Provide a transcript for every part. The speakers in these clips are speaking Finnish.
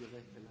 direkt eller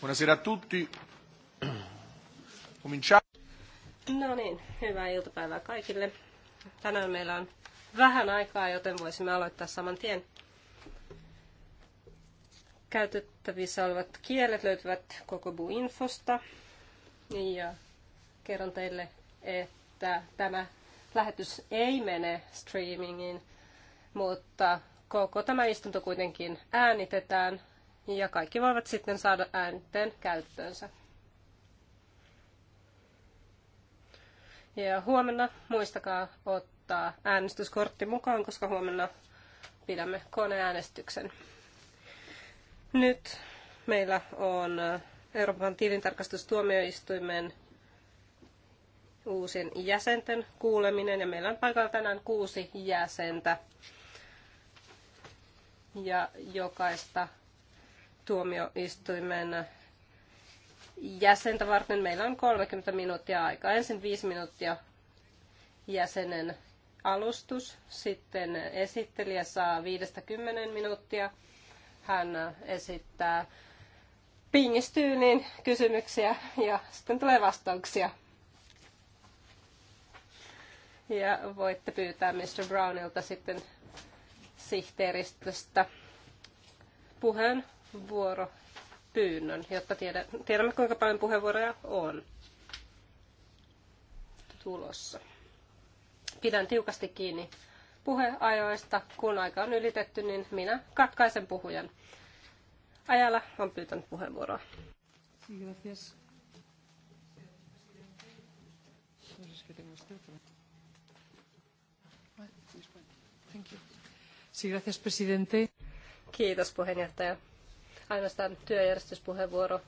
Buonasera a tutti. No niin, hyvää iltapäivää kaikille. Tänään meillä on vähän aikaa, joten voisimme aloittaa saman tien. Käytettävissä olevat kielet löytyvät koko Buu-infosta. Ja kerron teille, että tämä lähetys ei mene streamingiin, mutta koko tämä istunto kuitenkin äänitetään ja kaikki voivat sitten saada äänitteen käyttöönsä. Ja huomenna muistakaa ottaa äänestyskortti mukaan, koska huomenna pidämme koneäänestyksen. Nyt meillä on Euroopan tilintarkastustuomioistuimen uusien jäsenten kuuleminen ja meillä on paikalla tänään kuusi jäsentä. Ja jokaista tuomioistuimen jäsentä varten meillä on 30 minuuttia aikaa. Ensin 5 minuuttia jäsenen alustus, sitten esittelijä saa 50 minuuttia. Hän esittää pingistyyliin kysymyksiä ja sitten tulee vastauksia. Ja voitte pyytää Mr. Brownilta sitten sihteeristöstä puheen puheenvuoropyynnön, jotta tiedämme kuinka paljon puheenvuoroja on tulossa. Pidän tiukasti kiinni puheajoista. Kun aika on ylitetty, niin minä katkaisen puhujan. Ajalla on pyytänyt puheenvuoroa. Gracias. Kiitos puheenjohtaja ainoastaan työjärjestyspuheenvuoro,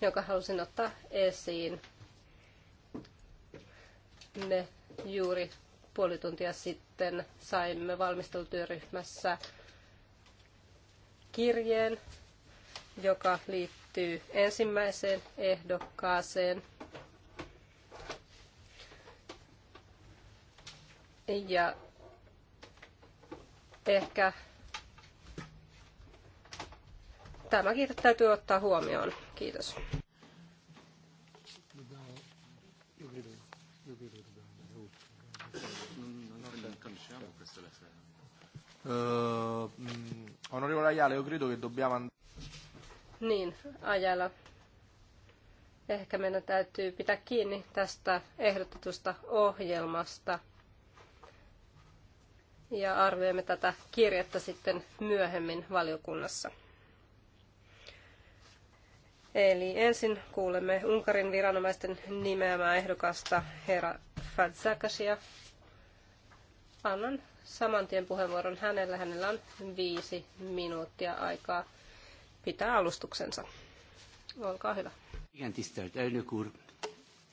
jonka halusin ottaa esiin. Me juuri puoli tuntia sitten saimme valmistelutyöryhmässä kirjeen, joka liittyy ensimmäiseen ehdokkaaseen. Ja ehkä tämäkin täytyy ottaa huomioon. Kiitos. Uh, onorevole Ajala, io credo che dobbiamo andare... Niin, Ajala. Ehkä meidän täytyy pitää kiinni tästä ehdotetusta ohjelmasta. Ja arvioimme tätä kirjettä sitten myöhemmin valiokunnassa. Eli ensin kuulemme Unkarin viranomaisten nimeämää ehdokasta herra Fadzakasia. Annan saman tien puheenvuoron hänellä. Hänellä on viisi minuuttia aikaa pitää alustuksensa. Olkaa hyvä. Igen, tisztelt elnök úr,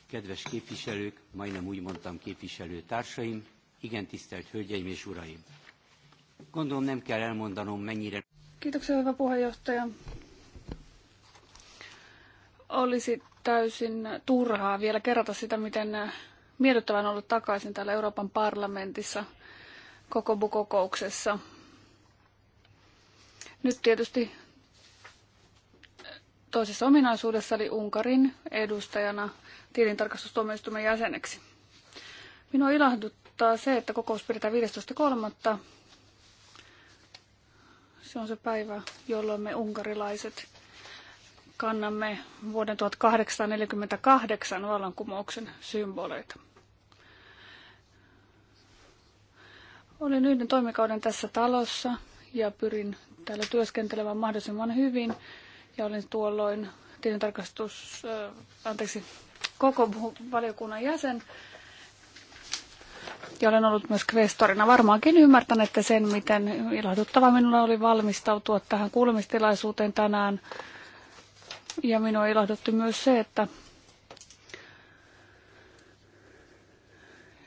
kedves képviselők, majdnem úgy mondtam képviselő társaim, igen, tisztelt hölgyeim és uraim. Gondolom nem kell elmondanom mennyire... Kiitoksia, hyvä puheenjohtaja olisi täysin turhaa vielä kerrata sitä, miten miellyttävän ollut takaisin täällä Euroopan parlamentissa kokouksessa. Nyt tietysti toisessa ominaisuudessa eli Unkarin edustajana tilintarkastustuomioistuimen jäseneksi. Minua ilahduttaa se, että kokous pidetään 15.3. Se on se päivä, jolloin me unkarilaiset kannamme vuoden 1848 vallankumouksen symboleita. Olin yhden toimikauden tässä talossa ja pyrin täällä työskentelemään mahdollisimman hyvin. Ja olin tuolloin tilintarkastus, äh, anteeksi, koko valiokunnan jäsen. Ja olen ollut myös kvestorina. Varmaankin ymmärtänette sen, miten ilahduttava minulla oli valmistautua tähän kuulemistilaisuuteen tänään. Ja minua ilahdutti myös se, että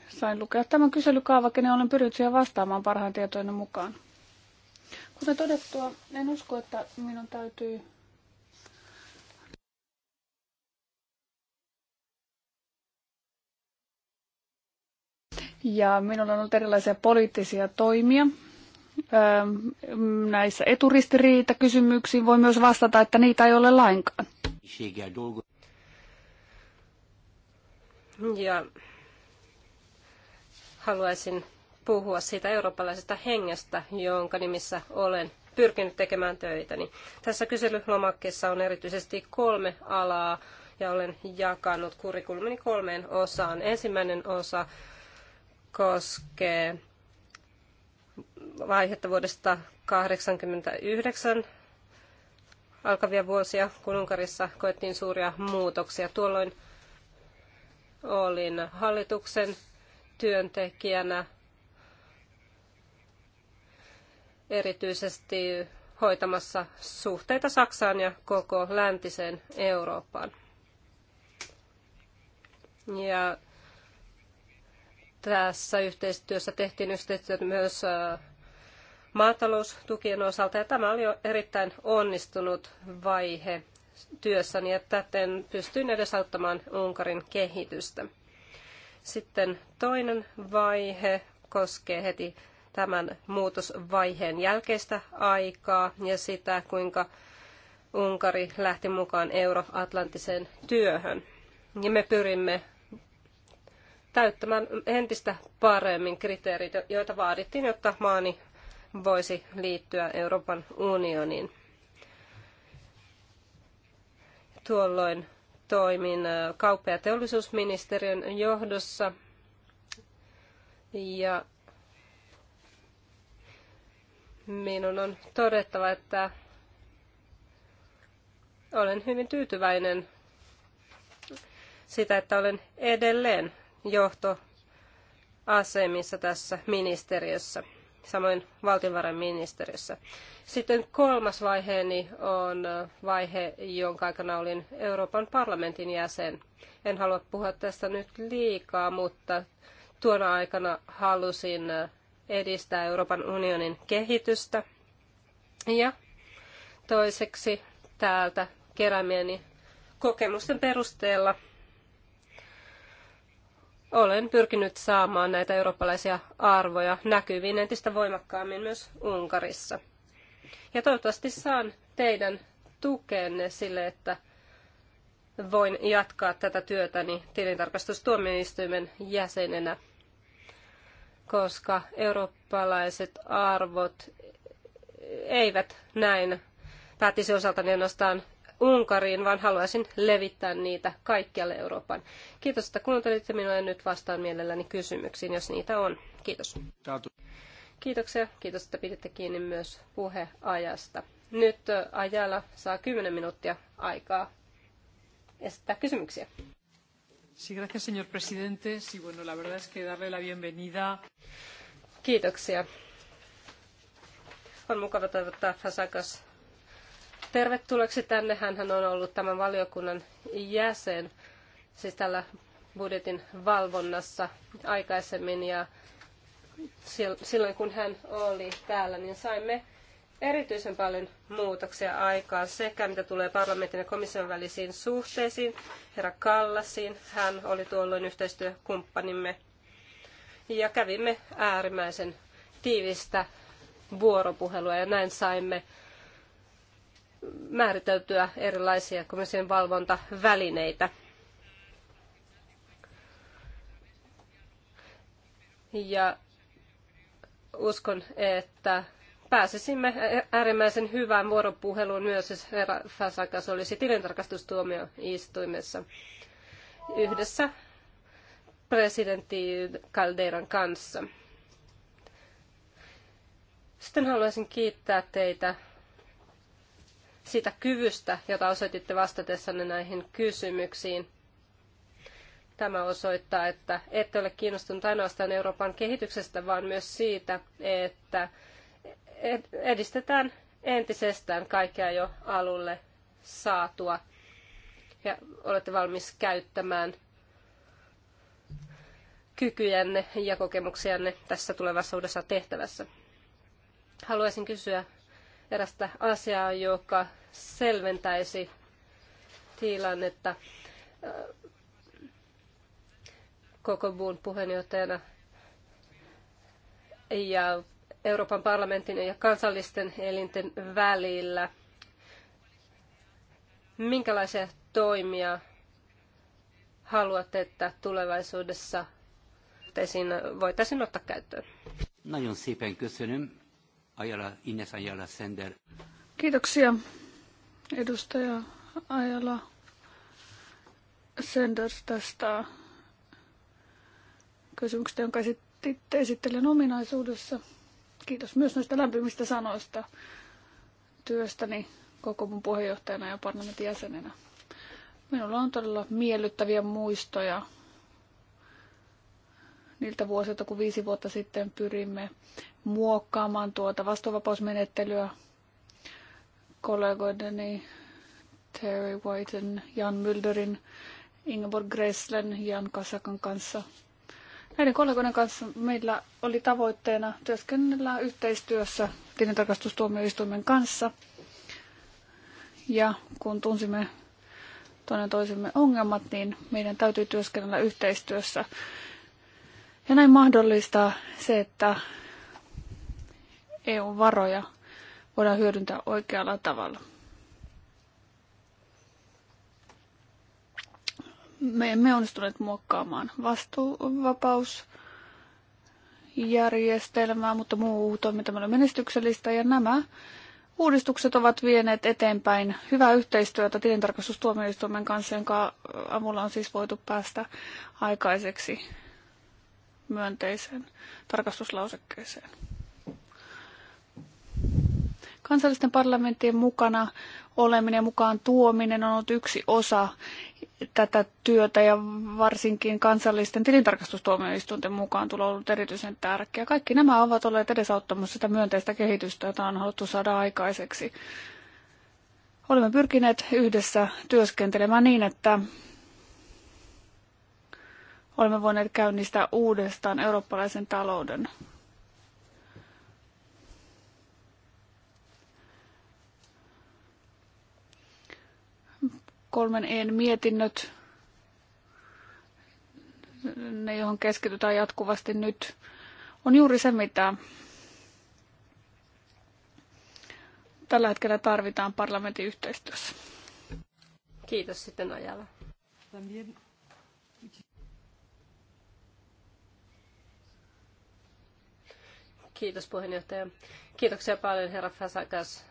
sain lukea tämän kyselykaavakin ja olen pyrinyt siihen vastaamaan parhaan tietoinen mukaan. Kuten todettua, en usko, että minun täytyy Ja minulla on ollut erilaisia poliittisia toimia, näissä eturistiriitakysymyksiin voi myös vastata, että niitä ei ole lainkaan. Ja haluaisin puhua siitä eurooppalaisesta hengestä, jonka nimissä olen pyrkinyt tekemään töitä. Niin tässä kyselylomakkeessa on erityisesti kolme alaa ja olen jakanut kurikulmini kolmeen osaan. Ensimmäinen osa koskee vaihetta vuodesta 1989 alkavia vuosia, kun Unkarissa koettiin suuria muutoksia. Tuolloin olin hallituksen työntekijänä erityisesti hoitamassa suhteita Saksaan ja koko läntiseen Eurooppaan. Ja tässä yhteistyössä tehtiin yhteistyötä myös maataloustukien osalta ja tämä oli jo erittäin onnistunut vaihe työssäni ja täten pystyin edesauttamaan Unkarin kehitystä. Sitten toinen vaihe koskee heti tämän muutosvaiheen jälkeistä aikaa ja sitä, kuinka Unkari lähti mukaan euroatlanttiseen työhön. Ja me pyrimme täyttämään entistä paremmin kriteerit, joita vaadittiin, jotta maani voisi liittyä Euroopan unioniin. Tuolloin toimin kauppa- ja teollisuusministeriön johdossa ja minun on todettava, että olen hyvin tyytyväinen sitä, että olen edelleen johtoasemissa tässä ministeriössä, samoin valtiovarainministeriössä. Sitten kolmas vaiheeni on vaihe, jonka aikana olin Euroopan parlamentin jäsen. En halua puhua tästä nyt liikaa, mutta tuona aikana halusin edistää Euroopan unionin kehitystä. Ja toiseksi täältä kerämieni kokemusten perusteella – olen pyrkinyt saamaan näitä eurooppalaisia arvoja näkyviin entistä voimakkaammin myös Unkarissa. Ja toivottavasti saan teidän tukenne sille, että voin jatkaa tätä työtäni tilintarkastustuomioistuimen jäsenenä, koska eurooppalaiset arvot eivät näin päätisi osaltani ainoastaan Unkariin, vaan haluaisin levittää niitä kaikkialle Euroopan. Kiitos, että kuuntelitte minua ja nyt vastaan mielelläni kysymyksiin, jos niitä on. Kiitos. Kiitoksia. Kiitos, että piditte kiinni myös puheajasta. Nyt ajalla saa 10 minuuttia aikaa esittää kysymyksiä. Sí, gracias, señor presidente. Sí, bueno, la verdad es que darle la bienvenida. Kiitoksia. On mukava toivottaa Fasakas tervetulleeksi tänne. Hän on ollut tämän valiokunnan jäsen, siis tällä budjetin valvonnassa aikaisemmin ja silloin kun hän oli täällä, niin saimme erityisen paljon muutoksia aikaan sekä mitä tulee parlamentin ja komission välisiin suhteisiin, herra Kallasiin, hän oli tuolloin yhteistyökumppanimme, ja kävimme äärimmäisen tiivistä vuoropuhelua ja näin saimme määriteltyä erilaisia komission valvontavälineitä. Ja uskon, että pääsisimme äärimmäisen hyvään vuoropuheluun myös, jos herra Fasakas olisi tilintarkastustuomioistuimessa yhdessä presidentti Calderan kanssa. Sitten haluaisin kiittää teitä siitä kyvystä, jota osoititte vastatessanne näihin kysymyksiin. Tämä osoittaa, että ette ole kiinnostunut ainoastaan Euroopan kehityksestä, vaan myös siitä, että edistetään entisestään kaikkea jo alulle saatua ja olette valmis käyttämään kykyjänne ja kokemuksianne tässä tulevassa uudessa tehtävässä. Haluaisin kysyä erästä asiaa, joka selventäisi tilannetta. Koko muun puheenjohtajana ja Euroopan parlamentin ja kansallisten elinten välillä. Minkälaisia toimia haluatte, että tulevaisuudessa voitaisiin ottaa käyttöön? Nagyon szépen köszönöm. Ajala, Ines Ajala Sender. Kiitoksia, edustaja Ajala Senders tästä kysymyksestä, jonka esititte esittelen ominaisuudessa. Kiitos myös näistä lämpimistä sanoista työstäni koko mun puheenjohtajana ja parlamentin jäsenenä. Minulla on todella miellyttäviä muistoja niiltä vuosilta, kun viisi vuotta sitten pyrimme muokkaamaan tuota vastuuvapausmenettelyä kollegoideni Terry Whiten, Jan Mylderin, Ingeborg Gresslen, Jan Kasakan kanssa. Näiden kollegoiden kanssa meillä oli tavoitteena työskennellä yhteistyössä tilintarkastustuomioistuimen kanssa. Ja kun tunsimme toinen toisemme ongelmat, niin meidän täytyy työskennellä yhteistyössä ja näin mahdollistaa se, että EU-varoja voidaan hyödyntää oikealla tavalla. Me emme onnistuneet muokkaamaan vastuuvapausjärjestelmää, mutta muu toiminta on menestyksellistä ja nämä uudistukset ovat vieneet eteenpäin hyvää yhteistyötä tilintarkastustuomioistuimen kanssa, jonka avulla on siis voitu päästä aikaiseksi myönteiseen tarkastuslausekkeeseen. Kansallisten parlamenttien mukana oleminen ja mukaan tuominen on ollut yksi osa tätä työtä ja varsinkin kansallisten tilintarkastustuomioistuinten mukaan tulo on ollut erityisen tärkeä. Kaikki nämä ovat olleet edesauttamassa sitä myönteistä kehitystä, jota on haluttu saada aikaiseksi. Olemme pyrkineet yhdessä työskentelemään niin, että olemme voineet käynnistää uudestaan eurooppalaisen talouden. Kolmen en mietinnöt, ne johon keskitytään jatkuvasti nyt, on juuri se, mitä tällä hetkellä tarvitaan parlamentin yhteistyössä. Kiitos sitten Ajala. Kiitos puheenjohtaja. Kiitoksia paljon herra Fasakas.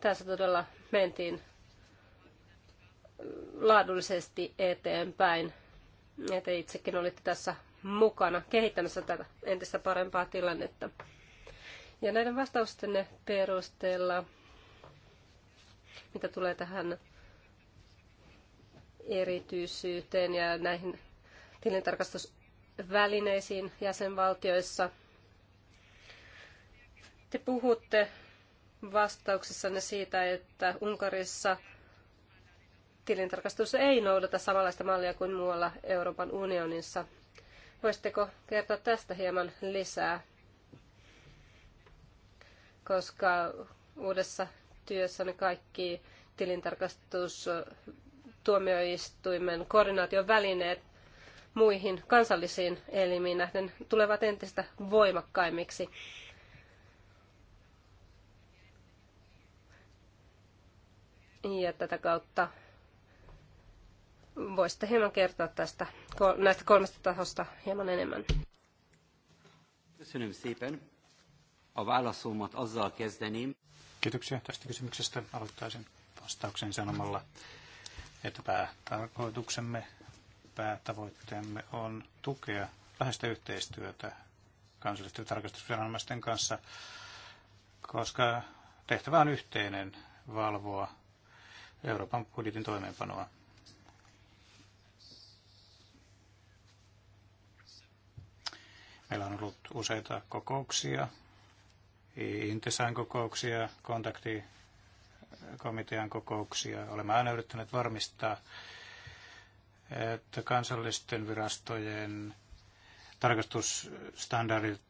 Tässä todella mentiin laadullisesti eteenpäin. Ja te itsekin olitte tässä mukana kehittämässä tätä entistä parempaa tilannetta. Ja näiden vastaustenne perusteella, mitä tulee tähän erityisyyteen ja näihin tilintarkastus välineisiin jäsenvaltioissa. Te puhutte vastauksessanne siitä, että Unkarissa tilintarkastus ei noudata samanlaista mallia kuin muualla Euroopan unionissa. Voisitteko kertoa tästä hieman lisää? Koska uudessa työssäni kaikki tilintarkastustuomioistuimen koordinaation välineet muihin kansallisiin elimiin nähden tulevat entistä voimakkaimmiksi. Ja tätä kautta voisitte hieman kertoa tästä, näistä kolmesta tahosta hieman enemmän. Kiitoksia tästä kysymyksestä. Aloittaisin vastauksen sanomalla, että päätarkoituksemme päätavoitteemme on tukea läheistä yhteistyötä kansallisten tarkastusviranomaisten kanssa, koska tehtävä on yhteinen valvoa Euroopan budjetin toimeenpanoa. Meillä on ollut useita kokouksia, Intesain kokouksia, kontaktikomitean kokouksia. Olemme aina yrittäneet varmistaa, että kansallisten virastojen tarkastusstandardit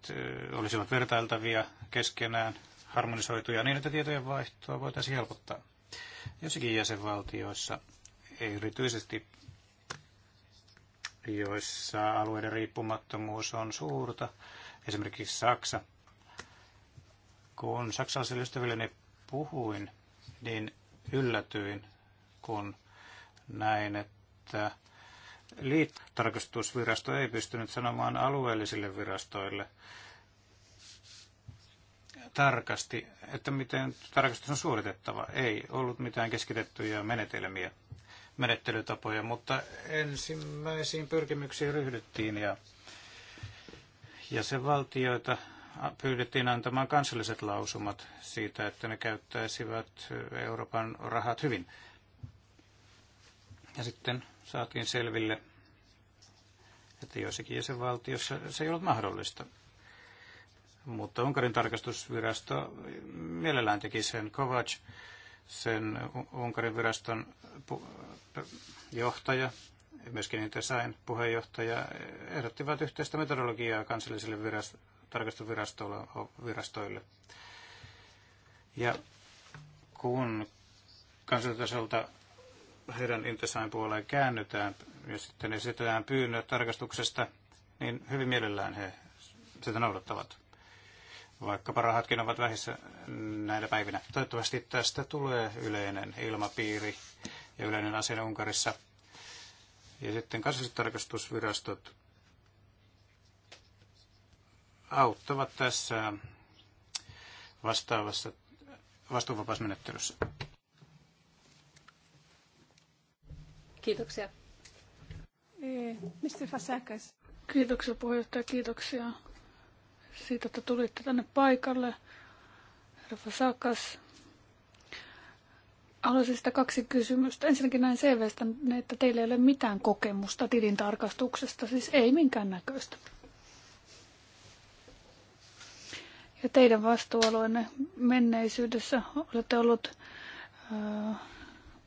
olisivat vertailtavia keskenään, harmonisoituja niin, että tietojen vaihtoa voitaisiin helpottaa. Jossakin jäsenvaltioissa, erityisesti joissa alueiden riippumattomuus on suurta, esimerkiksi Saksa. Kun saksalaisille ystävilleni puhuin, niin yllätyin, kun näin, että Liittarkastusvirasto ei pystynyt sanomaan alueellisille virastoille tarkasti, että miten tarkastus on suoritettava. Ei ollut mitään keskitettyjä menetelmiä, menettelytapoja, mutta ensimmäisiin pyrkimyksiin ryhdyttiin ja jäsenvaltioita pyydettiin antamaan kansalliset lausumat siitä, että ne käyttäisivät Euroopan rahat hyvin. Ja sitten saatiin selville, että joissakin jäsenvaltiossa se ei ollut mahdollista. Mutta Unkarin tarkastusvirasto mielellään teki sen. Kovac, sen Unkarin viraston johtaja, myöskin Intesain puheenjohtaja, ehdottivat yhteistä metodologiaa kansallisille virast- tarkastusvirastoille. Ja kun kansalliselta heidän Intesain puoleen käännytään ja sitten esitetään pyynnöt tarkastuksesta, niin hyvin mielellään he sitä noudattavat. Vaikkapa rahatkin ovat vähissä näinä päivinä. Toivottavasti tästä tulee yleinen ilmapiiri ja yleinen asenne Unkarissa. Ja sitten kansalliset tarkastusvirastot auttavat tässä vastaavassa vastuuvapausmenettelyssä. Kiitoksia. Mr. Fasakas. Kiitoksia puheenjohtaja, kiitoksia siitä, että tulitte tänne paikalle. Herra Fasakas, haluaisin sitä kaksi kysymystä. Ensinnäkin näin CVstä, että teillä ei ole mitään kokemusta tilintarkastuksesta, siis ei minkään näköistä. Ja teidän vastuualueenne menneisyydessä olette ollut äh,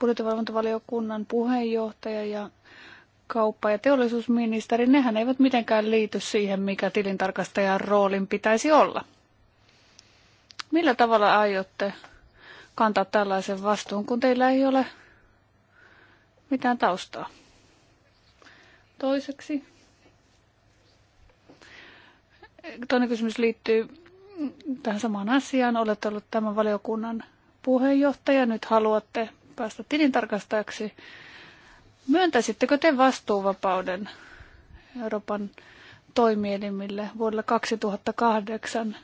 budjettivalvontavaliokunnan puheenjohtaja ja kauppa- ja teollisuusministeri, nehän eivät mitenkään liity siihen, mikä tilintarkastajan roolin pitäisi olla. Millä tavalla aiotte kantaa tällaisen vastuun, kun teillä ei ole mitään taustaa? Toiseksi, toinen kysymys liittyy tähän samaan asiaan. Olette ollut tämän valiokunnan puheenjohtaja, nyt haluatte päästä tilintarkastajaksi. Myöntäisittekö te vastuuvapauden Euroopan toimielimille vuodelle 2008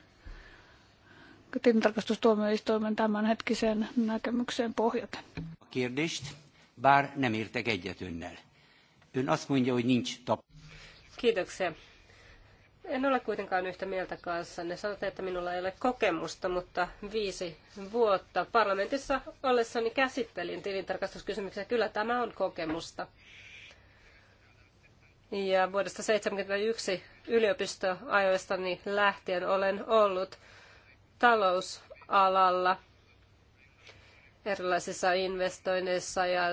tilintarkastustuomioistuimen tämänhetkiseen näkemykseen pohjaten? Kérdést, bár nem értek egyet önnel. Ön azt mondja, hogy nincs top. Kiitoksia. En ole kuitenkaan yhtä mieltä ne Sanotte, että minulla ei ole kokemusta, mutta viisi vuotta parlamentissa ollessani käsittelin tilintarkastuskysymyksiä. Kyllä tämä on kokemusta. Ja vuodesta 1971 yliopistoajoistani lähtien olen ollut talousalalla erilaisissa investoinneissa ja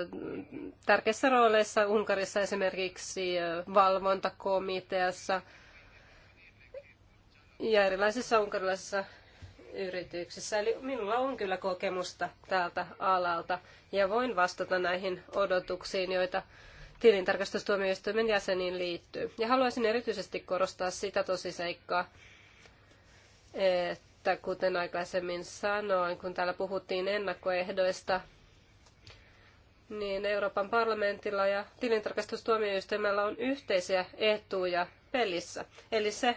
tärkeissä rooleissa Unkarissa esimerkiksi valvontakomiteassa – ja erilaisissa unkarilaisissa yrityksissä. Eli minulla on kyllä kokemusta täältä alalta ja voin vastata näihin odotuksiin, joita tilintarkastustuomioistuimen jäseniin liittyy. Ja haluaisin erityisesti korostaa sitä tosiseikkaa, että kuten aikaisemmin sanoin, kun täällä puhuttiin ennakkoehdoista, niin Euroopan parlamentilla ja tilintarkastustuomioistuimella on yhteisiä etuja pelissä. Eli se,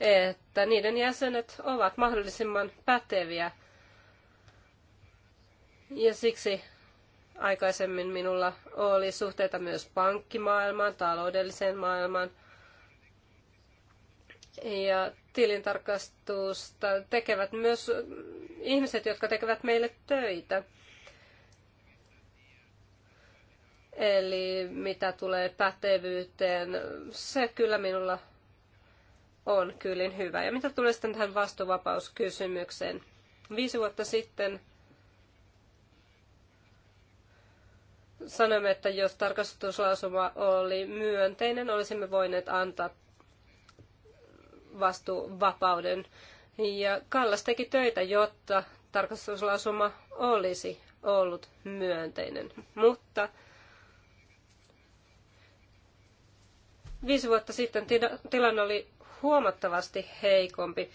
että niiden jäsenet ovat mahdollisimman päteviä. Ja siksi aikaisemmin minulla oli suhteita myös pankkimaailmaan, taloudelliseen maailmaan. Ja tilintarkastusta tekevät myös ihmiset, jotka tekevät meille töitä. Eli mitä tulee pätevyyteen, se kyllä minulla on kyllin hyvä. Ja mitä tulee sitten tähän vastuuvapauskysymykseen? Viisi vuotta sitten sanoimme, että jos tarkastuslausuma oli myönteinen, olisimme voineet antaa vastuuvapauden. Ja Kallas teki töitä, jotta tarkastuslausuma olisi ollut myönteinen. Mutta viisi vuotta sitten tilanne oli huomattavasti heikompi.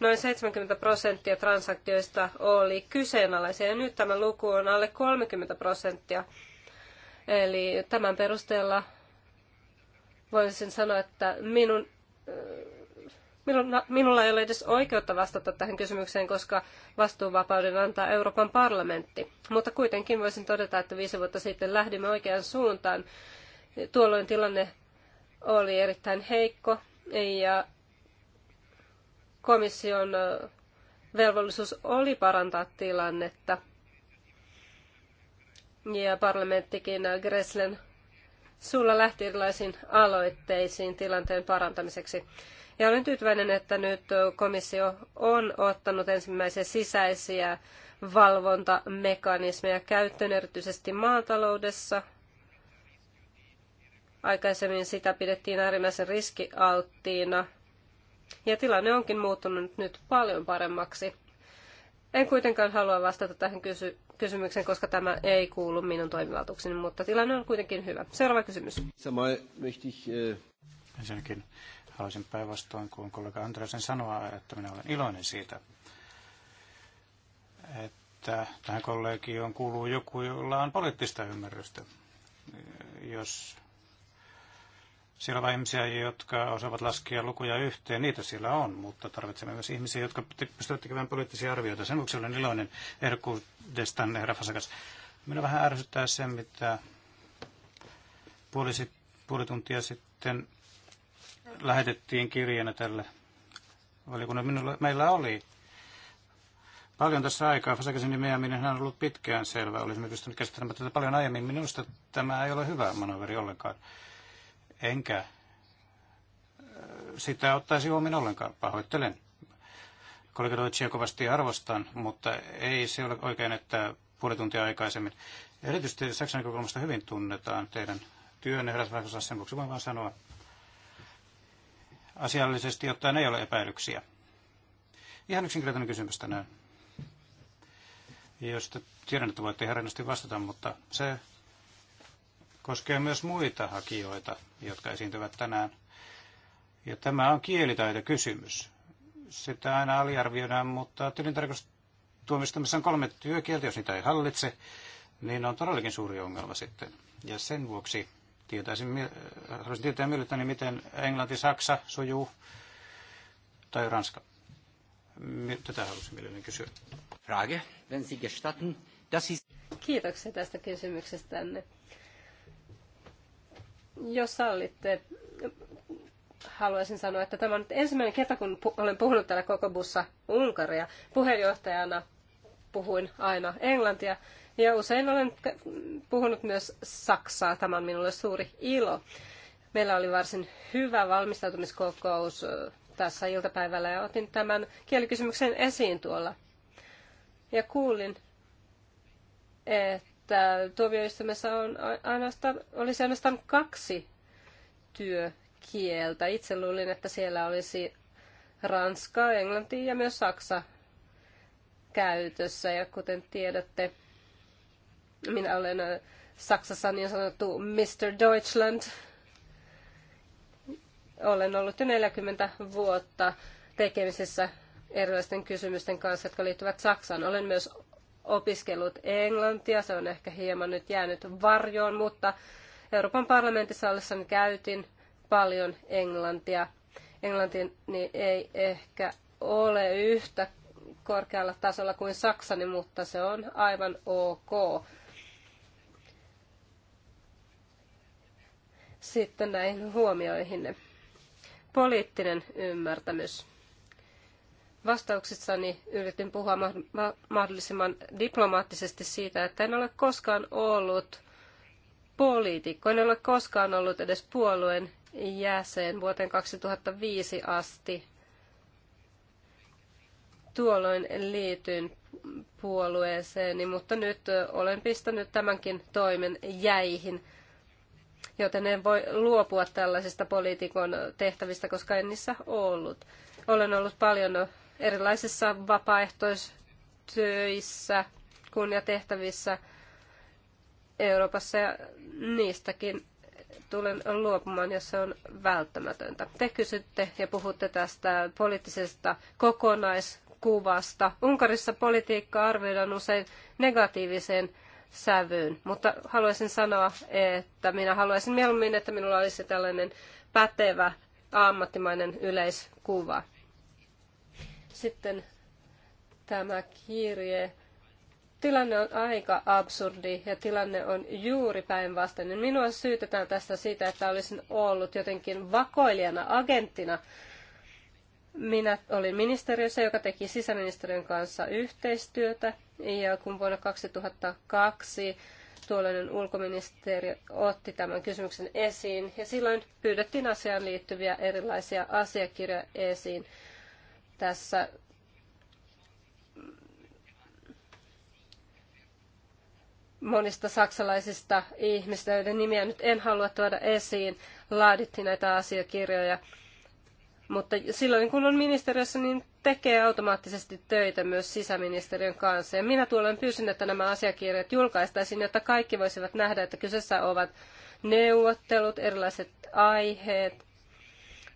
Noin 70 prosenttia transaktioista oli kyseenalaisia ja nyt tämä luku on alle 30 prosenttia. Eli tämän perusteella voisin sanoa, että äh, minun, minulla ei ole edes oikeutta vastata tähän kysymykseen, koska vastuuvapauden antaa Euroopan parlamentti. Mutta kuitenkin voisin todeta, että viisi vuotta sitten lähdimme oikeaan suuntaan. Tuolloin tilanne oli erittäin heikko ja komission velvollisuus oli parantaa tilannetta. Ja parlamenttikin Greslen sulla lähti erilaisiin aloitteisiin tilanteen parantamiseksi. Ja olen tyytyväinen, että nyt komissio on ottanut ensimmäisiä sisäisiä valvontamekanismeja käyttöön erityisesti maataloudessa Aikaisemmin sitä pidettiin äärimmäisen riskialttiina. Ja tilanne onkin muuttunut nyt paljon paremmaksi. En kuitenkaan halua vastata tähän kysy- kysymykseen, koska tämä ei kuulu minun toimivaltuukseni, mutta tilanne on kuitenkin hyvä. Seuraava kysymys. Äh, Ensinnäkin haluaisin päinvastoin kuin kollega Andreasen sanoa, että minä olen iloinen siitä, että tähän kollegioon kuuluu joku, jolla on poliittista ymmärrystä. Jos siellä on ihmisiä, jotka osaavat laskea lukuja yhteen, niitä siellä on, mutta tarvitsemme myös ihmisiä, jotka pystyvät tekemään poliittisia arvioita. Sen vuoksi olen iloinen herkkuudestanne, herra Fasakas. Minä vähän ärsyttää se, mitä puoli, puoli tuntia sitten lähetettiin kirjeenä tälle valiokunnan. Minulla, meillä oli paljon tässä aikaa. Fasakasin nimeäminen on ollut pitkään selvä. Olisimme pystyneet käsittelemään tätä paljon aiemmin. Minusta tämä ei ole hyvä manöveri ollenkaan. Enkä äh, sitä ottaisi huomioon ollenkaan. Pahoittelen. Kollega Deutschia kovasti arvostan, mutta ei se ole oikein, että puoli tuntia aikaisemmin. Erityisesti Saksan näkökulmasta hyvin tunnetaan teidän työnne, herrasvaikutus, sen vuoksi voin vaan sanoa asiallisesti, jotta ei ole epäilyksiä. Ihan yksinkertainen kysymys tänään, josta tiedän, että voitte ihan vastata, mutta se koskee myös muita hakijoita, jotka esiintyvät tänään. Ja tämä on kielitaitokysymys. Sitä aina aliarvioidaan, mutta tilintarkastustuomistamissa on kolme työkieltä, jos niitä ei hallitse, niin on todellakin suuri ongelma sitten. Ja sen vuoksi tietäisin, haluaisin tietää mielelläni, miten Englanti, Saksa sujuu tai Ranska. Tätä halusin mielelläni kysyä. Frage, wenn Sie gestatten, das ist... Kiitoksia tästä kysymyksestänne. Jos sallitte, haluaisin sanoa, että tämä on nyt ensimmäinen kerta, kun olen puhunut täällä koko bussa Unkaria. Puheenjohtajana puhuin aina englantia ja usein olen puhunut myös saksaa. Tämä on minulle suuri ilo. Meillä oli varsin hyvä valmistautumiskokous tässä iltapäivällä ja otin tämän kielikysymyksen esiin tuolla. Ja kuulin, että että tuomioistuimessa on ainoastaan, olisi ainoastaan kaksi työkieltä. Itse luulin, että siellä olisi ranska, englanti ja myös saksa käytössä. Ja kuten tiedätte, minä olen Saksassa niin sanottu Mr. Deutschland. Olen ollut jo 40 vuotta tekemisissä erilaisten kysymysten kanssa, jotka liittyvät Saksaan. Olen myös opiskellut englantia. Se on ehkä hieman nyt jäänyt varjoon, mutta Euroopan parlamentissa ollessani käytin paljon englantia. Englanti niin ei ehkä ole yhtä korkealla tasolla kuin saksani, mutta se on aivan ok. Sitten näihin huomioihin. Poliittinen ymmärtämys vastauksissani yritin puhua mahdollisimman diplomaattisesti siitä, että en ole koskaan ollut poliitikko, en ole koskaan ollut edes puolueen jäsen vuoteen 2005 asti. Tuolloin liityin puolueeseeni, mutta nyt olen pistänyt tämänkin toimen jäihin, joten en voi luopua tällaisista poliitikon tehtävistä, koska en niissä ollut. Olen ollut paljon erilaisissa vapaaehtoistöissä, kunniatehtävissä Euroopassa ja niistäkin tulen luopumaan, jos se on välttämätöntä. Te kysytte ja puhutte tästä poliittisesta kokonaiskuvasta. Unkarissa politiikka arvioidaan usein negatiiviseen sävyyn, mutta haluaisin sanoa, että minä haluaisin mieluummin, että minulla olisi tällainen pätevä ammattimainen yleiskuva. Sitten tämä kirje. Tilanne on aika absurdi ja tilanne on juuri päinvastainen. Minua syytetään tässä siitä, että olisin ollut jotenkin vakoilijana, agenttina. Minä olin ministeriössä, joka teki sisäministeriön kanssa yhteistyötä. Ja kun vuonna 2002 tuollainen ulkoministeri otti tämän kysymyksen esiin, ja silloin pyydettiin asiaan liittyviä erilaisia asiakirjoja esiin tässä monista saksalaisista ihmistä, joiden nimiä nyt en halua tuoda esiin, laadittiin näitä asiakirjoja. Mutta silloin kun on ministeriössä, niin tekee automaattisesti töitä myös sisäministeriön kanssa. Ja minä tuolloin pyysin, että nämä asiakirjat julkaistaisiin, jotta kaikki voisivat nähdä, että kyseessä ovat neuvottelut, erilaiset aiheet,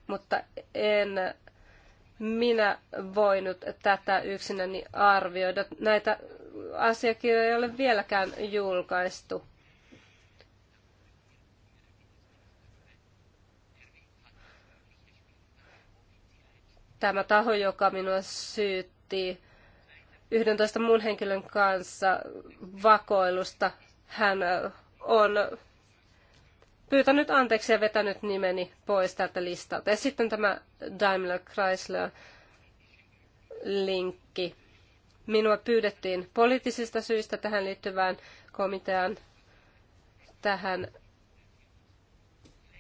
mutta en minä voinut tätä yksinäni arvioida. Näitä asiakirjoja ei ole vieläkään julkaistu. Tämä taho, joka minua syytti 11 muun henkilön kanssa vakoilusta, hän on pyytänyt anteeksi ja vetänyt nimeni pois tältä listalta. Ja sitten tämä Daimler Chrysler linkki. Minua pyydettiin poliittisista syistä tähän liittyvään komiteaan. Tähän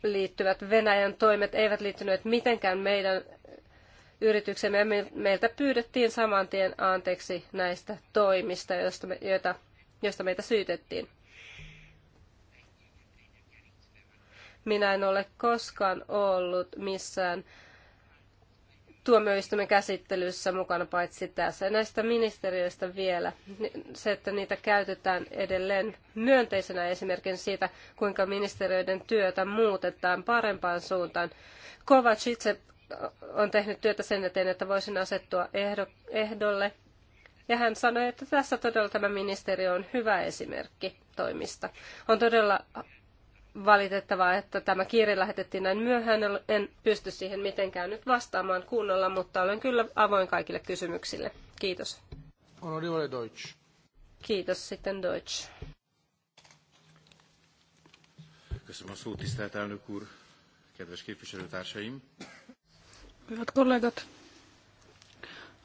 liittyvät Venäjän toimet eivät liittyneet mitenkään meidän yrityksemme. Meiltä pyydettiin saman tien anteeksi näistä toimista, joista, me, joita, joista meitä syytettiin. Minä en ole koskaan ollut missään tuomioistuimen käsittelyssä mukana paitsi tässä. Näistä ministeriöistä vielä. Niin se, että niitä käytetään edelleen myönteisenä esimerkin siitä, kuinka ministeriöiden työtä muutetaan parempaan suuntaan. Kovac itse on tehnyt työtä sen eteen, että voisin asettua ehdo, ehdolle. Ja hän sanoi, että tässä todella tämä ministeriö on hyvä esimerkki toimista. On todella valitettavaa, että tämä kirja lähetettiin näin myöhään. En pysty siihen mitenkään nyt vastaamaan kunnolla, mutta olen kyllä avoin kaikille kysymyksille. Kiitos. Honorable Deutsch. Kiitos sitten Deutsch. Köszönöm a szót, tisztelt elnök úr, kedves képviselőtársaim. Hyvät kollegat,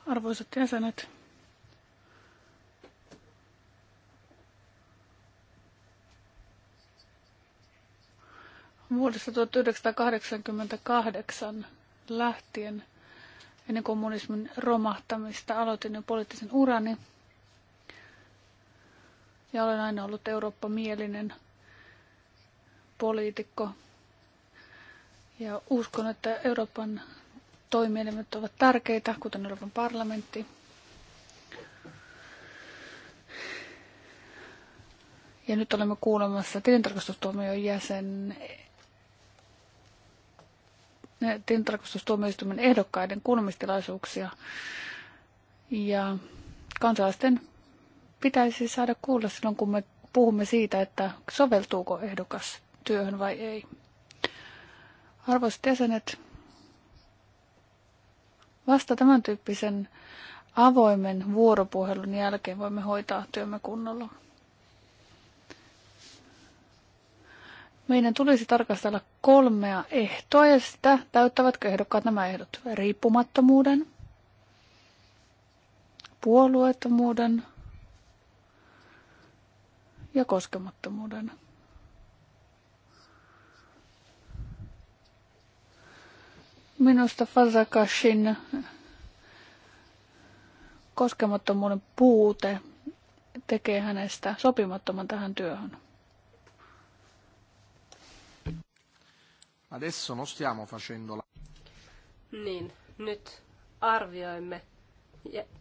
arvoisat jäsenet, vuodesta 1988 lähtien ennen kommunismin romahtamista aloitin jo poliittisen urani. Ja olen aina ollut Eurooppa-mielinen poliitikko. Ja uskon, että Euroopan toimielimet ovat tärkeitä, kuten Euroopan parlamentti. Ja nyt olemme kuulemassa tilintarkastustuomion jäsen tilintarkastustuomioistuimen ehdokkaiden kuulemistilaisuuksia. Ja kansalaisten pitäisi saada kuulla silloin, kun me puhumme siitä, että soveltuuko ehdokas työhön vai ei. Arvoisat jäsenet, vasta tämän tyyppisen avoimen vuoropuhelun jälkeen voimme hoitaa työmme kunnolla. meidän tulisi tarkastella kolmea ehtoa ja sitä täyttävätkö ehdokkaat nämä ehdot. Riippumattomuuden, puolueettomuuden ja koskemattomuuden. Minusta Fasakashin koskemattomuuden puute tekee hänestä sopimattoman tähän työhön. Adesso non stiamo facendo la... Niin, nyt arvioimme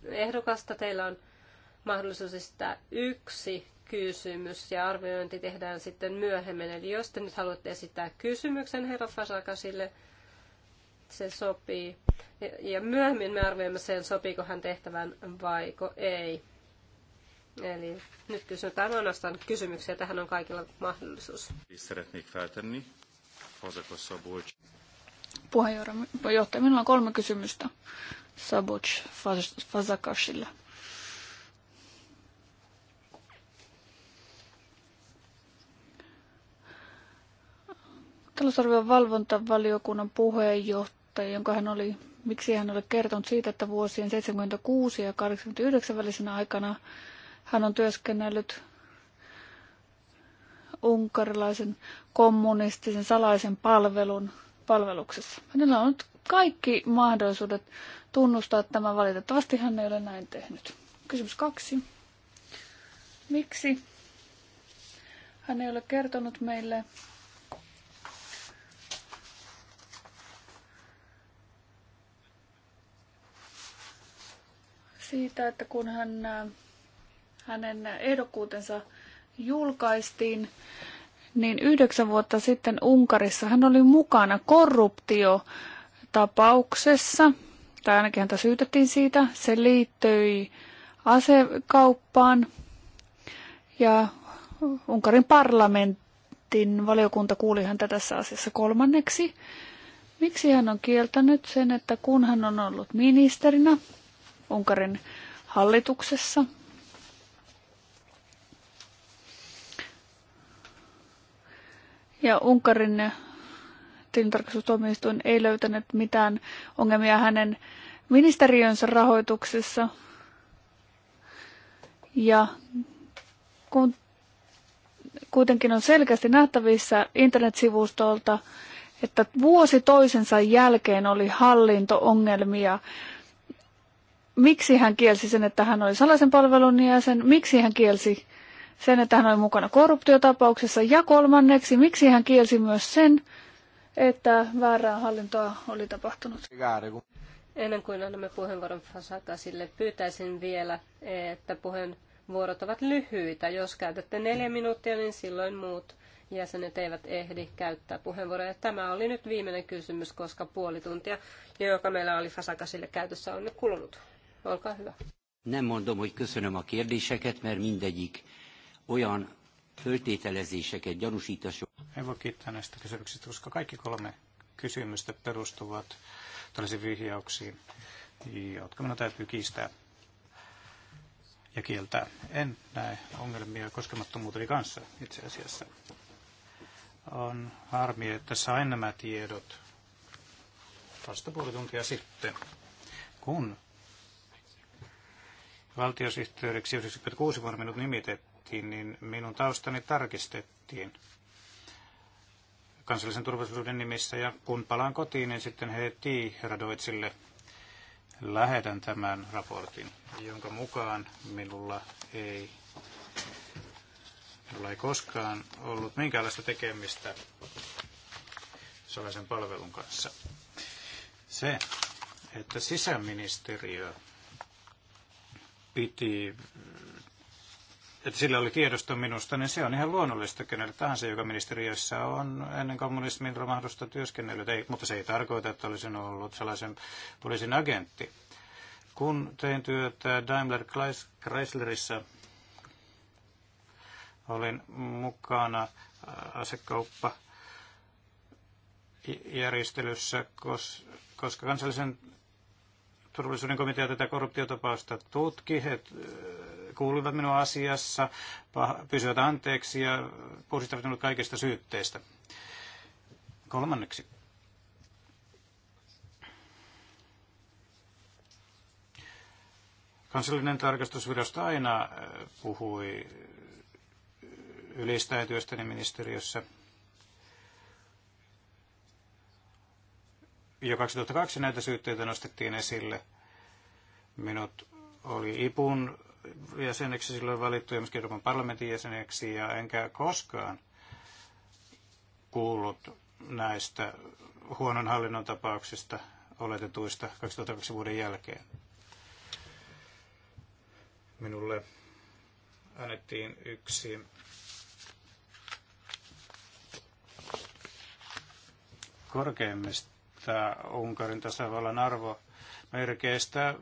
ehdokasta. Teillä on mahdollisuus esittää yksi kysymys ja arviointi tehdään sitten myöhemmin. Eli jos te nyt haluatte esittää kysymyksen herra Fasakasille, se sopii. Ja myöhemmin me arvioimme sen, sopiiko hän tehtävän vaiko ei. Eli nyt kysytään ainoastaan kysymyksiä. Tähän on kaikilla mahdollisuus. Puheenjohtaja, minulla on kolme kysymystä Saboc Fazakashille. Talousarvion valvontavaliokunnan puheenjohtaja, jonka hän oli, miksi hän oli kertonut siitä, että vuosien 76 ja 89 välisenä aikana hän on työskennellyt unkarilaisen kommunistisen salaisen palvelun palveluksessa. Hänellä on nyt kaikki mahdollisuudet tunnustaa tämä. Valitettavasti hän ei ole näin tehnyt. Kysymys kaksi. Miksi hän ei ole kertonut meille siitä, että kun hän, hänen ehdokkuutensa julkaistiin, niin yhdeksän vuotta sitten Unkarissa hän oli mukana korruptiotapauksessa, tai ainakin häntä syytettiin siitä. Se liittyi asekauppaan ja Unkarin parlamentin valiokunta kuuli häntä tässä asiassa kolmanneksi. Miksi hän on kieltänyt sen, että kun hän on ollut ministerinä Unkarin hallituksessa, Ja Unkarin tilintarkastustuomioistuin ei löytänyt mitään ongelmia hänen ministeriönsä rahoituksessa. Ja kun kuitenkin on selkeästi nähtävissä internetsivustolta, että vuosi toisensa jälkeen oli hallintoongelmia. Miksi hän kielsi sen, että hän oli salaisen palvelun jäsen? Miksi hän kielsi sen, että hän oli mukana korruptiotapauksessa. Ja kolmanneksi, miksi hän kielsi myös sen, että väärää hallintoa oli tapahtunut. Ennen kuin annamme puheenvuoron Fasakasille, pyytäisin vielä, että puheenvuorot ovat lyhyitä. Jos käytätte neljä minuuttia, niin silloin muut jäsenet eivät ehdi käyttää puheenvuoroja. Tämä oli nyt viimeinen kysymys, koska puoli tuntia, joka meillä oli Fasakasille käytössä, on nyt kulunut. Olkaa hyvä. Nem mondom, hogy köszönöm a kérdéseket, mert mindegyik olyan föltételezéseket, gyanúsítások. En voi kiittää näistä kysymyksistä, koska kaikki kolme kysymystä perustuvat tällaisiin vihjauksiin, jotka minun täytyy kiistää ja kieltää. En näe ongelmia koskemattomuuteni kanssa itse asiassa. On harmi, että sain nämä tiedot vasta puoli tuntia sitten, kun valtiosihteeriksi 96 vuonna minut nimitettiin tehtiin, niin minun taustani tarkistettiin kansallisen turvallisuuden nimissä. Ja kun palaan kotiin, niin sitten heti Radoitsille lähetän tämän raportin, jonka mukaan minulla ei, minulla ei koskaan ollut minkäänlaista tekemistä salaisen palvelun kanssa. Se, että sisäministeriö piti että sillä oli tiedosto minusta, niin se on ihan luonnollista kenelle tahansa, joka ministeriössä on ennen kommunismin romahdusta työskennellyt. Ei, mutta se ei tarkoita, että olisin ollut sellaisen poliisin agentti. Kun tein työtä Daimler Chryslerissa, olin mukana äh, asekauppa järjestelyssä, koska kansallisen turvallisuuden komitea tätä korruptiotapausta tutki. He äh, kuulivat minua asiassa, pysyvät anteeksi ja puhdistavat minut kaikista syytteistä. Kolmanneksi. Kansallinen tarkastusvirasto aina äh, puhui äh, ylistäytyöstäni ministeriössä. Jo 2002 näitä syytteitä nostettiin esille. Minut oli IPUn jäseneksi silloin valittu ja myöskin Euroopan parlamentin jäseneksi ja enkä koskaan kuullut näistä huonon hallinnon tapauksista oletetuista 2002 vuoden jälkeen. Minulle annettiin yksi korkeimmista Unkarin tasavallan merkeistä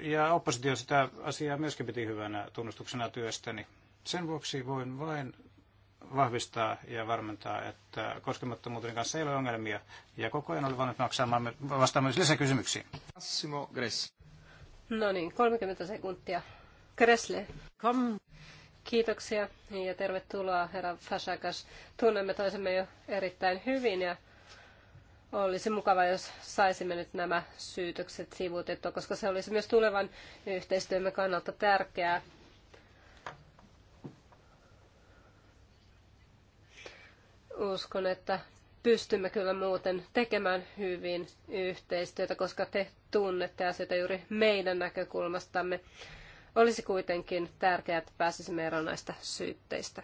ja oppositio sitä asiaa myöskin piti hyvänä tunnustuksena työstäni. Sen vuoksi voin vain vahvistaa ja varmentaa, että koskemattomuuden kanssa ei ole ongelmia. Ja koko ajan olen valmis maksamaan vastaamaan myös lisäkysymyksiin. Massimo Gress. No niin, 30 sekuntia. Gressle. Kom. Kiitoksia ja tervetuloa, herra Fasakas. Tunnemme toisemme jo erittäin hyvin ja olisi mukava, jos saisimme nyt nämä syytökset sivutettua, koska se olisi myös tulevan yhteistyömme kannalta tärkeää. Uskon, että pystymme kyllä muuten tekemään hyvin yhteistyötä, koska te tunnette asioita juuri meidän näkökulmastamme. Olisi kuitenkin tärkeää, että pääsisimme eroon näistä syytteistä.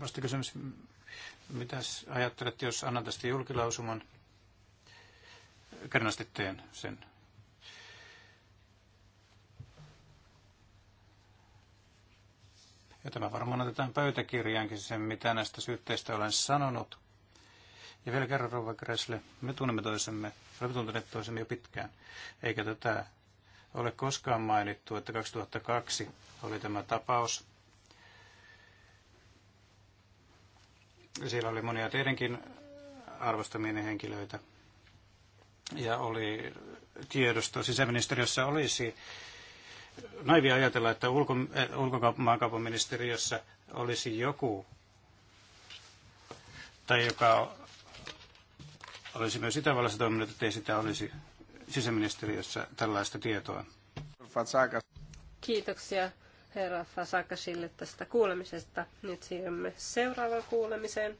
Vastakysymys. Mitäs ajattelet, jos annan tästä julkilausuman? Kernaasti teen sen. Ja tämä varmaan otetaan pöytäkirjaankin sen, mitä näistä syytteistä olen sanonut. Ja vielä kerran, Rova Gressle, me tunnemme toisemme, olemme tunteneet toisemme jo pitkään, eikä tätä ole koskaan mainittu, että 2002 oli tämä tapaus, Siellä oli monia teidänkin arvostaminen henkilöitä. Ja oli tiedosto sisäministeriössä olisi naivia ajatella, että ulko, eh, ulkomaankaupaministeriössä olisi joku, tai joka olisi myös valossa toiminut, ei sitä olisi sisäministeriössä tällaista tietoa. Kiitoksia herra Fasakasille tästä kuulemisesta. Nyt siirrymme seuraavaan kuulemiseen.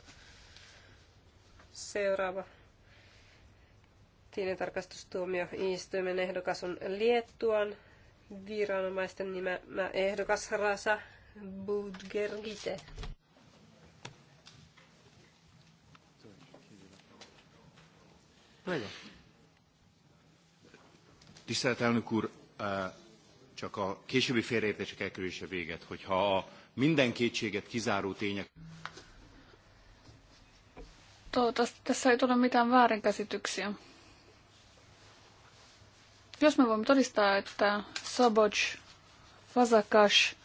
Seuraava istuimen ehdokas on Liettuan viranomaisten nimä ehdokas Rasa Budgergite. Tisztelt elnök úr, csak a későbbi félreértések elkerülése véget, hogyha a minden kétséget kizáró tények... Toivottavasti tässä ei tule mitään väärinkäsityksiä. Jos me voimme todistaa, että Saboc, Vazakas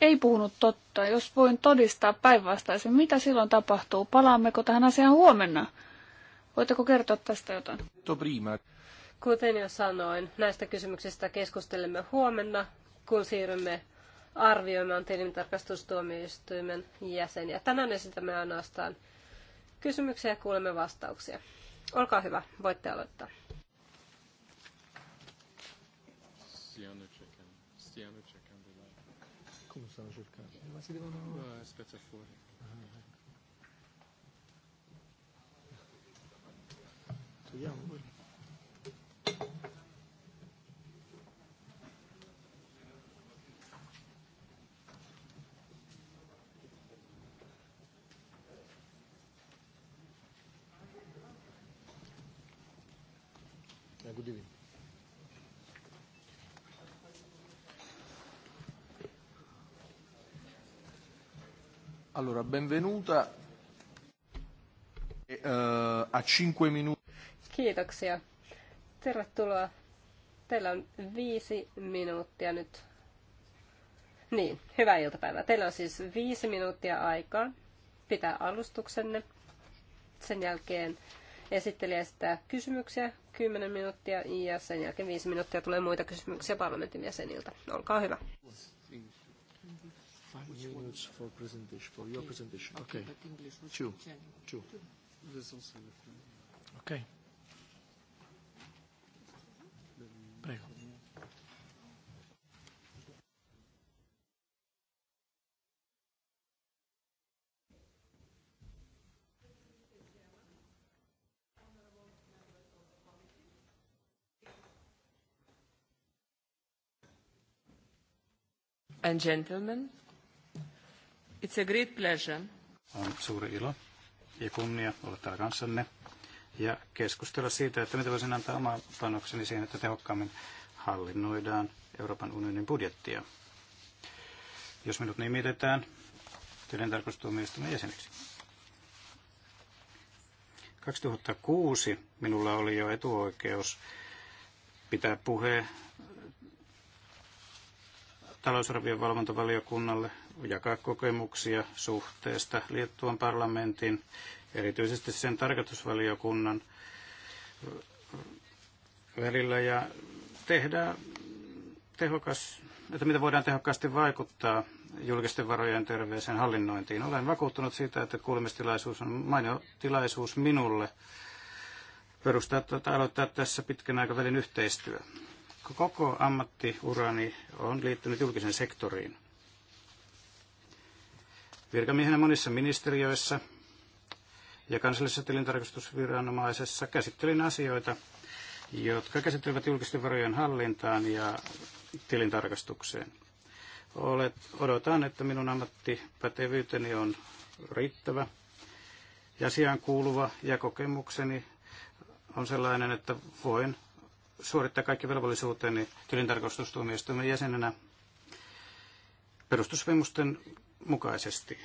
ei puhunut totta, jos voin todistaa päinvastaisen, mitä silloin tapahtuu? Palaammeko tähän asiaan huomenna? Voitteko kertoa tästä jotain? Prima. Kuten jo sanoin, näistä kysymyksistä keskustelemme huomenna, kun siirrymme arvioimaan tilintarkastustuomioistuimen jäseniä. Tänään esitämme ainoastaan kysymyksiä ja kuulemme vastauksia. Olkaa hyvä, voitte aloittaa good evening. Allora, benvenuta. Eh, a 5 minuti. Kiitoksia. Tervetuloa. Teillä on viisi minuuttia nyt. Niin, hyvää iltapäivää. Teillä on siis viisi minuuttia aikaa pitää alustuksenne. Sen jälkeen esittelijä esittää kysymyksiä 10 minuuttia ja sen jälkeen viisi minuuttia tulee muita kysymyksiä parlamentin jäseniltä. Olkaa hyvä. Okay. Prego. And gentlemen, it's a great pleasure. On suuri ilo ja kunnia olla täällä kanssanne ja keskustella siitä, että miten voisin antaa oman panokseni siihen, että tehokkaammin hallinnoidaan Euroopan unionin budjettia. Jos minut nimitetään tilintarkastustuomioistuimen jäseneksi. 2006 minulla oli jo etuoikeus pitää puhe talousarvion valvontavaliokunnalle, jakaa kokemuksia suhteesta Liettuan parlamentin erityisesti sen tarkastusvaliokunnan välillä ja tehdä tehokas, että mitä voidaan tehokkaasti vaikuttaa julkisten varojen terveeseen hallinnointiin. Olen vakuuttunut siitä, että kuulemistilaisuus on mainio tilaisuus minulle perustaa tai tuota, aloittaa tässä pitkän aikavälin yhteistyö. Koko ammattiurani on liittynyt julkisen sektoriin. Virkamiehenä monissa ministeriöissä, ja kansallisessa tilintarkastusviranomaisessa käsittelin asioita, jotka käsittelevät julkisten varojen hallintaan ja tilintarkastukseen. Olet, odotan, että minun ammattipätevyyteni on riittävä ja asiaan kuuluva ja kokemukseni on sellainen, että voin suorittaa kaikki velvollisuuteni tilintarkastustuomioistuimen jäsenenä perustusvimusten mukaisesti.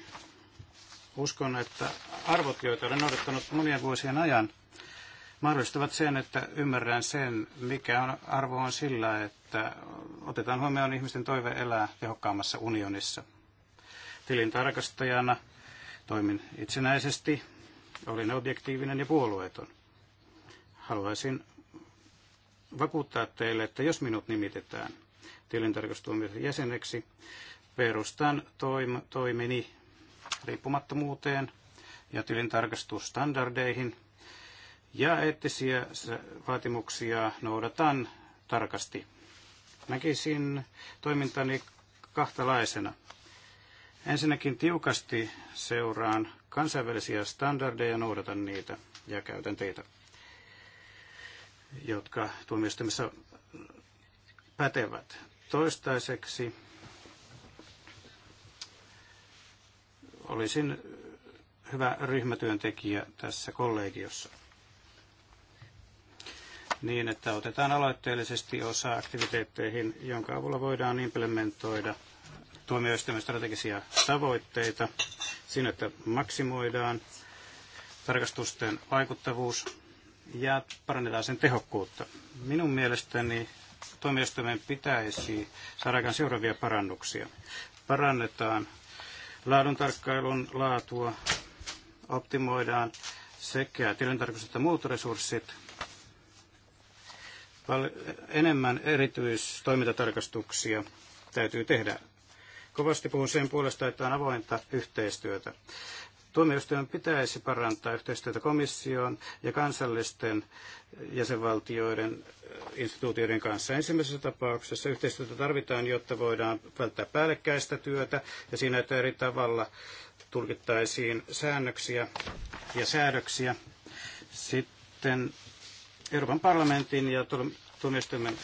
Uskon, että arvot, joita olen odottanut monien vuosien ajan, mahdollistavat sen, että ymmärrän sen, mikä on arvo on sillä, että otetaan huomioon ihmisten toive elää tehokkaammassa unionissa. Tilintarkastajana toimin itsenäisesti, olin objektiivinen ja puolueeton. Haluaisin vakuuttaa teille, että jos minut nimitetään tilintarkastuomioiden jäseneksi, perustan toim- toimeni riippumattomuuteen ja tilintarkastusstandardeihin ja eettisiä vaatimuksia noudatan tarkasti. Näkisin toimintani kahtalaisena. Ensinnäkin tiukasti seuraan kansainvälisiä standardeja, noudatan niitä ja käytän teitä, jotka tuomioistuimessa pätevät. Toistaiseksi Olisin hyvä ryhmätyöntekijä tässä kollegiossa niin, että otetaan aloitteellisesti osa aktiviteetteihin, jonka avulla voidaan implementoida tuomioistuimen strategisia tavoitteita siinä, että maksimoidaan tarkastusten vaikuttavuus ja parannetaan sen tehokkuutta. Minun mielestäni tuomioistuimen pitäisi saada aikaan seuraavia parannuksia. Parannetaan Laaduntarkkailun laatua optimoidaan sekä tilintarkastus että muut resurssit enemmän erityistoimintatarkastuksia täytyy tehdä. Kovasti puhun sen puolesta, että on avointa yhteistyötä Tuomioistuimen pitäisi parantaa yhteistyötä komission ja kansallisten jäsenvaltioiden eh, instituutioiden kanssa. Ensimmäisessä tapauksessa yhteistyötä tarvitaan, jotta voidaan välttää päällekkäistä työtä ja siinä, että eri tavalla tulkittaisiin säännöksiä ja säädöksiä. Sitten Euroopan parlamentin ja tuomioistuimen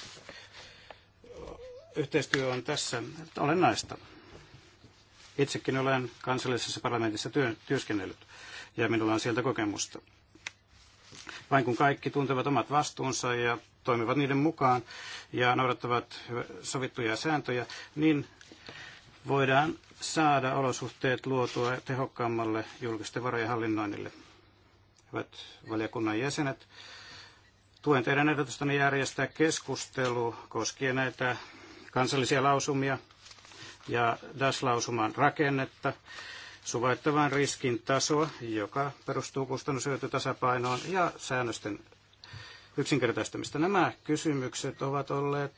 yhteistyö on tässä olennaista. Itsekin olen kansallisessa parlamentissa työ, työskennellyt ja minulla on sieltä kokemusta. Vain kun kaikki tuntevat omat vastuunsa ja toimivat niiden mukaan ja noudattavat sovittuja sääntöjä, niin voidaan saada olosuhteet luotua tehokkaammalle julkisten varojen hallinnoinnille. Hyvät valiokunnan jäsenet, tuen teidän ehdotustanne järjestää keskustelu koskien näitä kansallisia lausumia ja DAS-lausuman rakennetta, suvaittavan riskin tasoa, joka perustuu kustannushyötytasapainoon ja säännösten yksinkertaistamista. Nämä kysymykset ovat olleet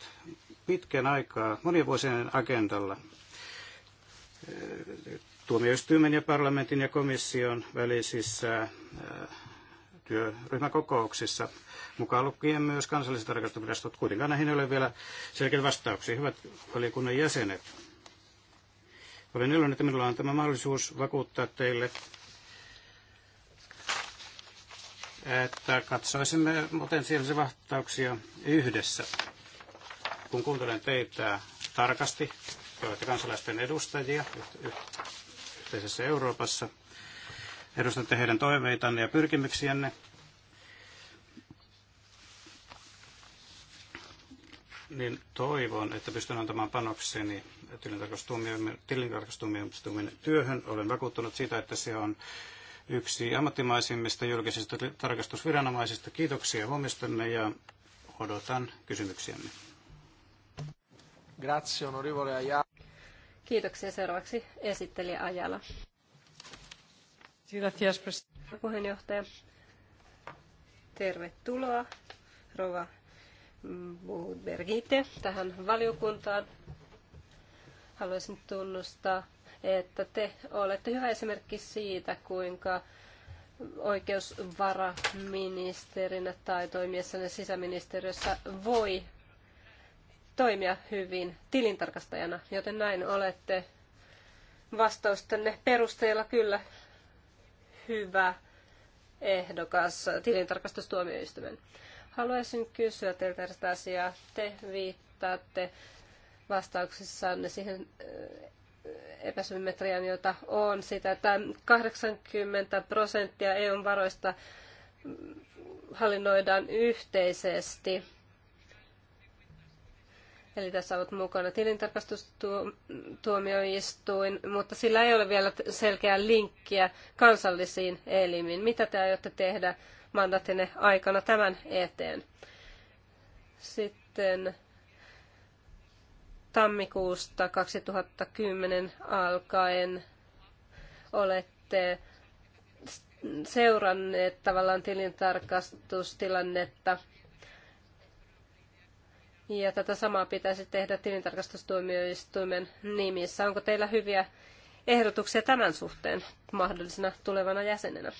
pitkän aikaa monien vuosien agendalla tuomioistuimen ja parlamentin ja komission välisissä työryhmäkokouksissa, mukaan lukien myös kansalliset tarkastusvirastot. Kuitenkaan näihin ei ole vielä selkeitä vastauksia. Hyvät valiokunnan jäsenet, olen iloinen, että minulla on tämä mahdollisuus vakuuttaa teille, että katsoisimme potentiaalisia vahtauksia yhdessä, kun kuuntelen teitä tarkasti, te olette kansalaisten edustajia yhteisessä Euroopassa, edustatte heidän toiveitanne ja pyrkimyksiänne, niin toivon, että pystyn antamaan panokseni tilintarkastustuomioistuimen työhön. Olen vakuuttunut siitä, että se on yksi ammattimaisimmista julkisista tarkastusviranomaisista. Kiitoksia huomistanne ja odotan kysymyksiänne. Grazie, onorevole Ajala. Kiitoksia. Seuraavaksi esittelijä Ajala. Kiitos, puheenjohtaja. Tervetuloa, rouva Bergite tähän valiokuntaan. Haluaisin tunnustaa, että te olette hyvä esimerkki siitä, kuinka oikeusvaraministerinä tai toimiessanne sisäministeriössä voi toimia hyvin tilintarkastajana, joten näin olette vastaustenne perusteella kyllä hyvä ehdokas tilintarkastustuomioistuimen. Haluaisin kysyä teiltä tästä asiaa. Te viittaatte vastauksissanne siihen eh, epäsymmetrian, jota on sitä, että 80 prosenttia EUn varoista hallinnoidaan yhteisesti. Eli tässä ovat mukana tilintarkastustuomioistuin, mutta sillä ei ole vielä selkeää linkkiä kansallisiin elimiin. Mitä te aiotte tehdä mandaattinne aikana tämän eteen. Sitten tammikuusta 2010 alkaen olette seuranneet tavallaan tilintarkastustilannetta. Ja tätä samaa pitäisi tehdä tilintarkastustuomioistuimen nimissä. Onko teillä hyviä ehdotuksia tämän suhteen mahdollisena tulevana jäsenenä?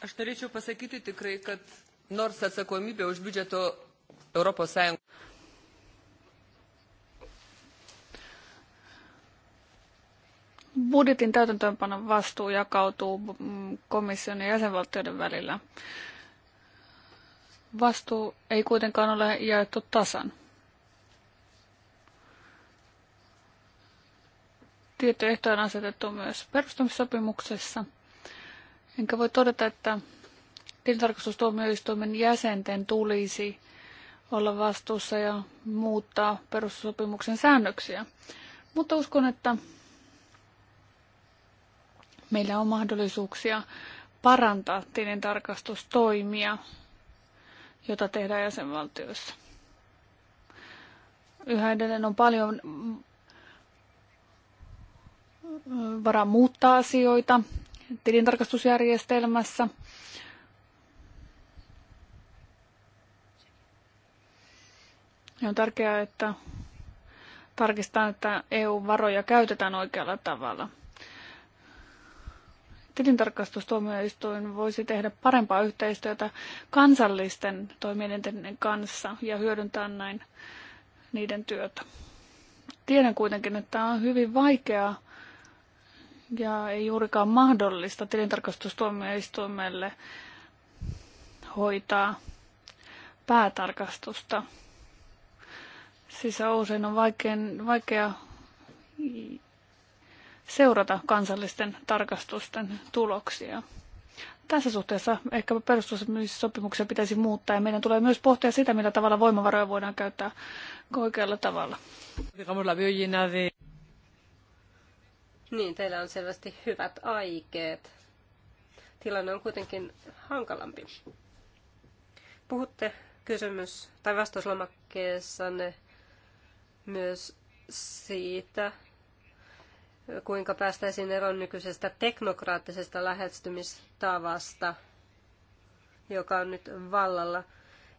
Aš norėčiau pasakyti tikrai, kad nors atsakomybė už biudžeto Europos Sąjungos. Budjetin täytäntöönpanon vastuu jakautuu komission ja jäsenvaltioiden välillä. Vastuu ei kuitenkaan ole jaettu tasan. Tiettyehtoja on asetettu myös perustamissopimuksessa – Enkä voi todeta, että tilintarkastustuomioistuimen jäsenten tulisi olla vastuussa ja muuttaa perussopimuksen säännöksiä. Mutta uskon, että meillä on mahdollisuuksia parantaa tilintarkastustoimia, jota tehdään jäsenvaltioissa. Yhä edelleen on paljon varaa muuttaa asioita tilintarkastusjärjestelmässä. Ja on tärkeää, että tarkistetaan, että EU-varoja käytetään oikealla tavalla. Tilintarkastustuomioistuin voisi tehdä parempaa yhteistyötä kansallisten toimielinten kanssa ja hyödyntää näin niiden työtä. Tiedän kuitenkin, että on hyvin vaikeaa ja ei juurikaan mahdollista tilintarkastustuomioistuimelle hoitaa päätarkastusta. Sisä usein on vaikein, vaikea seurata kansallisten tarkastusten tuloksia. Tässä suhteessa ehkä perustussopimuksia pitäisi muuttaa ja meidän tulee myös pohtia sitä, millä tavalla voimavaroja voidaan käyttää oikealla tavalla. Niin, teillä on selvästi hyvät aikeet. Tilanne on kuitenkin hankalampi. Puhutte kysymys- tai vastauslomakkeessanne myös siitä, kuinka päästäisiin eroon nykyisestä teknokraattisesta lähestymistavasta, joka on nyt vallalla.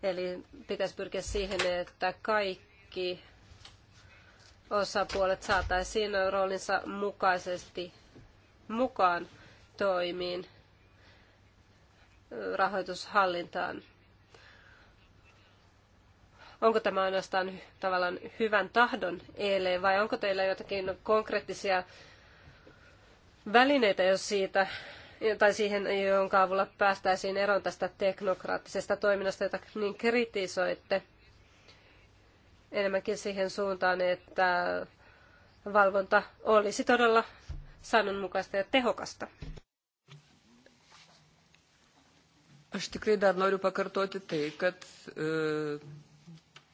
Eli pitäisi pyrkiä siihen, että kaikki osapuolet saataisiin roolinsa mukaisesti mukaan toimiin rahoitushallintaan. Onko tämä ainoastaan tavallaan hyvän tahdon ele vai onko teillä jotakin konkreettisia välineitä jo siitä, tai siihen, jonka avulla päästäisiin eroon tästä teknokraattisesta toiminnasta, jota niin kritisoitte? enemmänkin siihen suuntaan, että valvonta olisi todella sanonmukaista ja tehokasta. Aš tikrai dar noriu pakartoti tai, kad e,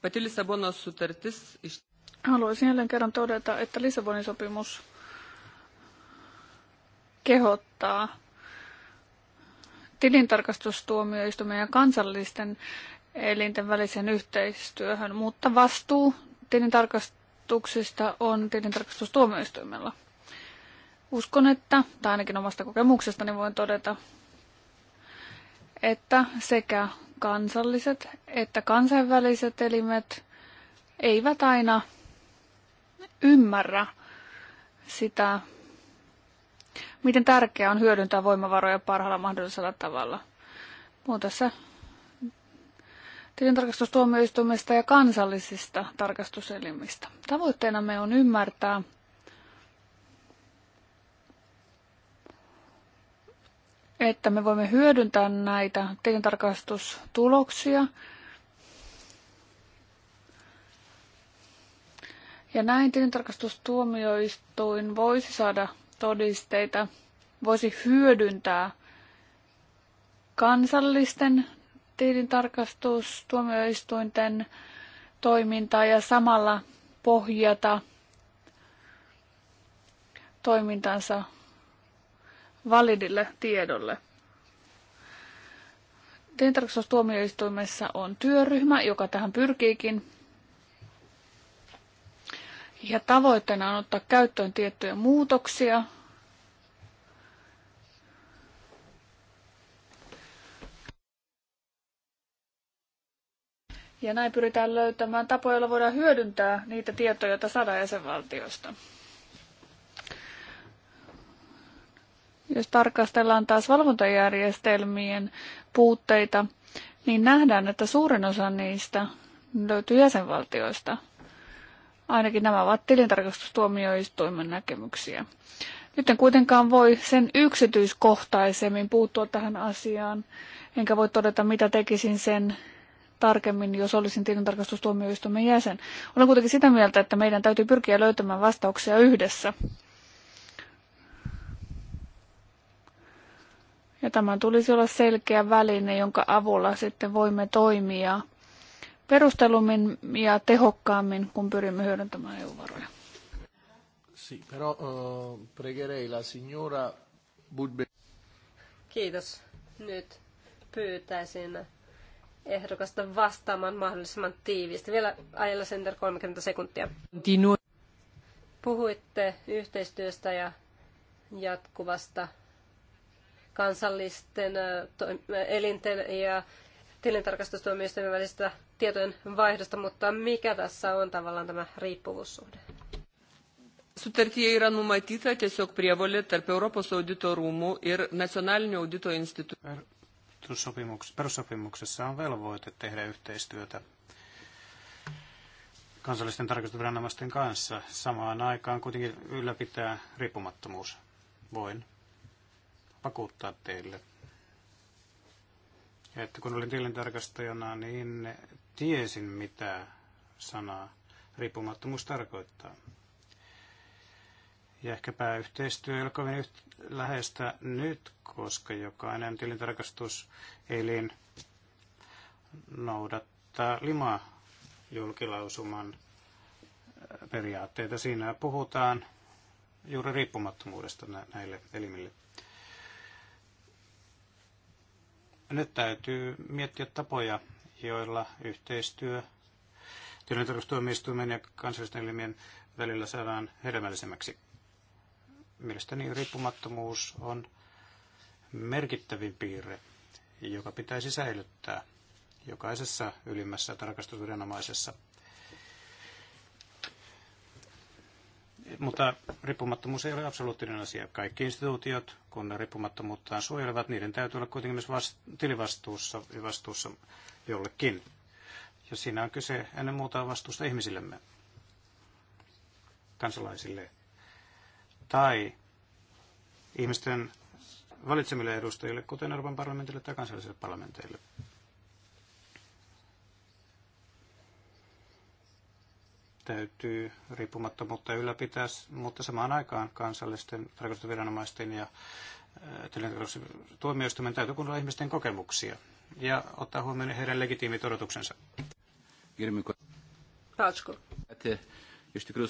pati Lisabonos sutartis iš... Haluaisin jälleen kerran todeta, että Lisabonin sopimus kehottaa tilintarkastustuomioistumien ja kansallisten elinten välisen yhteistyöhön, mutta vastuu tilintarkastuksista on tilintarkastustuomioistuimella. Uskon, että, tai ainakin omasta kokemuksestani voin todeta, että sekä kansalliset että kansainväliset elimet eivät aina ymmärrä sitä, miten tärkeää on hyödyntää voimavaroja parhaalla mahdollisella tavalla. Puhun tässä tilintarkastustuomioistuimesta ja kansallisista tarkastuselimistä. Tavoitteenamme on ymmärtää, että me voimme hyödyntää näitä tilintarkastustuloksia Ja näin tilintarkastustuomioistuin voisi saada todisteita, voisi hyödyntää kansallisten tilintarkastus, tuomioistuinten toimintaa ja samalla pohjata toimintansa validille tiedolle. Tilintarkastustuomioistuimessa on työryhmä, joka tähän pyrkiikin. Ja tavoitteena on ottaa käyttöön tiettyjä muutoksia Ja näin pyritään löytämään tapoja, joilla voidaan hyödyntää niitä tietoja, joita saadaan jäsenvaltioista. Jos tarkastellaan taas valvontajärjestelmien puutteita, niin nähdään, että suurin osa niistä löytyy jäsenvaltioista. Ainakin nämä ovat tilintarkastustuomioistuimen näkemyksiä. Nyt en kuitenkaan voi sen yksityiskohtaisemmin puuttua tähän asiaan, enkä voi todeta, mitä tekisin sen tarkemmin, jos olisin tilintarkastustuomioistuimen jäsen. Olen kuitenkin sitä mieltä, että meidän täytyy pyrkiä löytämään vastauksia yhdessä. Ja tämän tulisi olla selkeä väline, jonka avulla sitten voimme toimia perustelummin ja tehokkaammin, kun pyrimme hyödyntämään EU-varoja. Sì, però uh, pregherei la signora Kiitos. Nyt pyytäisin ehdokasta vastaamaan mahdollisimman tiiviisti. Vielä Ajella Center 30 sekuntia. Puhuitte yhteistyöstä ja jatkuvasta kansallisten elinten ja tilintarkastustuomioistuimen välisestä tietojen vaihdosta, mutta mikä tässä on tavallaan tämä riippuvuussuhde? Sutartyje yra numatyta tiesiog prievolė tarp Europos audito rūmų ir nacionalinio audito institucijų perussopimuksessa on velvoite tehdä yhteistyötä kansallisten tarkastusviranomaisten kanssa. Samaan aikaan kuitenkin ylläpitää riippumattomuus. Voin vakuuttaa teille. Ja että kun olin tilintarkastajana, niin tiesin mitä sanaa riippumattomuus tarkoittaa. Ja ehkäpä yhteistyö ei ole kovin läheistä nyt, koska jokainen tilintarkastuselin noudattaa lima julkilausuman äh, periaatteita. Siinä puhutaan juuri riippumattomuudesta näille elimille. Nyt täytyy miettiä tapoja, joilla yhteistyö tilintarkastustuomioistuimen ja kansallisten elimien välillä saadaan hedelmällisemmäksi. Mielestäni riippumattomuus on merkittävin piirre, joka pitäisi säilyttää jokaisessa ylimmässä tarkastusviranomaisessa. Mutta riippumattomuus ei ole absoluuttinen asia. Kaikki instituutiot, kun ne riippumattomuuttaan suojelevat, niiden täytyy olla kuitenkin myös vastu- tilivastuussa vastuussa jollekin. Ja siinä on kyse ennen muuta vastuusta ihmisillemme, kansalaisille tai ihmisten valitsemille edustajille, kuten Euroopan parlamentille tai kansallisille parlamenteille. Täytyy riippumattomuutta ylläpitää, mutta samaan aikaan kansallisten tarkastusviranomaisten ja äh, tuomioistuimen täytyy kuunnella ihmisten kokemuksia ja ottaa huomioon heidän legitiimit odotuksensa. Ačiū. Iš tikrųjų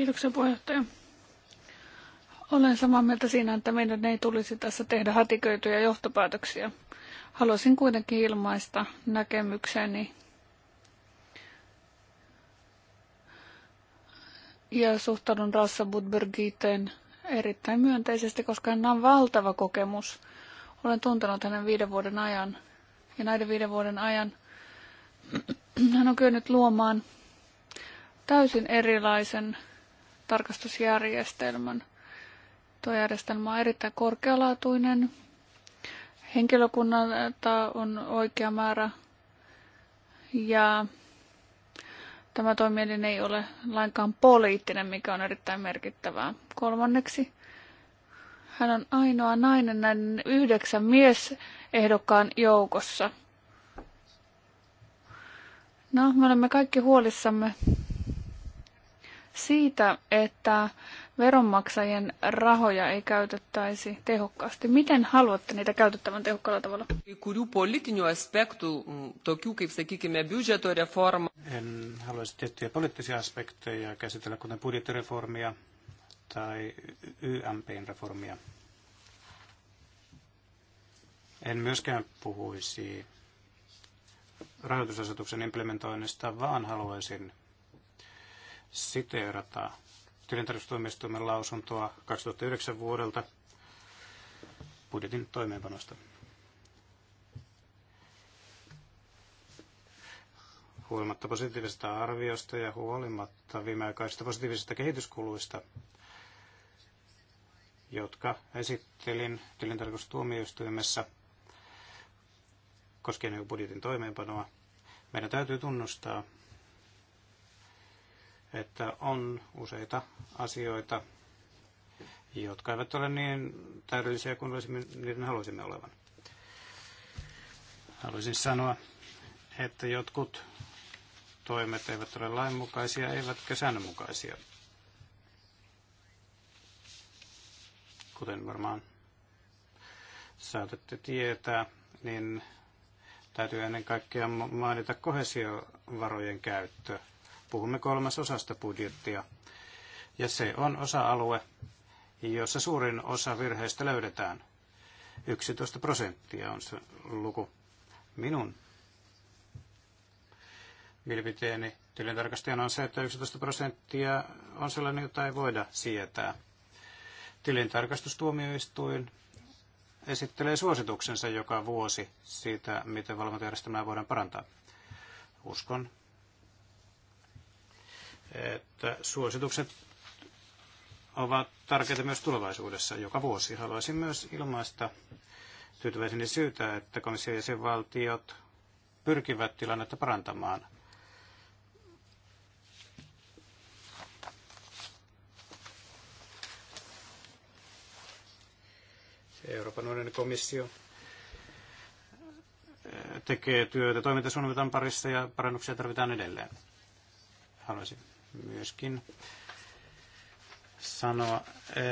Kiitoksia puheenjohtaja. Olen samaa mieltä siinä, että meidän ei tulisi tässä tehdä hätiköityjä johtopäätöksiä. Haluaisin kuitenkin ilmaista näkemykseni ja suhtaudun Rassa Budbergiteen erittäin myönteisesti, koska hänellä on valtava kokemus. Olen tuntenut hänen viiden vuoden ajan ja näiden viiden vuoden ajan hän on kyennyt luomaan täysin erilaisen tarkastusjärjestelmän. Tuo järjestelmä on erittäin korkealaatuinen. Henkilökunnalta on oikea määrä ja tämä toimielin ei ole lainkaan poliittinen, mikä on erittäin merkittävää. Kolmanneksi, hän on ainoa nainen näiden yhdeksän miesehdokkaan joukossa. No, me olemme kaikki huolissamme siitä, että veronmaksajien rahoja ei käytettäisi tehokkaasti. Miten haluatte niitä käytettävän tehokkaalla tavalla? Mm, en haluaisi tiettyjä poliittisia aspekteja käsitellä, kuten budjettireformia tai YMPn reformia. En myöskään puhuisi rahoitusasetuksen implementoinnista, vaan haluaisin siteerata tilintarkastustuomioistuimen lausuntoa 2009 vuodelta budjetin toimeenpanosta. Huolimatta positiivisesta arviosta ja huolimatta viimeaikaisista positiivisista kehityskuluista, jotka esittelin tilintarkastustuomioistuimessa koskien budjetin toimeenpanoa, meidän täytyy tunnustaa, että on useita asioita, jotka eivät ole niin täydellisiä kuin olisimme, niiden haluaisimme olevan. Haluaisin sanoa, että jotkut toimet eivät ole lainmukaisia eivätkä säännönmukaisia. Kuten varmaan saatatte tietää, niin täytyy ennen kaikkea mainita kohesiovarojen käyttö Puhumme kolmasosasta budjettia. Ja se on osa-alue, jossa suurin osa virheistä löydetään. 11 prosenttia on se luku. Minun mielipiteeni tilintarkastajana on se, että 11 prosenttia on sellainen, jota ei voida sietää. Tilintarkastustuomioistuin esittelee suosituksensa joka vuosi siitä, miten valvontajärjestelmää voidaan parantaa. Uskon, että suositukset ovat tärkeitä myös tulevaisuudessa joka vuosi. Haluaisin myös ilmaista tyytyväiseni syytä, että komission jäsenvaltiot pyrkivät tilannetta parantamaan. Euroopan unionin komissio eh, tekee työtä toimintasuunnitelman parissa ja parannuksia tarvitaan edelleen. Haluaisin myöskin sanoa,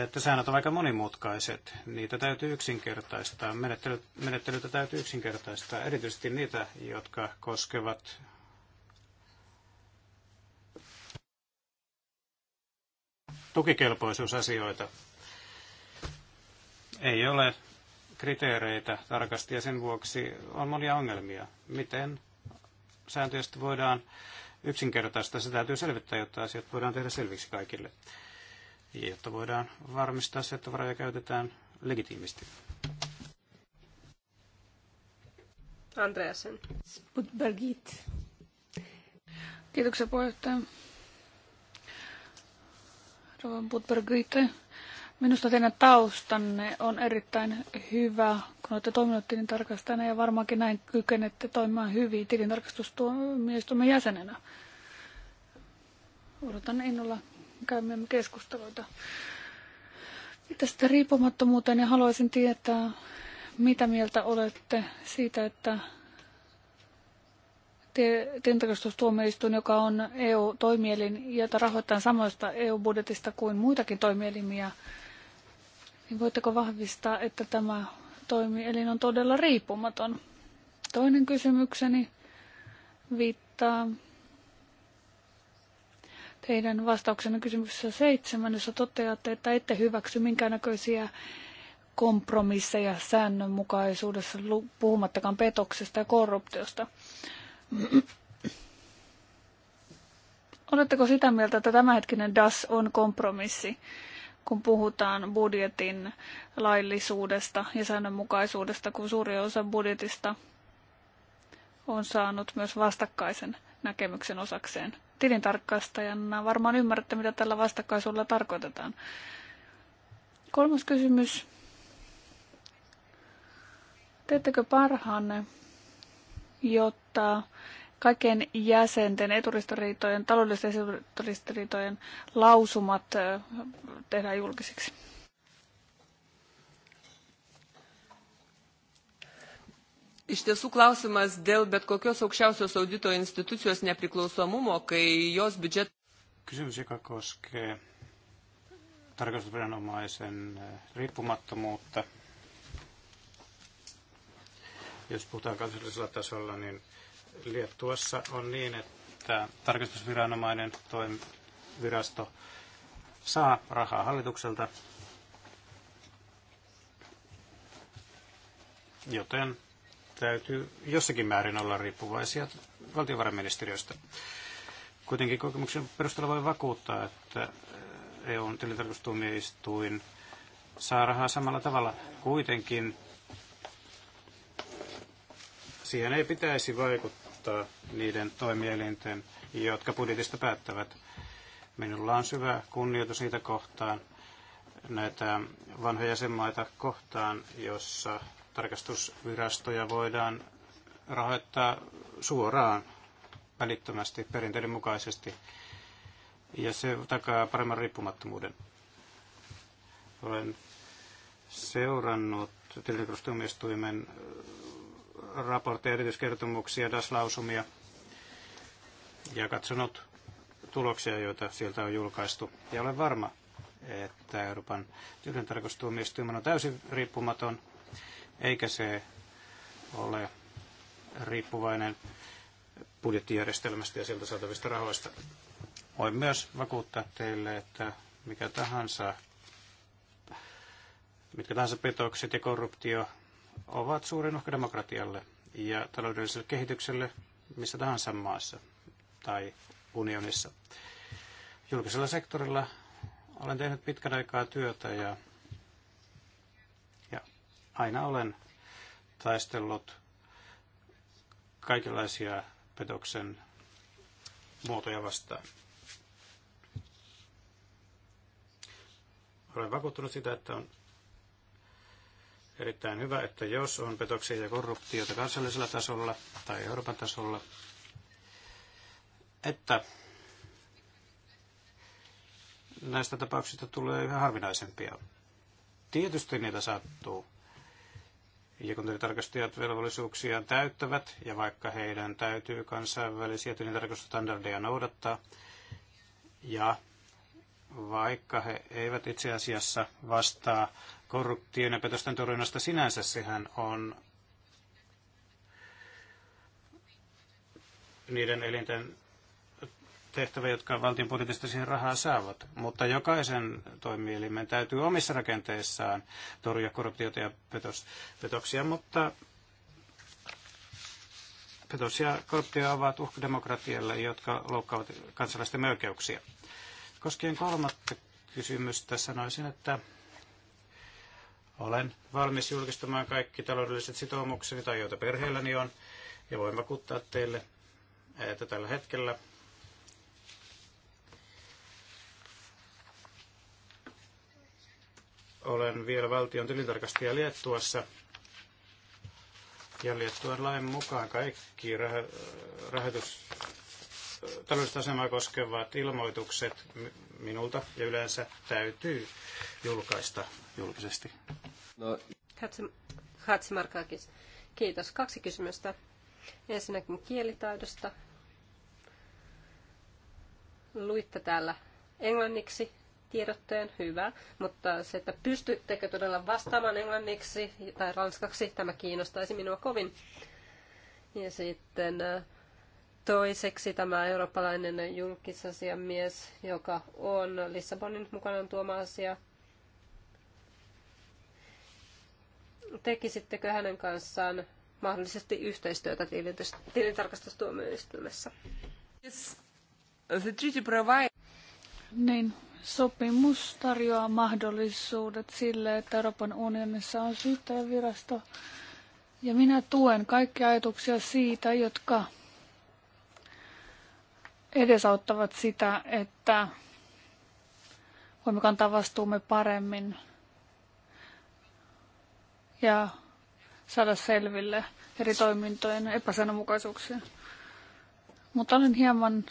että säännöt ovat aika monimutkaiset. Niitä täytyy yksinkertaistaa. Menettelyt, menettelytä täytyy yksinkertaistaa, erityisesti niitä, jotka koskevat tukikelpoisuusasioita. Ei ole kriteereitä tarkasti ja sen vuoksi on monia ongelmia. Miten sääntöistä voidaan yksinkertaista. Se täytyy selvittää, jotta asiat voidaan tehdä selviksi kaikille, ja jotta voidaan varmistaa se, että varoja käytetään legitiimisti. Andreasen. Budbergit. Kiitoksia puheenjohtaja. Rovan Budbergite. Minusta teidän taustanne on erittäin hyvä, kun olette toiminut tilintarkastajana ja varmaankin näin kykenette toimimaan hyvin tilintarkastustuomioistuimen jäsenenä. Odotan innolla käymään keskusteluita. Tästä riippumattomuuteen ja haluaisin tietää, mitä mieltä olette siitä, että tilintarkastustuomioistuin, joka on EU-toimielin, jota rahoitetaan samoista EU-budjetista kuin muitakin toimielimiä, niin voitteko vahvistaa, että tämä toimielin on todella riippumaton? Toinen kysymykseni viittaa teidän vastauksenne kysymyksessä seitsemän, jossa toteatte, että ette hyväksy minkäännäköisiä kompromisseja säännönmukaisuudessa, puhumattakaan petoksesta ja korruptiosta. Oletteko sitä mieltä, että tämänhetkinen DAS on kompromissi? kun puhutaan budjetin laillisuudesta ja säännönmukaisuudesta, kun suuri osa budjetista on saanut myös vastakkaisen näkemyksen osakseen. Tilintarkastajana varmaan ymmärrätte, mitä tällä vastakkaisuudella tarkoitetaan. Kolmas kysymys. Teettekö parhaanne, jotta kaikkien jäsenten eturistoriitojen, taloudellisten eturistoriitojen lausumat tehdään julkisiksi. Iš tiesų klausimas dėl bet kokios aukščiausios audito institucijos nepriklausomumo, kai jos biudžet... Kysymys, joka koskee tarkastusviranomaisen riippumattomuutta. Jos puhutaan kansallisella tasolla, niin Liettuassa on niin, että tarkastusviranomainen toimivirasto saa rahaa hallitukselta, joten täytyy jossakin määrin olla riippuvaisia valtiovarainministeriöstä. Kuitenkin kokemuksen perusteella voi vakuuttaa, että EUn eh, e tilintarkastustuomioistuin saa rahaa samalla tavalla. Kuitenkin siihen ei pitäisi vaikuttaa johtaa niiden toimielinten, jotka budjetista päättävät. Minulla on syvä kunnioitus siitä kohtaan, näitä vanhoja jäsenmaita kohtaan, jossa tarkastusvirastoja voidaan rahoittaa suoraan välittömästi perinteiden mukaisesti, ja se takaa paremman riippumattomuuden. Olen seurannut tilintarkastustuomioistuimen raportteja, erityiskertomuksia, DAS-lausumia ja katsonut tuloksia, joita sieltä on julkaistu. Ja olen varma, että Euroopan tyydyntarkastustuomioistuin on täysin riippumaton, eikä se ole riippuvainen budjettijärjestelmästä ja sieltä saatavista rahoista. Voin myös vakuuttaa teille, että mikä tahansa, mitkä tahansa petokset ja korruptio ovat suurin uhka demokratialle ja taloudelliselle kehitykselle missä tahansa maassa tai unionissa. Julkisella sektorilla olen tehnyt pitkän aikaa työtä ja, ja aina olen taistellut kaikenlaisia petoksen muotoja vastaan. Olen vakuuttunut sitä, että on erittäin hyvä, että jos on petoksia ja korruptiota kansallisella tasolla tai Euroopan tasolla, että näistä tapauksista tulee yhä harvinaisempia. Tietysti niitä sattuu. Ja kun tilintarkastajat velvollisuuksiaan täyttävät, ja vaikka heidän täytyy kansainvälisiä tilintarkastusstandardeja noudattaa, ja vaikka he eivät itse asiassa vastaa korruption ja petosten torjunnasta sinänsä, sehän on niiden elinten tehtävä, jotka valtion budjetista siihen rahaa saavat. Mutta jokaisen toimielimen täytyy omissa rakenteissaan torjua korruptiota ja petos, petoksia, mutta petos ja korruptio ovat uhka demokratialle, jotka loukkaavat kansalaisten oikeuksia. Koskien kolmatta kysymystä sanoisin, että olen valmis julkistamaan kaikki taloudelliset sitoumukseni tai joita perheelläni on. Ja voin vakuuttaa teille, että tällä hetkellä olen vielä valtion tilintarkastaja Liettuassa. Ja Liettuan lain mukaan kaikki rah- rahoitus taloudellista asemaa koskevat ilmoitukset minulta ja yleensä täytyy julkaista julkisesti. No. Hatsimarkakis. Kiitos. Kaksi kysymystä. Ensinnäkin kielitaidosta. Luitte täällä englanniksi tiedotteen, hyvä, mutta se, että pystyttekö todella vastaamaan englanniksi tai ranskaksi, tämä kiinnostaisi minua kovin. Ja sitten äh, Toiseksi tämä eurooppalainen julkisasiamies, joka on Lissabonin mukanaan tuoma asia. Tekisittekö hänen kanssaan mahdollisesti yhteistyötä tilintarkastustuomioistuimessa? Niin, sopimus tarjoaa mahdollisuudet sille, että Euroopan unionissa on syyttäjävirasto. Ja minä tuen kaikkia ajatuksia siitä, jotka edesauttavat sitä, että voimme kantaa vastuumme paremmin ja saada selville eri toimintojen epäsanomukaisuuksia. Mutta olen hieman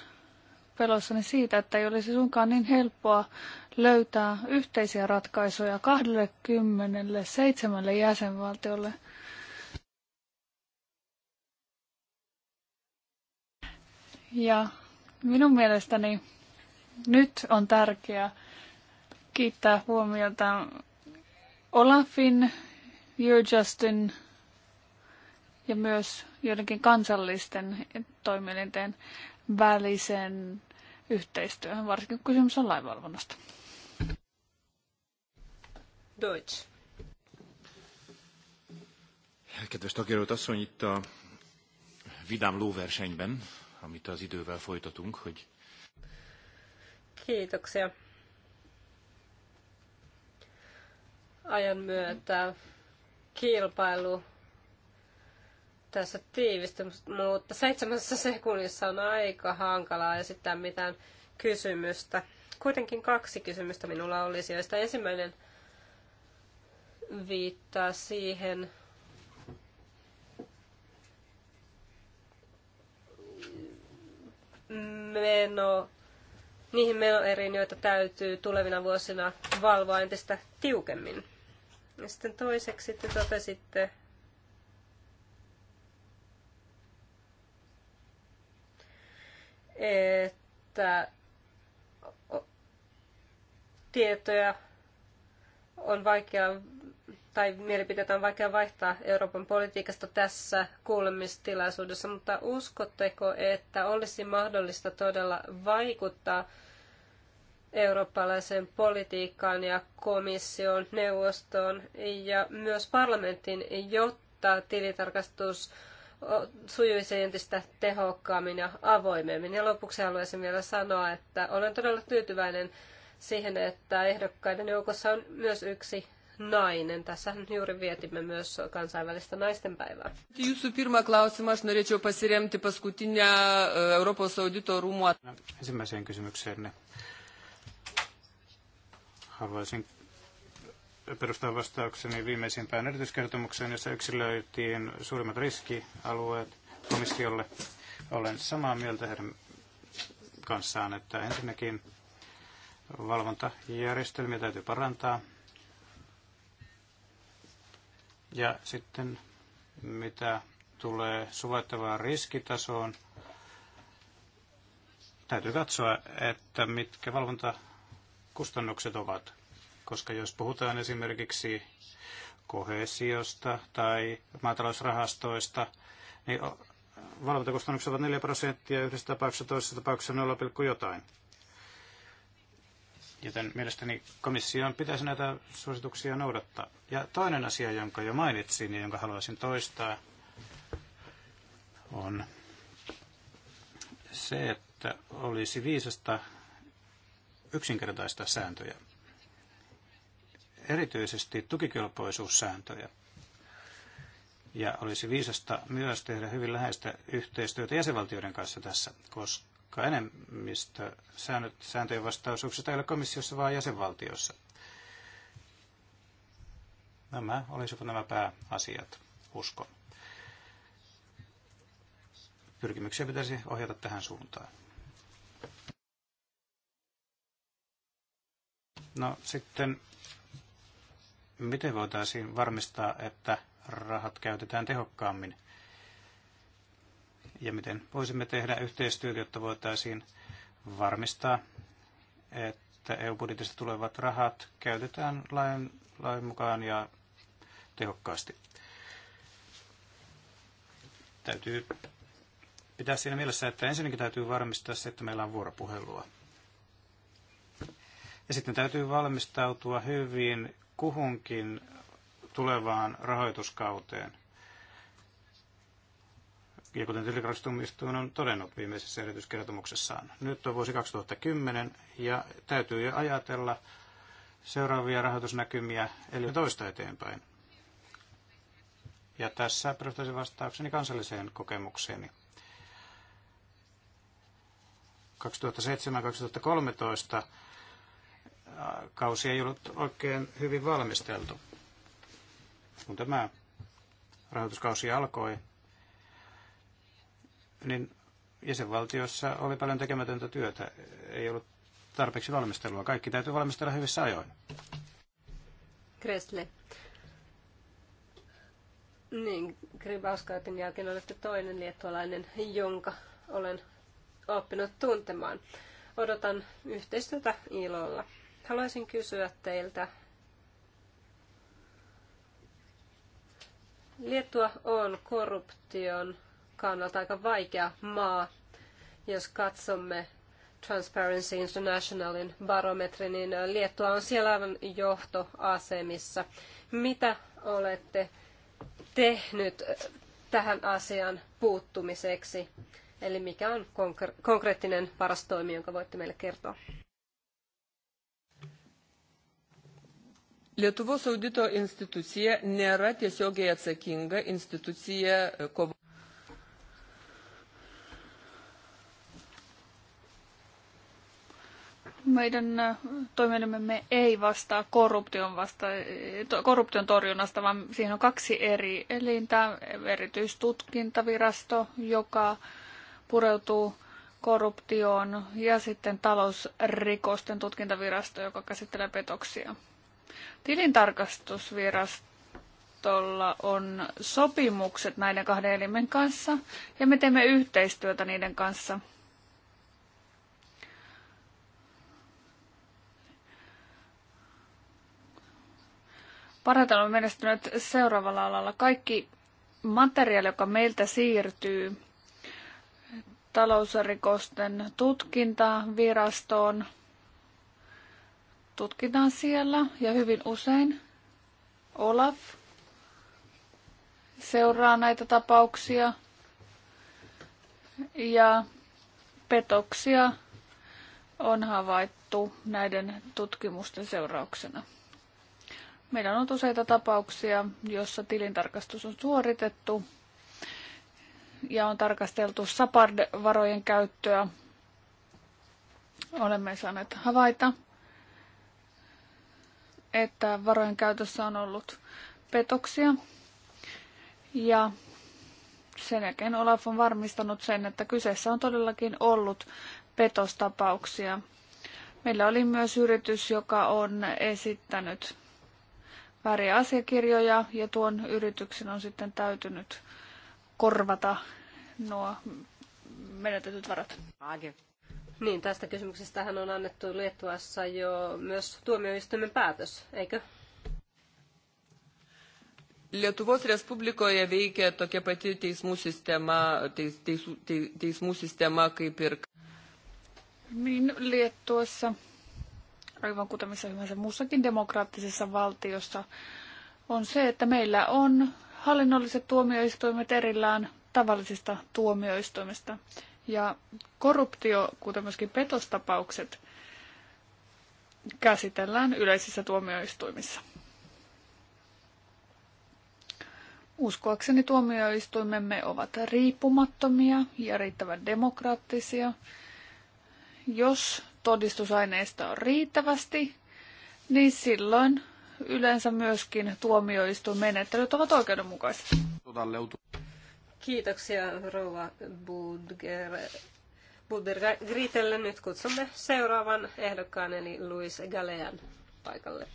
pelossani siitä, että ei olisi suinkaan niin helppoa löytää yhteisiä ratkaisuja 27 jäsenvaltiolle. Ja Minun mielestäni nyt on tärkeää kiittää huomiota Olafin, Eurojustin ja myös joidenkin kansallisten toimielinten välisen yhteistyöhön, varsinkin kun kysymys on lainvalvonnasta. Deutsch. Kedves tagjelölt asszony, itt a Vidám lóversenyben amit az idővel folytatunk, hogy... Kiitoksia. Ajan myötä kilpailu tässä tiivistyy, mutta seitsemässä sekunnissa on aika hankalaa esittää mitään kysymystä. Kuitenkin kaksi kysymystä minulla olisi, joista ensimmäinen viittaa siihen, meno, niihin menoeriin, joita täytyy tulevina vuosina valvoa entistä tiukemmin. Ja sitten toiseksi te totesitte, että tietoja on vaikea tai mielipiteitä on vaikea vaihtaa Euroopan politiikasta tässä kuulemistilaisuudessa, mutta uskotteko, että olisi mahdollista todella vaikuttaa eurooppalaiseen politiikkaan ja komission, neuvostoon ja myös parlamenttiin, jotta tilitarkastus sujuisi entistä tehokkaammin ja avoimemmin. Ja lopuksi haluaisin vielä sanoa, että olen todella tyytyväinen siihen, että ehdokkaiden joukossa on myös yksi nainen. Tässä juuri vietimme myös kansainvälistä naistenpäivää. Jussu, pirmą klausimą aš norėčiau pasiremti paskutinę e, Euroopan audito rūmų. No, ensimmäiseen kysymykseen niin haluaisin perustaa vastaukseni viimeisimpään erityiskertomukseen, jossa yksilöitiin suurimmat riskialueet komissiolle. Olen samaa mieltä heidän kanssaan, että ensinnäkin valvontajärjestelmiä täytyy parantaa. Ja sitten mitä tulee suvaittavaan riskitasoon, täytyy katsoa, että mitkä valvontakustannukset ovat. Koska jos puhutaan esimerkiksi kohesiosta tai maatalousrahastoista, niin valvontakustannukset ovat 4 prosenttia yhdessä tapauksessa, toisessa tapauksessa 0, jotain. Joten mielestäni komission pitäisi näitä suosituksia noudattaa. Ja toinen asia, jonka jo mainitsin ja jonka haluaisin toistaa, on se, että olisi viisasta yksinkertaista sääntöjä. Erityisesti tukikelpoisuussääntöjä. Ja olisi viisasta myös tehdä hyvin läheistä yhteistyötä jäsenvaltioiden kanssa tässä, koska vaikka enemmistö sääntöjen vastaisuuksista ei ole komissiossa, vaan jäsenvaltiossa. Nämä olisivat nämä pääasiat, uskon. Pyrkimyksiä pitäisi ohjata tähän suuntaan. No sitten, miten voitaisiin varmistaa, että rahat käytetään tehokkaammin? ja miten voisimme tehdä yhteistyötä, jotta voitaisiin varmistaa, että EU-budjetista tulevat rahat käytetään lain, lain mukaan ja tehokkaasti. Täytyy pitää siinä mielessä, että ensinnäkin täytyy varmistaa se, että meillä on vuoropuhelua. Ja sitten täytyy valmistautua hyvin kuhunkin tulevaan rahoituskauteen – ja kuten tilintarkastustuomioistuin on todennut viimeisessä erityiskertomuksessaan, nyt on vuosi 2010 ja täytyy jo ajatella seuraavia rahoitusnäkymiä, eli toista eteenpäin. Ja tässä perustaisin vastaukseni kansalliseen kokemukseeni. 2007-2013 kausi ei ollut oikein hyvin valmisteltu. Kun tämä rahoituskausi alkoi, niin jäsenvaltiossa oli paljon tekemätöntä työtä. Ei ollut tarpeeksi valmistelua. Kaikki täytyy valmistella hyvissä ajoin. Kresle. Niin, Kribauskaitin jälkeen olette toinen liettualainen, jonka olen oppinut tuntemaan. Odotan yhteistyötä ilolla. Haluaisin kysyä teiltä. Liettua on korruption kannalta aika vaikea maa. Jos katsomme Transparency Internationalin barometri, niin Liettua on siellä aivan johtoasemissa. Mitä olette tehnyt tähän asian puuttumiseksi? Eli mikä on konkreettinen paras toimi, jonka voitte meille kertoa? Lietuvos audito institucija nėra tiesiogiai atsakinga institucija kovo. meidän äh, toimielimemme ei vastaa korruption, vasta, korruption torjunnasta, vaan siihen on kaksi eri elintä. Erityistutkintavirasto, joka pureutuu korruptioon, ja sitten talousrikosten tutkintavirasto, joka käsittelee petoksia. Tilintarkastusvirastolla on sopimukset näiden kahden elimen kanssa, ja me teemme yhteistyötä niiden kanssa – Parhaiten on menestynyt seuraavalla alalla. Kaikki materiaali, joka meiltä siirtyy talousrikosten tutkintavirastoon, tutkitaan siellä ja hyvin usein Olaf seuraa näitä tapauksia ja petoksia on havaittu näiden tutkimusten seurauksena. Meillä on ollut useita tapauksia, jossa tilintarkastus on suoritettu ja on tarkasteltu SAPARD-varojen käyttöä. Olemme saaneet havaita, että varojen käytössä on ollut petoksia. Ja sen jälkeen Olaf on varmistanut sen, että kyseessä on todellakin ollut petostapauksia. Meillä oli myös yritys, joka on esittänyt vääriä asiakirjoja ja tuon yrityksen on sitten täytynyt korvata nuo menetetyt varat. Niin, tästä kysymyksestähän on annettu Liettuassa jo myös tuomioistuimen päätös, eikö? Lietuvos Respublikoje veikia tokia pati teismų sistema, teis, teis, teis, teismų sistema kaip ir... Niin, Liettuassa aivan kuten missä hyvänsä muussakin demokraattisessa valtiossa, on se, että meillä on hallinnolliset tuomioistuimet erillään tavallisista tuomioistuimista. Ja korruptio, kuten myöskin petostapaukset, käsitellään yleisissä tuomioistuimissa. Uskoakseni tuomioistuimemme ovat riippumattomia ja riittävän demokraattisia. Jos todistusaineista on riittävästi, niin silloin yleensä myöskin tuomioistuinmenettelyt ovat oikeudenmukaiset. Kiitoksia Rova Budger. Budger Gritelle nyt kutsumme seuraavan ehdokkaan eli Luis Galean paikalle.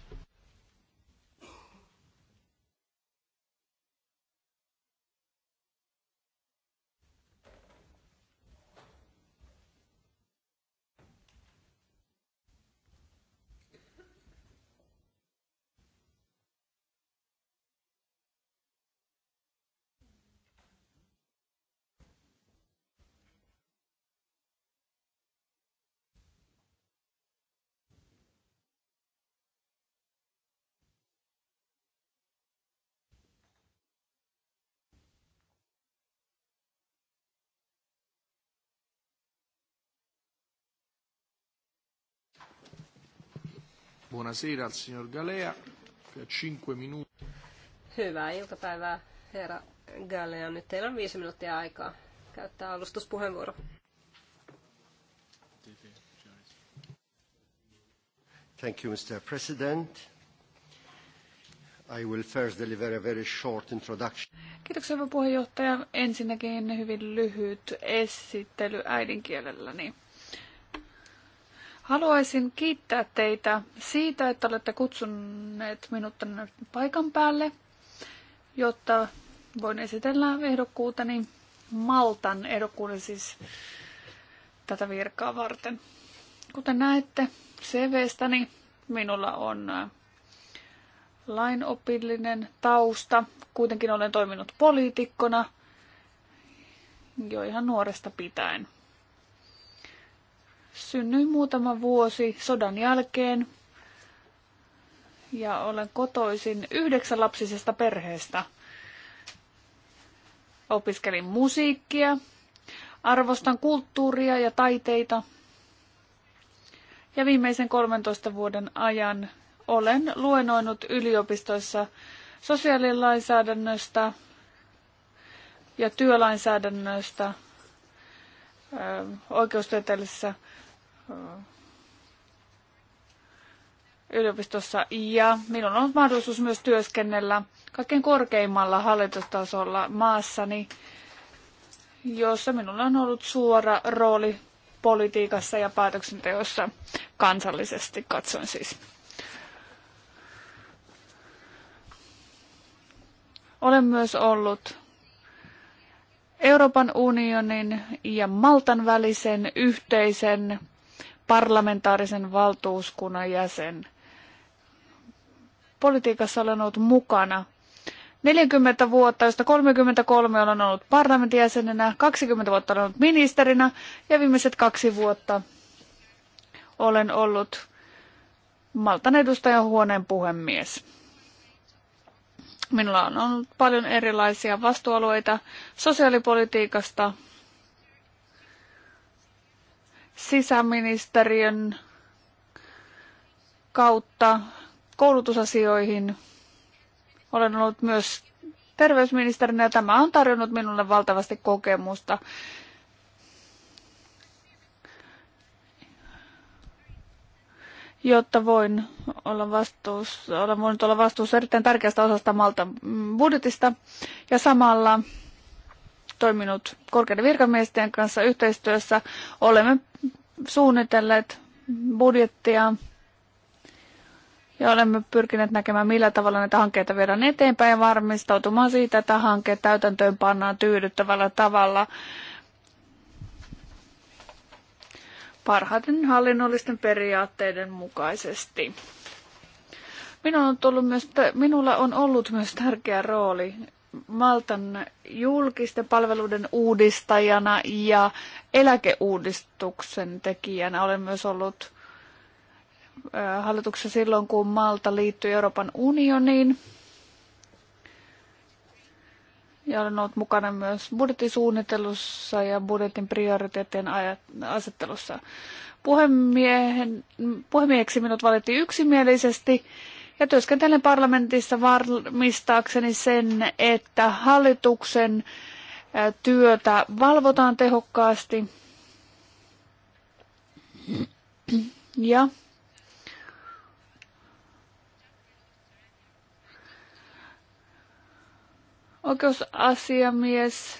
Buonasera al signor Galea. Hyvää iltapäivää, herra Galea. Nyt teillä on viisi minuuttia aikaa käyttää alustuspuheenvuoro. Thank you, Mr. President. I will first deliver a very short introduction. Kiitoksia, puheenjohtaja. Ensinnäkin hyvin lyhyt esittely äidinkielelläni. Haluaisin kiittää teitä siitä, että olette kutsuneet minut tänne paikan päälle, jotta voin esitellä ehdokkuuteni Maltan ehdokkuuden siis tätä virkaa varten. Kuten näette CVstäni, minulla on äh, lainopillinen tausta. Kuitenkin olen toiminut poliitikkona jo ihan nuoresta pitäen. Synnyin muutama vuosi sodan jälkeen ja olen kotoisin yhdeksän lapsisesta perheestä. Opiskelin musiikkia, arvostan kulttuuria ja taiteita. Ja viimeisen 13 vuoden ajan olen luennoinut yliopistoissa sosiaalilainsäädännöstä ja työlainsäädännöstä oikeustieteellisessä yliopistossa ja minulla on mahdollisuus myös työskennellä kaikkein korkeimmalla hallitustasolla maassani, jossa minulla on ollut suora rooli politiikassa ja päätöksenteossa kansallisesti katsoen siis. Olen myös ollut Euroopan unionin ja Maltan välisen yhteisen parlamentaarisen valtuuskunnan jäsen. Politiikassa olen ollut mukana 40 vuotta, josta 33 olen ollut parlamentin jäsenenä, 20 vuotta olen ollut ministerinä ja viimeiset kaksi vuotta olen ollut Maltan edustajan huoneen puhemies. Minulla on ollut paljon erilaisia vastuualueita sosiaalipolitiikasta, sisäministeriön kautta koulutusasioihin. Olen ollut myös terveysministerinä ja tämä on tarjonnut minulle valtavasti kokemusta jotta voin olla vastuussa, olen voinut olla vastuussa erittäin tärkeästä osasta Malta budjetista ja samalla toiminut korkeiden virkamiesten kanssa yhteistyössä. Olemme suunnitelleet budjettia ja olemme pyrkineet näkemään, millä tavalla näitä hankkeita viedään eteenpäin ja varmistautumaan siitä, että hankkeet täytäntöön pannaan tyydyttävällä tavalla parhaiten hallinnollisten periaatteiden mukaisesti. Minulla on, tullut myös, minulla on ollut myös tärkeä rooli Maltan julkisten palveluiden uudistajana ja eläkeuudistuksen tekijänä. Olen myös ollut hallituksessa silloin, kun Malta liittyi Euroopan unioniin ja olen ollut mukana myös budjettisuunnittelussa ja budjetin prioriteettien asettelussa. Puhemiehen, puhemieheksi minut valittiin yksimielisesti ja työskentelen parlamentissa varmistaakseni sen, että hallituksen työtä valvotaan tehokkaasti. Ja Oikeusasiamies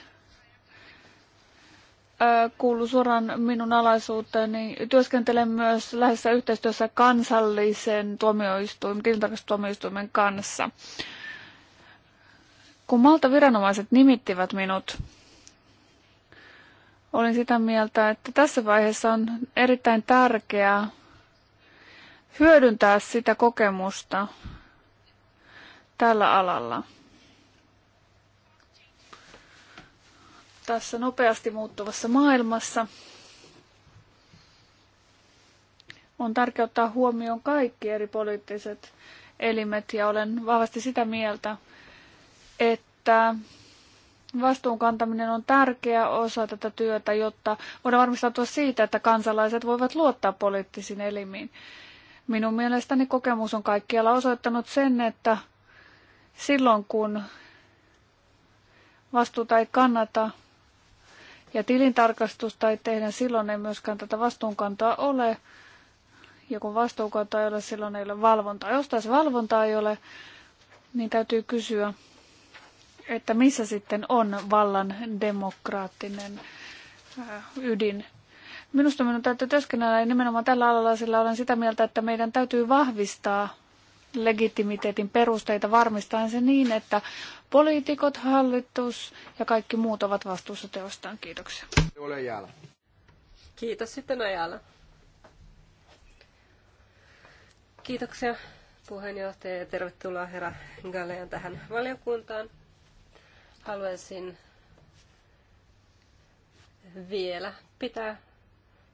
kuuluu suoraan minun alaisuuteeni. Työskentelen myös läheisessä yhteistyössä kansallisen tuomioistuimen, tilintarkastustuomioistuimen kanssa. Kun malta viranomaiset nimittivät minut, olin sitä mieltä, että tässä vaiheessa on erittäin tärkeää hyödyntää sitä kokemusta tällä alalla. tässä nopeasti muuttuvassa maailmassa on tärkeää ottaa huomioon kaikki eri poliittiset elimet ja olen vahvasti sitä mieltä, että vastuun kantaminen on tärkeä osa tätä työtä, jotta voidaan varmistautua siitä, että kansalaiset voivat luottaa poliittisiin elimiin. Minun mielestäni kokemus on kaikkialla osoittanut sen, että silloin kun vastuuta ei kannata, ja tilintarkastusta ei tehdä, silloin ei myöskään tätä vastuunkantoa ole. Ja kun vastuunkantoa ei ole, silloin ei ole valvontaa. Jos taas valvontaa ei ole, niin täytyy kysyä, että missä sitten on vallan demokraattinen äh, ydin. Minusta minun täytyy työskennellä nimenomaan tällä alalla, sillä olen sitä mieltä, että meidän täytyy vahvistaa legitimiteetin perusteita varmistaen se niin, että poliitikot, hallitus ja kaikki muut ovat vastuussa teostaan. Kiitoksia. Kiitos sitten Kiitoksia puheenjohtaja ja tervetuloa herra Galean tähän valiokuntaan. Haluaisin vielä pitää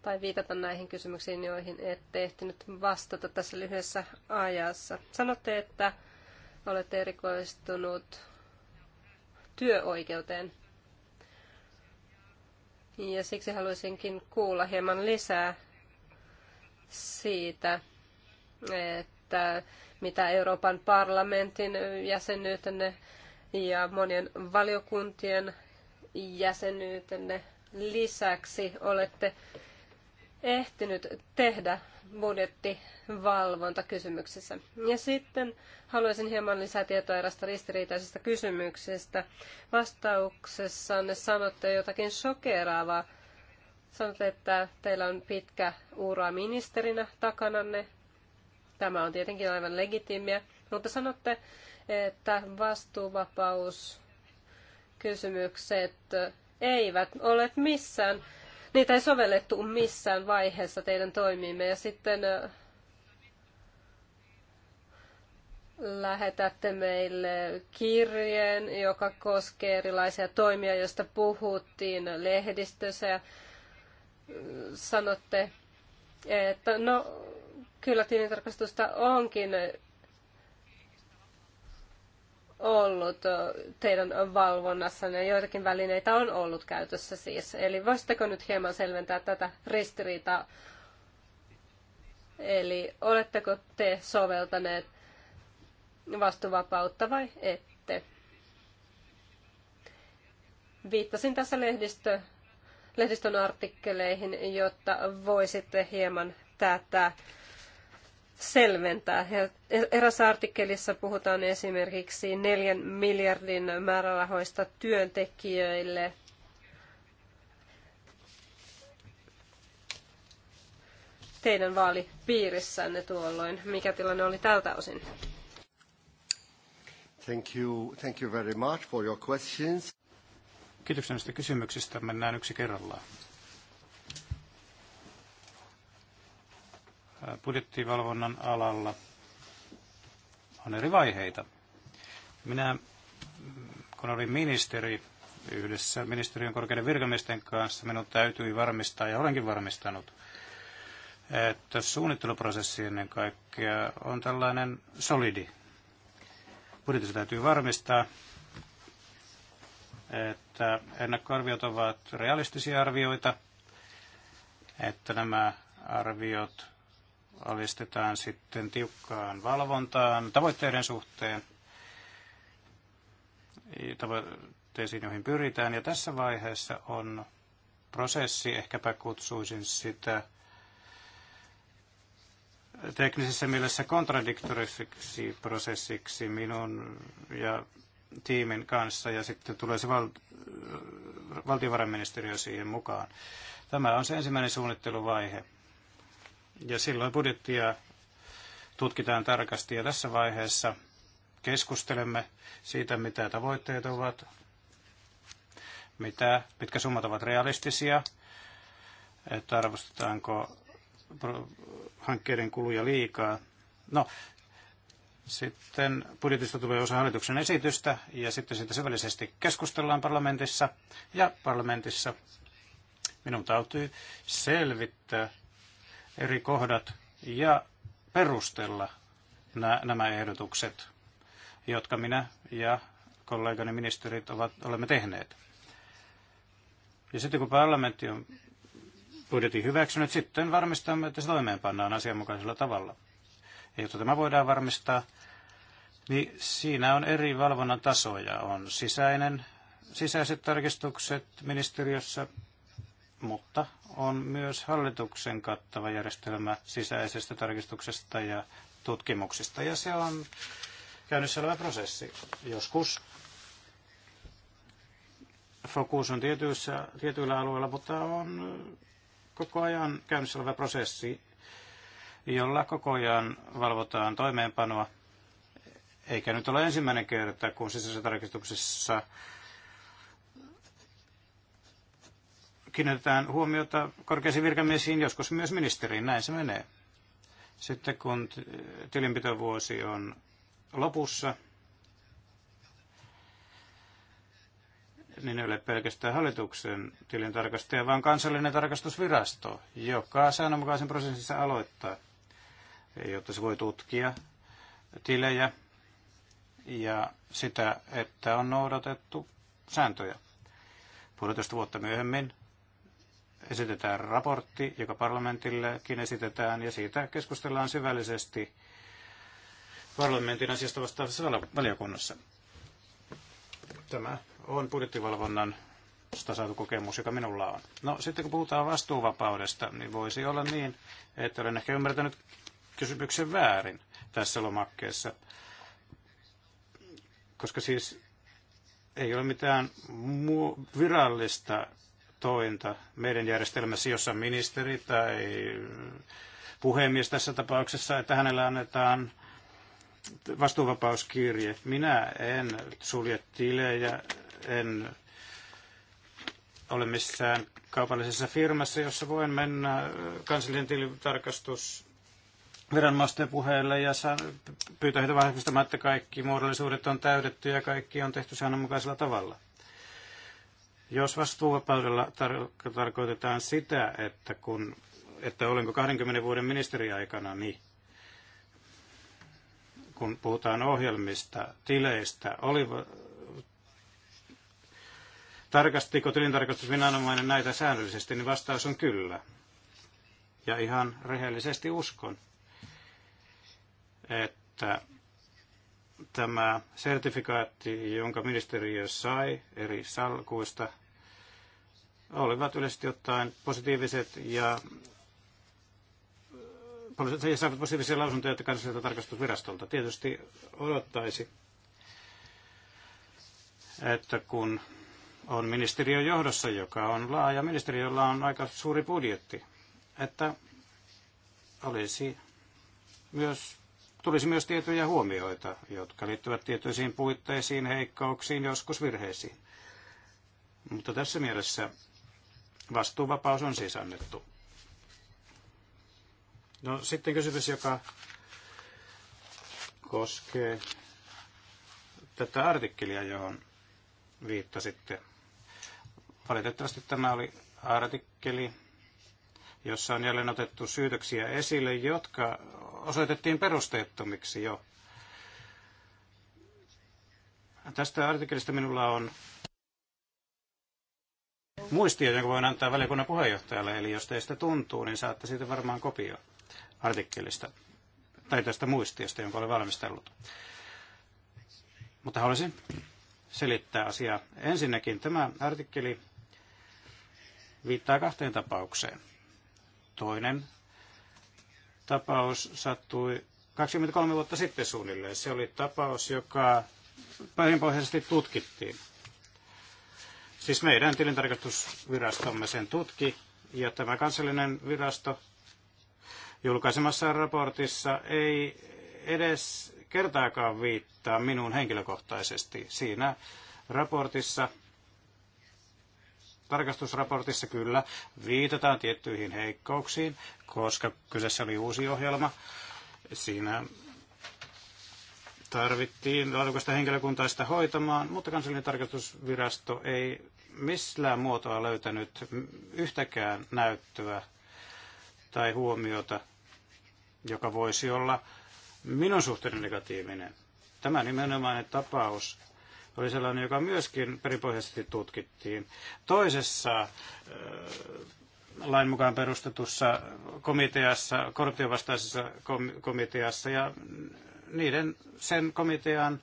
tai viitata näihin kysymyksiin, joihin ette ehtinyt vastata tässä lyhyessä ajassa. Sanotte, että olette erikoistunut työoikeuteen. Ja siksi haluaisinkin kuulla hieman lisää siitä, että mitä Euroopan parlamentin jäsenyytenne ja monien valiokuntien jäsenyytenne lisäksi olette ehtinyt tehdä budjettivalvontakysymyksessä. Ja sitten haluaisin hieman lisää tietoa erästä ristiriitaisesta kysymyksestä. Vastauksessanne sanotte jotakin shokeraavaa. Sanotte, että teillä on pitkä ura ministerinä takananne. Tämä on tietenkin aivan legitiimiä, mutta sanotte, että vastuuvapaus kysymykset eivät ole missään niitä ei sovellettu missään vaiheessa teidän toimiimme. Ja sitten lähetätte meille kirjeen, joka koskee erilaisia toimia, joista puhuttiin lehdistössä ja sanotte, että no kyllä tilintarkastusta onkin ollut teidän valvonnassanne, joitakin välineitä on ollut käytössä siis. Eli voisitteko nyt hieman selventää tätä ristiriitaa? Eli oletteko te soveltaneet vastuvapautta vai ette? Viittasin tässä lehdistö, lehdistön artikkeleihin, jotta voisitte hieman tätä selventää. Ja erässä artikkelissa puhutaan esimerkiksi neljän miljardin määrärahoista työntekijöille. Teidän vaalipiirissänne tuolloin. Mikä tilanne oli tältä osin? Thank you, thank you very much for your questions. Kiitoksia näistä kysymyksistä. Mennään yksi kerrallaan. budjettivalvonnan alalla on eri vaiheita. Minä, kun olin ministeri yhdessä ministeriön korkeiden virkamiesten kanssa, minun täytyi varmistaa, ja olenkin varmistanut, että suunnitteluprosessi ennen kaikkea on tällainen solidi. Budjetissa täytyy varmistaa, että ennakkoarviot ovat realistisia arvioita, että nämä arviot alistetaan sitten tiukkaan valvontaan tavoitteiden suhteen, tavoitteisiin, joihin pyritään. Ja tässä vaiheessa on prosessi, ehkäpä kutsuisin sitä teknisessä mielessä kontradiktoriseksi prosessiksi minun ja tiimin kanssa ja sitten tulee se val- valtiovarainministeriö siihen mukaan. Tämä on se ensimmäinen suunnitteluvaihe. Ja silloin budjettia tutkitaan tarkasti ja tässä vaiheessa keskustelemme siitä, mitä tavoitteet ovat, mitä, mitkä summat ovat realistisia, että arvostetaanko hankkeiden kuluja liikaa. No, sitten budjetista tulee osa hallituksen esitystä ja sitten siitä syvällisesti keskustellaan parlamentissa ja parlamentissa minun täytyy selvittää eri kohdat ja perustella nämä ehdotukset, jotka minä ja kollegani ministerit ovat, olemme tehneet. Ja sitten kun parlamentti on budjetin hyväksynyt, sitten varmistamme, että se toimeenpannaan asianmukaisella tavalla. Ja jotta tämä voidaan varmistaa, niin siinä on eri valvonnan tasoja. On sisäinen, sisäiset tarkistukset ministeriössä, mutta on myös hallituksen kattava järjestelmä sisäisestä tarkistuksesta ja tutkimuksista, ja se on käynnissä selvä prosessi. Joskus fokus on tietyissä, tietyillä alueilla, mutta on koko ajan käynnissä oleva prosessi, jolla koko ajan valvotaan toimeenpanoa. Eikä nyt ole ensimmäinen kerta, kun sisäisessä tarkistuksessa kiinnitetään huomiota korkeisiin virkamiesiin, joskus myös ministeriin. Näin se menee. Sitten kun tilinpitovuosi on lopussa, niin ei ole pelkästään hallituksen tilintarkastaja, vaan kansallinen tarkastusvirasto, joka säännönmukaisen prosessissa aloittaa, jotta se voi tutkia tilejä ja sitä, että on noudatettu sääntöjä. Puolitoista vuotta myöhemmin esitetään raportti, joka parlamentillekin esitetään, ja siitä keskustellaan syvällisesti parlamentin asiasta vastaavassa valiokunnassa. Tämä on budjettivalvonnan saatu kokemus, joka minulla on. No sitten kun puhutaan vastuuvapaudesta, niin voisi olla niin, että olen ehkä ymmärtänyt kysymyksen väärin tässä lomakkeessa, koska siis ei ole mitään virallista tointa meidän järjestelmässä, jossa ministeri tai puhemies tässä tapauksessa, että hänellä annetaan vastuuvapauskirje. Minä en sulje tilejä, en ole missään kaupallisessa firmassa, jossa voin mennä kansallinen tilitarkastus viranomaisten puheelle ja pyytää heitä vahvistamaan, että kaikki muodollisuudet on täydetty ja kaikki on tehty säännönmukaisella tavalla. Jos vastuuvapaudella tar- tarkoitetaan sitä, että, kun, että olenko 20 vuoden ministeriaikana, niin kun puhutaan ohjelmista, tileistä, oli, tarkastiko tilintarkastusviranomainen näitä säännöllisesti, niin vastaus on kyllä. Ja ihan rehellisesti uskon, että tämä sertifikaatti, jonka ministeriö sai eri salkuista, olivat yleisesti ottaen positiiviset ja he äh, saavat positiivisia lausuntoja kansalliselta tarkastusvirastolta. Tietysti odottaisi, että kun on ministeriön johdossa, joka on laaja, ministeriöllä on aika suuri budjetti, että olisi myös tulisi myös tietoja huomioita, jotka liittyvät tietoisiin puitteisiin, heikkauksiin, joskus virheisiin. Mutta tässä mielessä vastuuvapaus on siis annettu. No sitten kysymys, joka koskee tätä artikkelia, johon viittasitte. Valitettavasti tämä oli artikkeli, jossa on jälleen otettu syytöksiä esille, jotka osoitettiin perusteettomiksi jo. Tästä artikkelista minulla on muistio, jonka voin antaa valiokunnan puheenjohtajalle, eli jos teistä tuntuu, niin saatte siitä varmaan kopio artikkelista tai tästä muistiosta, jonka olen valmistellut. Mutta haluaisin selittää asiaa. Ensinnäkin tämä artikkeli viittaa kahteen tapaukseen. Toinen tapaus sattui 23 vuotta sitten suunnilleen. Se oli tapaus, joka perinpohjaisesti tutkittiin. Siis meidän tilintarkastusvirastomme sen tutki, ja tämä kansallinen virasto julkaisemassa raportissa ei edes kertaakaan viittaa minuun henkilökohtaisesti. Siinä raportissa tarkastusraportissa kyllä viitataan tiettyihin heikkouksiin, koska kyseessä oli uusi ohjelma. Siinä tarvittiin laadukasta henkilökuntaa sitä hoitamaan, mutta kansallinen tarkastusvirasto ei missään muotoa löytänyt yhtäkään näyttöä tai huomiota, joka voisi olla minun suhteen negatiivinen. Tämä nimenomainen tapaus oli sellainen, joka myöskin perinpohjaisesti tutkittiin. Toisessa äh, lain mukaan perustetussa komiteassa, korruptiovastaisessa kom- komiteassa ja niiden sen komitean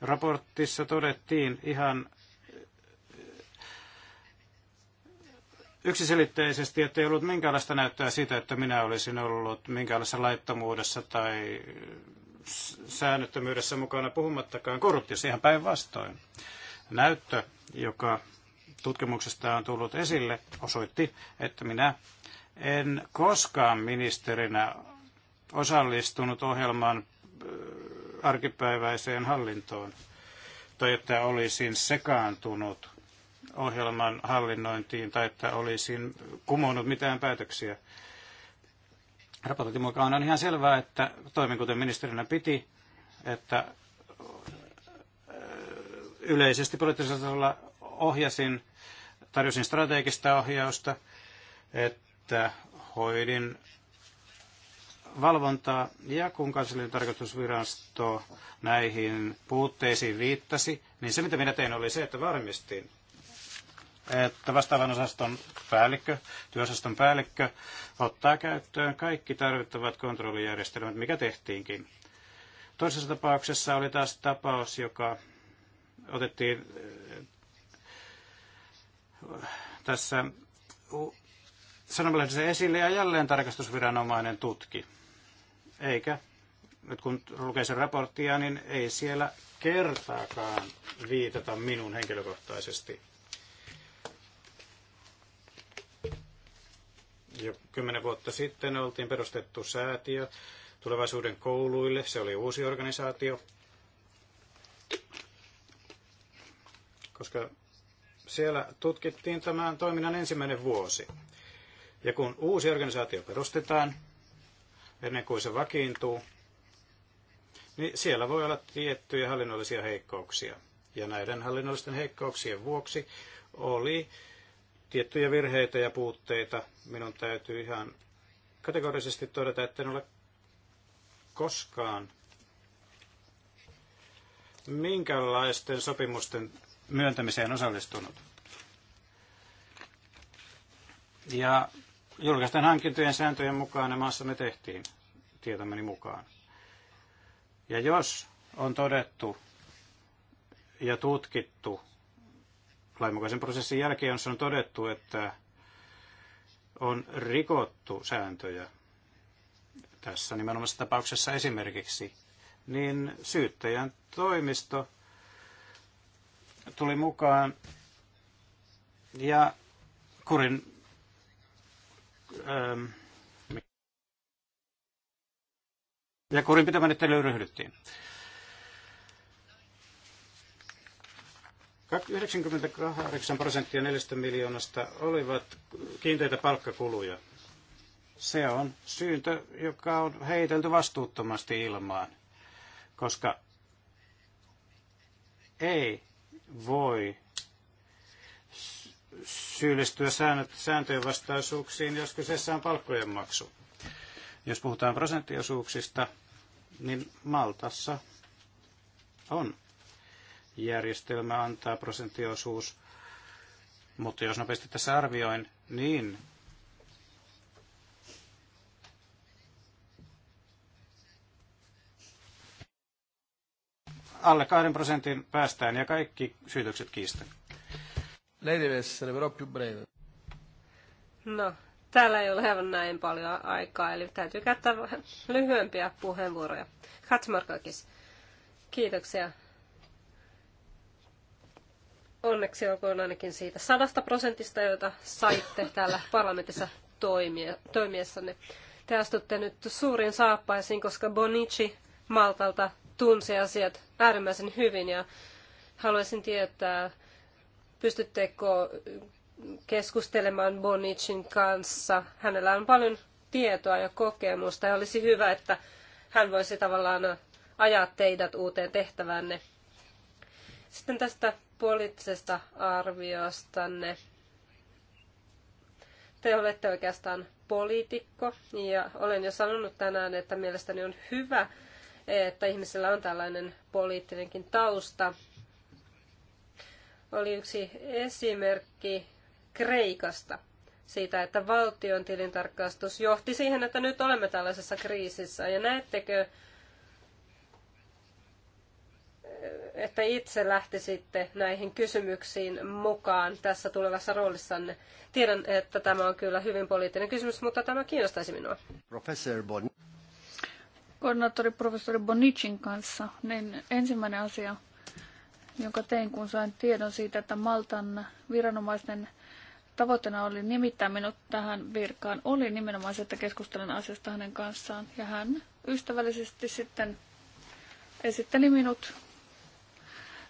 raportissa todettiin ihan yksiselitteisesti, että ei ollut minkäänlaista näyttöä siitä, että minä olisin ollut minkäänlaisessa laittomuudessa tai säännöttömyydessä mukana, puhumattakaan korruptiossa ihan päinvastoin. Näyttö, joka tutkimuksesta on tullut esille, osoitti, että minä en koskaan ministerinä osallistunut ohjelman äh, arkipäiväiseen hallintoon, tai että olisin sekaantunut ohjelman hallinnointiin, tai että olisin kumonnut mitään päätöksiä Raportin mukaan on ihan selvää, että toimin kuten ministerinä piti, että yleisesti poliittisella tasolla ohjasin, tarjosin strategista ohjausta, että hoidin valvontaa ja kun kansallinen tarkastusvirasto näihin puutteisiin viittasi, niin se mitä minä tein oli se, että varmistin, että vastaavan osaston päällikkö, työosaston päällikkö, ottaa käyttöön kaikki tarvittavat kontrollijärjestelmät, mikä tehtiinkin. Toisessa tapauksessa oli taas tapaus, joka otettiin eh, tässä sanomalehdessä esille ja jälleen tarkastusviranomainen tutki. Eikä, nyt kun lukee sen raporttia, niin ei siellä kertaakaan viitata minun henkilökohtaisesti Jo kymmenen vuotta sitten oltiin perustettu säätiö tulevaisuuden kouluille. Se oli uusi organisaatio, koska siellä tutkittiin tämän toiminnan ensimmäinen vuosi. Ja kun uusi organisaatio perustetaan, ennen kuin se vakiintuu, niin siellä voi olla tiettyjä hallinnollisia heikkouksia. Ja näiden hallinnollisten heikkouksien vuoksi oli tiettyjä virheitä ja puutteita. Minun täytyy ihan kategorisesti todeta, että en ole koskaan minkälaisten sopimusten myöntämiseen osallistunut. Ja julkisten hankintojen sääntöjen mukaan ne maassa me tehtiin tietämäni mukaan. Ja jos on todettu ja tutkittu lainmukaisen prosessin jälkeen, jossa on todettu, että on rikottu sääntöjä, tässä nimenomaisessa tapauksessa esimerkiksi, niin syyttäjän toimisto tuli mukaan ja kurin ähm, ja kurinpitomenettelyyn ryhdyttiin. 98 prosenttia 4 miljoonasta olivat kiinteitä palkkakuluja. Se on syyntö, joka on heitelty vastuuttomasti ilmaan, koska ei voi syyllistyä sääntöjen vastaisuuksiin, jos kyseessä on palkkojen maksu. Jos puhutaan prosenttiosuuksista, niin Maltassa on järjestelmä antaa prosenttiosuus. Mutta jos nopeasti tässä arvioin, niin alle kahden prosentin päästään ja kaikki syytökset kiistän. Lei deve essere però più breve. No, täällä ei ole aivan näin paljon aikaa, eli täytyy käyttää vähän lyhyempiä puheenvuoroja. Katsmarkakis, kiitoksia Onneksi olkoon ainakin siitä sadasta prosentista, jota saitte täällä parlamentissa toimia, toimiessanne. Te astutte nyt suurin saappaisiin, koska Bonici Maltalta tunsi asiat äärimmäisen hyvin ja haluaisin tietää, pystyttekö keskustelemaan Bonicin kanssa. Hänellä on paljon tietoa ja kokemusta ja olisi hyvä, että hän voisi tavallaan ajaa teidät uuteen tehtävänne. Sitten tästä poliittisesta arviostanne. Te olette oikeastaan poliitikko ja olen jo sanonut tänään, että mielestäni on hyvä, että ihmisellä on tällainen poliittinenkin tausta. Oli yksi esimerkki Kreikasta siitä, että valtion tilintarkastus johti siihen, että nyt olemme tällaisessa kriisissä. Ja näettekö että itse lähtisitte näihin kysymyksiin mukaan tässä tulevassa roolissanne. Tiedän, että tämä on kyllä hyvin poliittinen kysymys, mutta tämä kiinnostaisi minua. Professor Bon. Koordinaattori professori Bonicin kanssa, niin ensimmäinen asia, jonka tein, kun sain tiedon siitä, että Maltan viranomaisten tavoitteena oli nimittää minut tähän virkaan, oli nimenomaan se, että keskustelen asiasta hänen kanssaan. Ja hän ystävällisesti sitten esitteli minut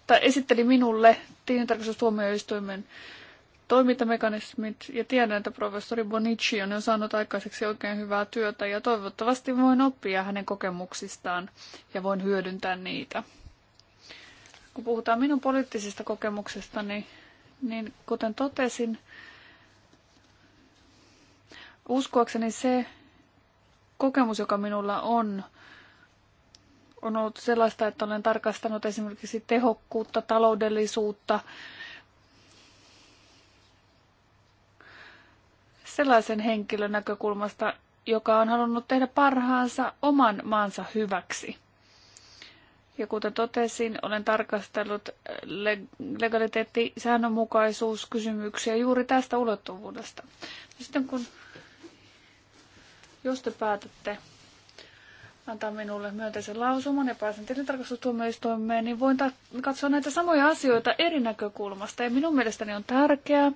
tai esitteli minulle tilintarkastustuomioistuimen toimintamekanismit ja tiedän, että professori Bonici on jo saanut aikaiseksi oikein hyvää työtä ja toivottavasti voin oppia hänen kokemuksistaan ja voin hyödyntää niitä. Kun puhutaan minun poliittisista niin, niin kuten totesin, uskoakseni se kokemus, joka minulla on on ollut sellaista, että olen tarkastanut esimerkiksi tehokkuutta, taloudellisuutta, sellaisen henkilön näkökulmasta, joka on halunnut tehdä parhaansa oman maansa hyväksi. Ja kuten totesin, olen tarkastellut legaliteettisäännönmukaisuuskysymyksiä juuri tästä ulottuvuudesta. No sitten kun, jos te päätätte antaa minulle myönteisen lausuman ja pääsen tilintarkastustuomioistuimeen, niin voin katsoa näitä samoja asioita eri näkökulmasta. Ja minun mielestäni on tärkeää,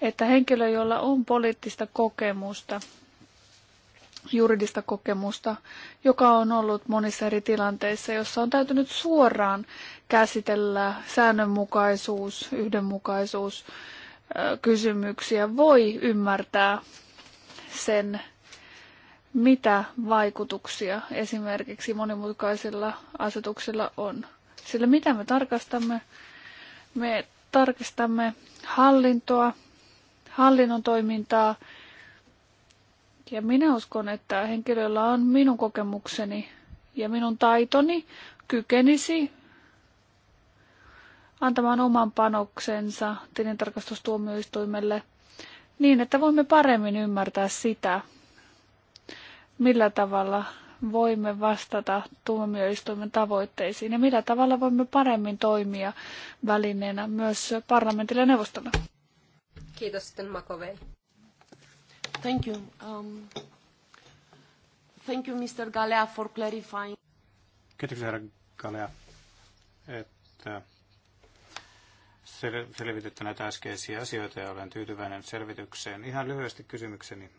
että henkilö, jolla on poliittista kokemusta, juridista kokemusta, joka on ollut monissa eri tilanteissa, jossa on täytynyt suoraan käsitellä säännönmukaisuus, yhdenmukaisuus, kysymyksiä, voi ymmärtää sen mitä vaikutuksia esimerkiksi monimutkaisilla asetuksilla on. Sillä mitä me tarkastamme? Me tarkistamme hallintoa, hallinnon toimintaa. Ja minä uskon, että henkilöllä on minun kokemukseni ja minun taitoni kykenisi antamaan oman panoksensa tilintarkastustuomioistuimelle niin, että voimme paremmin ymmärtää sitä, millä tavalla voimme vastata tuomioistuimen tavoitteisiin ja millä tavalla voimme paremmin toimia välineenä myös parlamentille ja neuvostolle. Kiitos sitten Makovei. Thank you. Um, thank you Mr. Galea for clarifying. Kiitoksia herra Galea, että selvititte näitä äskeisiä asioita ja olen tyytyväinen selvitykseen. Ihan lyhyesti kysymykseni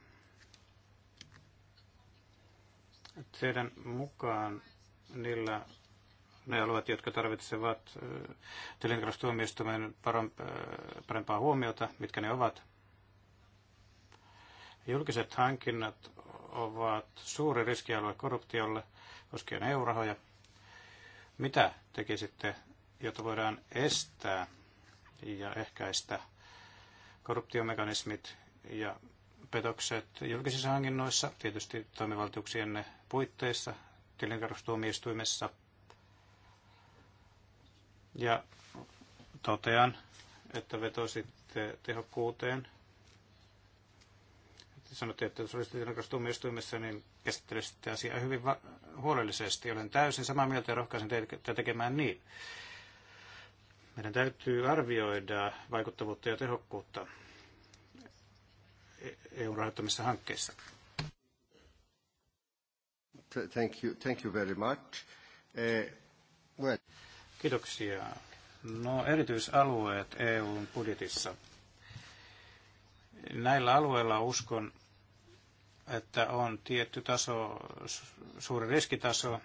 Teidän mukaan niillä ne alueet, jotka tarvitsevat tilintarkastustuomioistuimen parempaa huomiota, mitkä ne ovat? Julkiset hankinnat ovat suuri riskialue korruptiolle koskien EU-rahoja. Mitä tekisitte, jotta voidaan estää ja ehkäistä korruptiomekanismit ja petokset julkisissa hankinnoissa, tietysti toimivaltuuksienne puitteissa tilintarkastustuomioistuimessa. Ja totean, että vetositte tehokkuuteen. Sanoitte, että jos olisitte tilintarkastustuomioistuimessa, niin käsittelisitte asiaa hyvin huolellisesti. Olen täysin samaa mieltä ja rohkaisen teitä tekemään niin. Meidän täytyy arvioida vaikuttavuutta ja tehokkuutta eu rahoittamissa hankkeissa. Thank you, thank you very much. Uh, well. Kiitoksia. No erityisalueet EUn budjetissa. Näillä alueilla uskon, että on tietty taso, suuri riskitaso,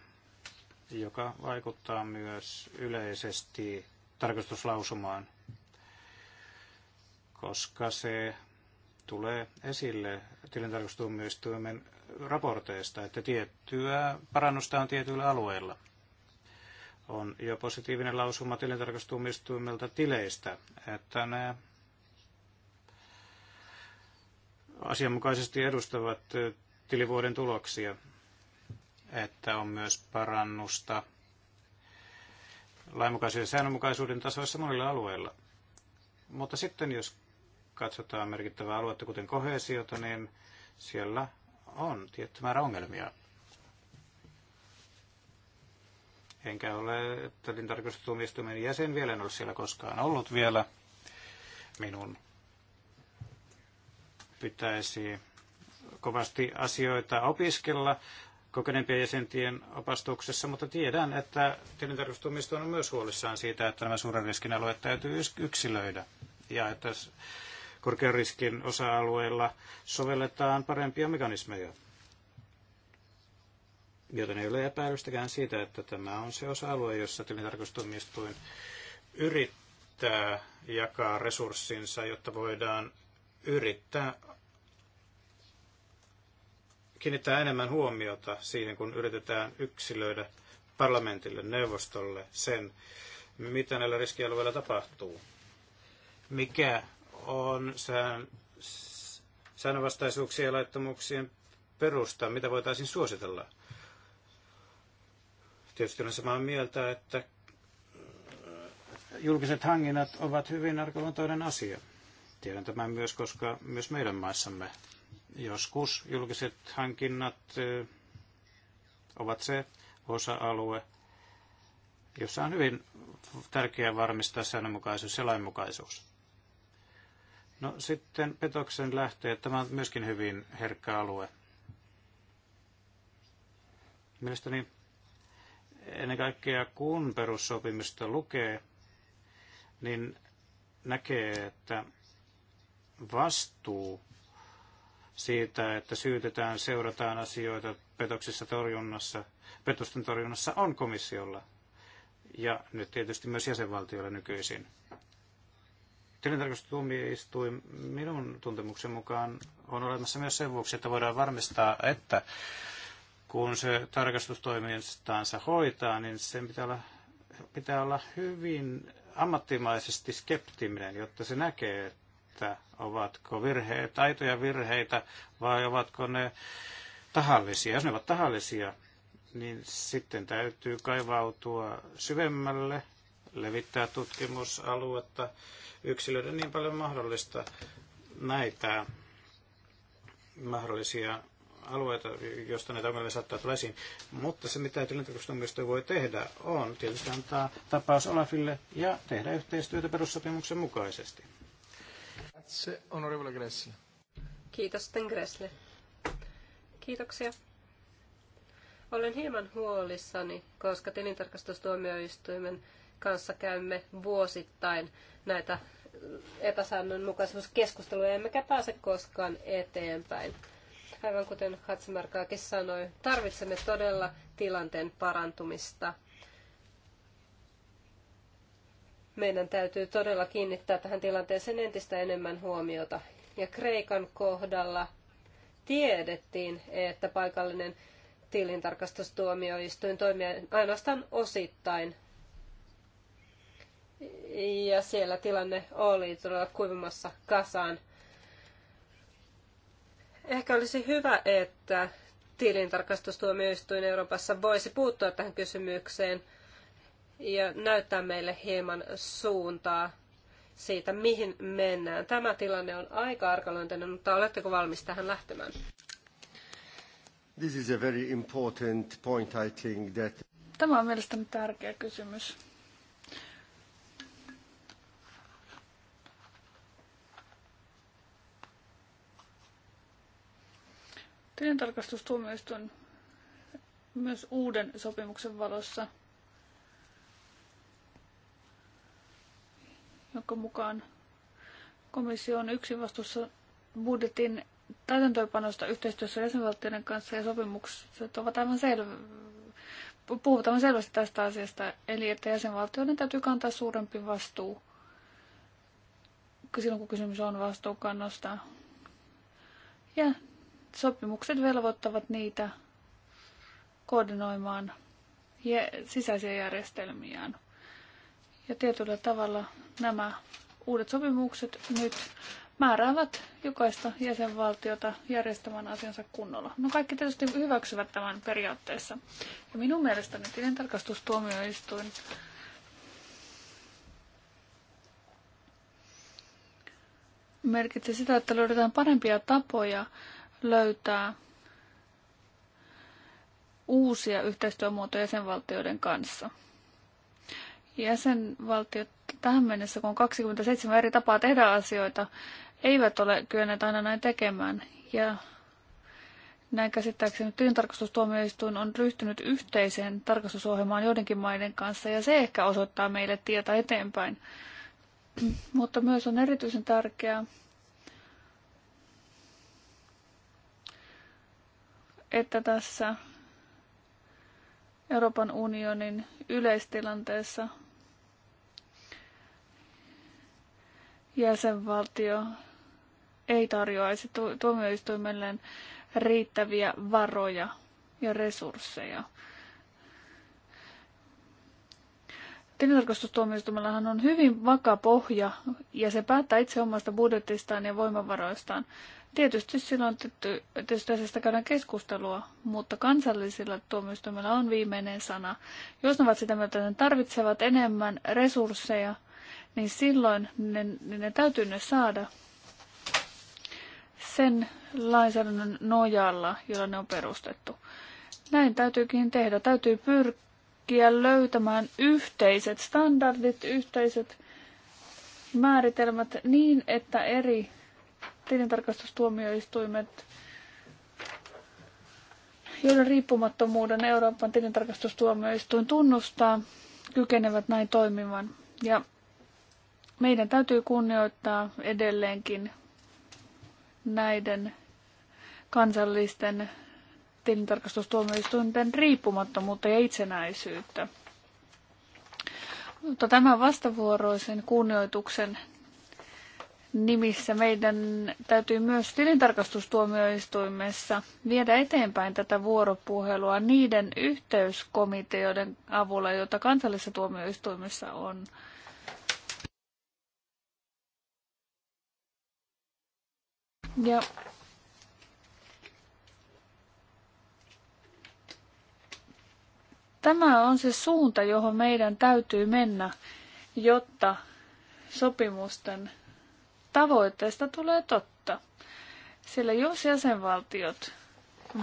joka vaikuttaa myös yleisesti tarkastuslausumaan, koska se tulee esille tilintarkastustuomioistuimen raporteista, että tiettyä parannusta on tietyillä alueilla. On jo positiivinen lausuma tilintarkastumistuimilta tileistä, että ne asianmukaisesti edustavat tilivuoden tuloksia, että on myös parannusta lainmukaisen ja säännönmukaisuuden tasoissa monilla alueilla. Mutta sitten jos katsotaan merkittävää aluetta, kuten kohesiota, niin siellä on tietty määrä ongelmia. Enkä ole tilintarkastustuomioistuimen jäsen vielä, en ole siellä koskaan ollut vielä. Minun pitäisi kovasti asioita opiskella kokeneempien jäsentien opastuksessa, mutta tiedän, että tilintarkastustuomioistuin on myös huolissaan siitä, että nämä suuren riskin alueet täytyy yksilöidä ja että korkean riskin osa-alueilla sovelletaan parempia mekanismeja. Joten ei ole epäilystäkään siitä, että tämä on se osa-alue, jossa tilintarkastustoimistoin yrittää jakaa resurssinsa, jotta voidaan yrittää kiinnittää enemmän huomiota siihen, kun yritetään yksilöidä parlamentille, neuvostolle sen, mitä näillä riskialueilla tapahtuu. Mikä on sään, säännönvastaisuuksien ja laittomuuksien perusta, mitä voitaisiin suositella. Tietysti olen samaa mieltä, että julkiset hankinnat ovat hyvin arkaluontoinen asia. Tiedän tämän myös, koska myös meidän maissamme joskus julkiset hankinnat ovat se osa-alue, jossa on hyvin tärkeää varmistaa säännönmukaisuus ja lainmukaisuus. No sitten petoksen lähteet. Tämä on myöskin hyvin herkkä alue. Mielestäni ennen kaikkea kun perussopimusta lukee, niin näkee, että vastuu siitä, että syytetään, seurataan asioita petoksissa torjunnassa, petosten torjunnassa on komissiolla ja nyt tietysti myös jäsenvaltioilla nykyisin tilintarkastustuomioistuin minun tuntemuksen mukaan on olemassa myös sen vuoksi, että voidaan varmistaa, että kun se tarkastustoimintaansa hoitaa, niin sen pitää olla, pitää olla hyvin ammattimaisesti skeptiminen, jotta se näkee, että ovatko virheet aitoja virheitä vai ovatko ne tahallisia. Jos ne ovat tahallisia, niin sitten täytyy kaivautua syvemmälle levittää tutkimusaluetta yksilöiden niin paljon mahdollista näitä mahdollisia alueita, joista näitä ongelmia saattaa tulla esiin. Mutta se, mitä tilintarkastustuomioistuin voi tehdä, on tietysti antaa tapaus Olafille ja tehdä yhteistyötä perussopimuksen mukaisesti. Se on Gressle. Kiitos sitten Gressle. Kiitoksia. Olen hieman huolissani, koska tilintarkastustuomioistuimen kanssa käymme vuosittain näitä epäsäännönmukaisuuskeskusteluja, emmekä pääse koskaan eteenpäin. Aivan kuten Hatsimarkaakin sanoi, tarvitsemme todella tilanteen parantumista. Meidän täytyy todella kiinnittää tähän tilanteeseen entistä enemmän huomiota. Ja Kreikan kohdalla tiedettiin, että paikallinen tilintarkastustuomioistuin toimii ainoastaan osittain ja siellä tilanne oli todella kuivumassa kasaan. Ehkä olisi hyvä, että tilintarkastustuomioistuin Euroopassa voisi puuttua tähän kysymykseen ja näyttää meille hieman suuntaa siitä, mihin mennään. Tämä tilanne on aika arkaluonteinen, mutta oletteko valmis tähän lähtemään? This is a very important point, I think, that... Tämä on mielestäni tärkeä kysymys. Tilintarkastustuomioistuin myös uuden sopimuksen valossa, jonka mukaan komissio on yksin vastuussa budjetin täytäntöönpanosta yhteistyössä jäsenvaltioiden kanssa ja sopimukset ovat aivan selvä. Puhutaan selvästi tästä asiasta, eli että jäsenvaltioiden täytyy kantaa suurempi vastuu silloin, kun kysymys on vastuukannosta. Ja sopimukset velvoittavat niitä koordinoimaan sisäisiä järjestelmiään. Ja tietyllä tavalla nämä uudet sopimukset nyt määräävät jokaista jäsenvaltiota järjestämään asiansa kunnolla. No kaikki tietysti hyväksyvät tämän periaatteessa. Ja minun mielestäni tilintarkastustuomioistuin merkitsee sitä, että löydetään parempia tapoja löytää uusia yhteistyömuotoja jäsenvaltioiden kanssa. Jäsenvaltiot tähän mennessä, kun on 27 eri tapaa tehdä asioita, eivät ole kyenneet aina näin tekemään. Ja näin käsittääkseni tilintarkastustuomioistuin on ryhtynyt yhteiseen tarkastusohjelmaan joidenkin maiden kanssa, ja se ehkä osoittaa meille tietä eteenpäin. Mutta myös on erityisen tärkeää, että tässä Euroopan unionin yleistilanteessa jäsenvaltio ei tarjoaisi tuomioistuimelleen riittäviä varoja ja resursseja. Tilintarkastustuomioistuimellahan on hyvin vaka pohja ja se päättää itse omasta budjetistaan ja voimavaroistaan. Tietysti silloin tästä asiasta käydään keskustelua, mutta kansallisilla tuomioistuimilla on viimeinen sana. Jos ne ovat sitä mieltä, että ne tarvitsevat enemmän resursseja, niin silloin ne, niin ne täytyy ne saada sen lainsäädännön nojalla, jolla ne on perustettu. Näin täytyykin tehdä. Täytyy pyrkiä löytämään yhteiset standardit, yhteiset määritelmät niin, että eri tilintarkastustuomioistuimet, joiden riippumattomuuden Euroopan tilintarkastustuomioistuin tunnustaa, kykenevät näin toimivan Ja meidän täytyy kunnioittaa edelleenkin näiden kansallisten tilintarkastustuomioistuinten riippumattomuutta ja itsenäisyyttä. Mutta tämän vastavuoroisen kunnioituksen nimissä meidän täytyy myös tilintarkastustuomioistuimessa viedä eteenpäin tätä vuoropuhelua niiden yhteyskomiteoiden avulla, joita kansallisessa tuomioistuimessa on. Ja tämä on se suunta, johon meidän täytyy mennä, jotta sopimusten tavoitteesta tulee totta. Sillä jos jäsenvaltiot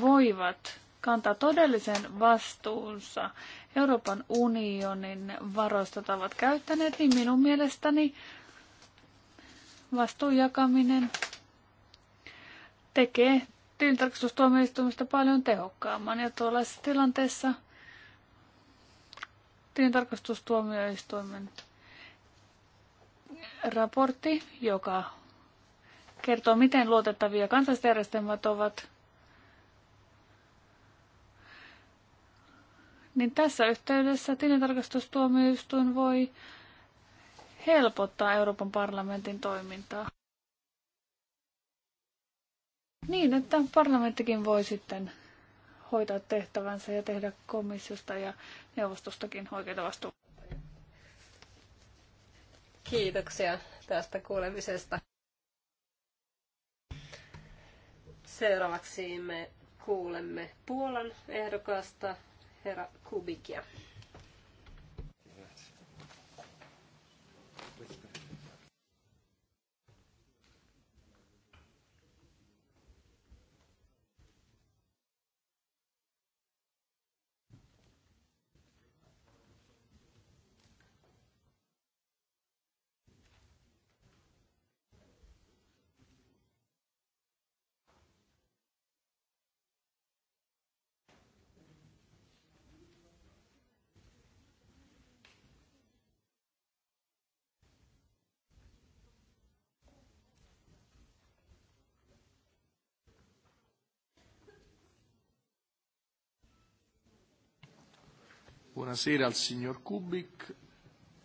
voivat kantaa todellisen vastuunsa Euroopan unionin varoista, jota ovat käyttäneet, niin minun mielestäni vastuun jakaminen tekee tilintarkastustuomioistuimesta paljon tehokkaamman. Ja tuollaisessa tilanteessa tilintarkastustuomioistuimen raportti, joka kertoo, miten luotettavia kansalliset ovat, niin tässä yhteydessä tilintarkastustuomioistuin voi helpottaa Euroopan parlamentin toimintaa. Niin, että parlamenttikin voi sitten hoitaa tehtävänsä ja tehdä komissiosta ja neuvostostakin oikeita vastuuta. Kiitoksia tästä kuulemisesta. Seuraavaksi me kuulemme Puolan ehdokasta, herra Kubikia. Buonasera al signor Kubik.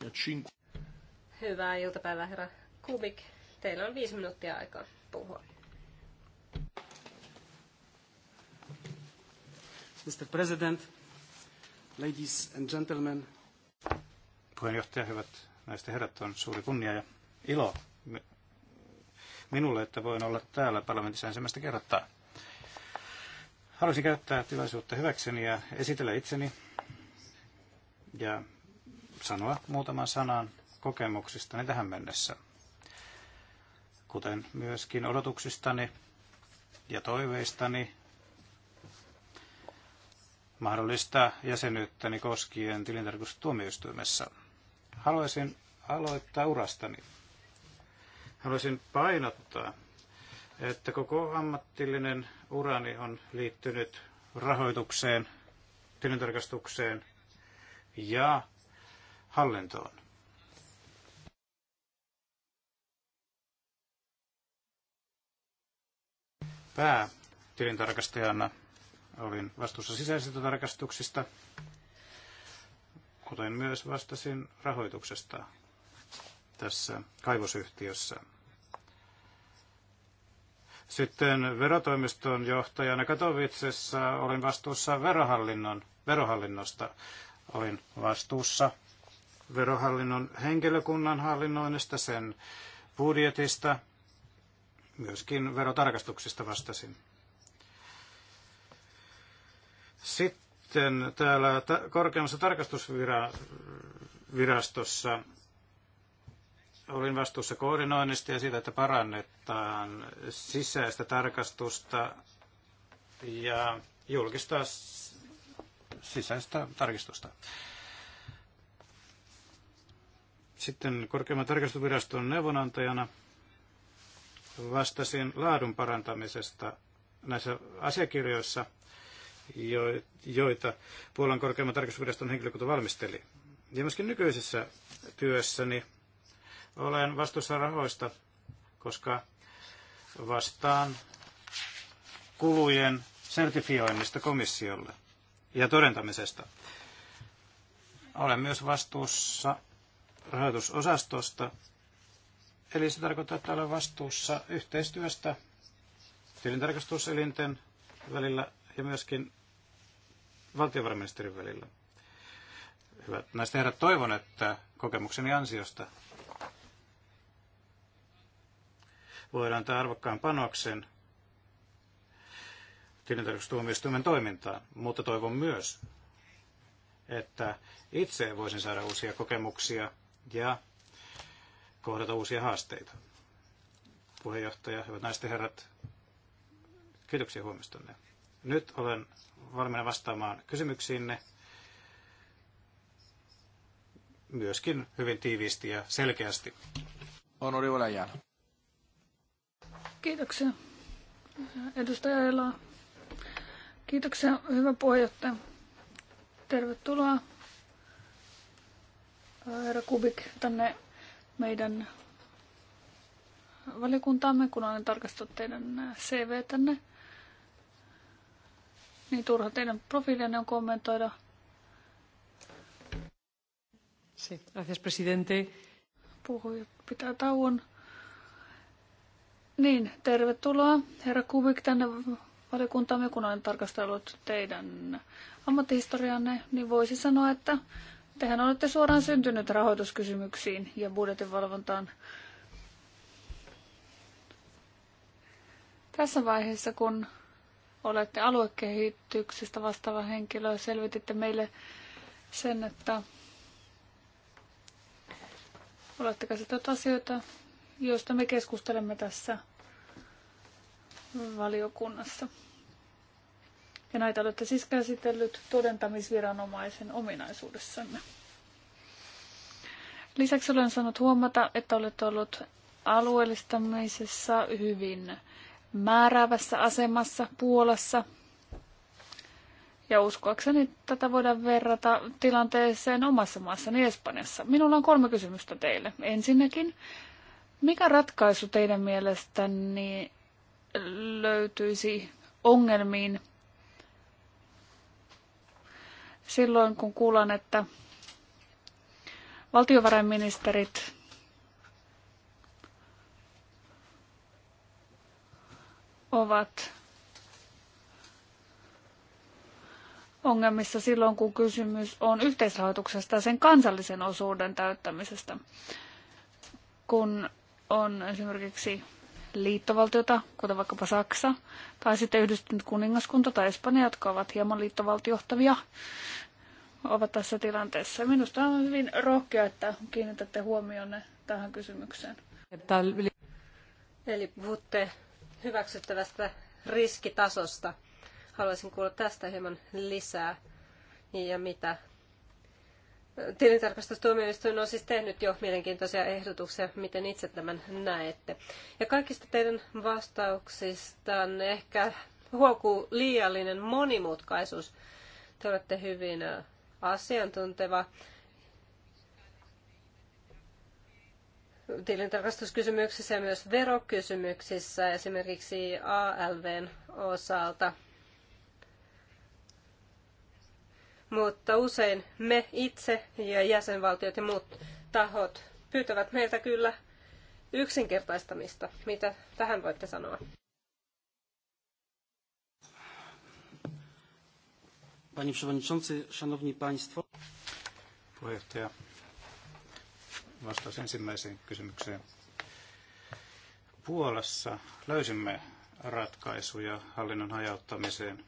E cinque. Hyvää iltapäivää, herra Kubik. Teillä on viisi minuuttia aikaa puhua. Mr. President, ladies and gentlemen. Puheenjohtaja, hyvät naiset ja herrat, on suuri kunnia ja ilo minulle, että voin olla täällä parlamentissa ensimmäistä kertaa. Haluaisin käyttää tilaisuutta hyväkseni ja esitellä itseni ja sanoa muutaman sanan kokemuksistani tähän mennessä, kuten myöskin odotuksistani ja toiveistani mahdollista jäsenyyttäni koskien tilintarkastustuomioistuimessa. Haluaisin aloittaa urastani. Haluaisin painottaa, että koko ammattillinen urani on liittynyt rahoitukseen, tilintarkastukseen ja hallintoon. Päätilintarkastajana olin vastuussa sisäisistä tarkastuksista, kuten myös vastasin rahoituksesta tässä kaivosyhtiössä. Sitten verotoimiston johtajana Katowicessa olin vastuussa verohallinnon, verohallinnosta Olin vastuussa verohallinnon henkilökunnan hallinnoinnista, sen budjetista, myöskin verotarkastuksista vastasin. Sitten täällä korkeammassa tarkastusvirastossa olin vastuussa koordinoinnista ja siitä, että parannetaan sisäistä tarkastusta ja julkista sisäistä tarkistusta. Sitten korkeimman tarkastusviraston neuvonantajana vastasin laadun parantamisesta näissä asiakirjoissa, joita Puolan korkeimman tarkastusviraston henkilökunta valmisteli. Ja myöskin nykyisessä työssäni olen vastuussa rahoista, koska vastaan kulujen sertifioinnista komissiolle ja todentamisesta. Olen myös vastuussa rahoitusosastosta, eli se tarkoittaa, että olen vastuussa yhteistyöstä tilintarkastuselinten välillä ja myöskin valtiovarainministerin välillä. Hyvät naiset herrat, toivon, että kokemukseni ansiosta voidaan antaa arvokkaan panoksen tilintarkastustuomioistuimen toimintaan, mutta toivon myös, että itse voisin saada uusia kokemuksia ja kohdata uusia haasteita. Puheenjohtaja, hyvät naiset ja herrat, kiitoksia huomistanne. Nyt olen valmiina vastaamaan kysymyksiinne myöskin hyvin tiiviisti ja selkeästi. On oli Kiitoksia. Edustaja Elaa. Kiitoksia, hyvä puheenjohtaja. Tervetuloa, herra Kubik, tänne meidän valiokuntaamme, kun olen tarkastanut teidän CV tänne. Niin turha teidän profiilinne on kommentoida. Sí, gracias, presidente. Puhuja pitää tauon. Niin, tervetuloa, herra Kubik, tänne valiokuntaamme, kun olen tarkastellut teidän ammattihistorianne, niin voisi sanoa, että tehän olette suoraan syntynyt rahoituskysymyksiin ja budjetinvalvontaan. Tässä vaiheessa, kun olette aluekehityksestä vastaava henkilö, selvititte meille sen, että olette käsitelleet asioita, joista me keskustelemme tässä – valiokunnassa. Ja näitä olette siis käsitellyt todentamisviranomaisen ominaisuudessanne. Lisäksi olen saanut huomata, että olet ollut alueellistamisessa hyvin määräävässä asemassa Puolassa. Ja uskoakseni tätä voidaan verrata tilanteeseen omassa maassani Espanjassa. Minulla on kolme kysymystä teille. Ensinnäkin, mikä ratkaisu teidän mielestänne löytyisi ongelmiin silloin, kun kuulan, että valtiovarainministerit ovat ongelmissa silloin, kun kysymys on yhteisrahoituksesta ja sen kansallisen osuuden täyttämisestä, kun on esimerkiksi liittovaltiota, kuten vaikkapa Saksa, tai sitten yhdistynyt kuningaskunta tai Espanja, jotka ovat hieman liittovaltiohtavia, ovat tässä tilanteessa. Minusta on hyvin rohkea, että kiinnitätte huomioon tähän kysymykseen. Eli puhutte hyväksyttävästä riskitasosta. Haluaisin kuulla tästä hieman lisää ja mitä Tilintarkastustuomioistuin on siis tehnyt jo mielenkiintoisia ehdotuksia, miten itse tämän näette. Ja kaikista teidän vastauksistaan ehkä huokuu liiallinen monimutkaisuus. Te olette hyvin äh, asiantunteva tilintarkastuskysymyksissä ja myös verokysymyksissä, esimerkiksi ALVn osalta – mutta usein me itse ja jäsenvaltiot ja muut tahot pyytävät meiltä kyllä yksinkertaistamista. Mitä tähän voitte sanoa? Panie Przewodniczący, Szanowni Państwo. Puheenjohtaja, vastaus ensimmäiseen kysymykseen. Puolassa löysimme ratkaisuja hallinnon hajauttamiseen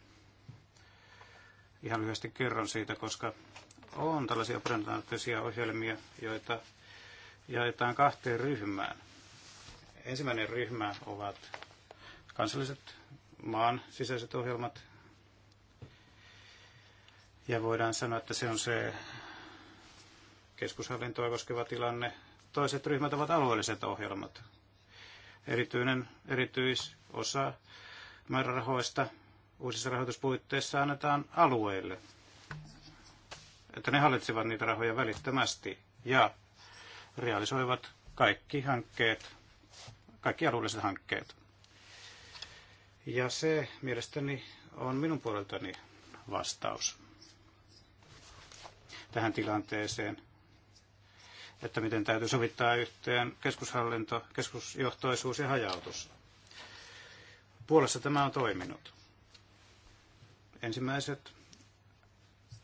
Ihan lyhyesti kerron siitä, koska on tällaisia operantanaattisia ohjelmia, joita jaetaan kahteen ryhmään. Ensimmäinen ryhmä ovat kansalliset maan sisäiset ohjelmat. Ja voidaan sanoa, että se on se keskushallintoa koskeva tilanne. Toiset ryhmät ovat alueelliset ohjelmat. Erityinen erityisosa määrärahoista uusissa rahoituspuitteissa annetaan alueille, että ne hallitsevat niitä rahoja välittömästi ja realisoivat kaikki hankkeet, kaikki alueelliset hankkeet. Ja se mielestäni on minun puoleltani vastaus tähän tilanteeseen, että miten täytyy sovittaa yhteen keskushallinto, keskusjohtoisuus ja hajautus. Puolessa tämä on toiminut. Ensimmäiset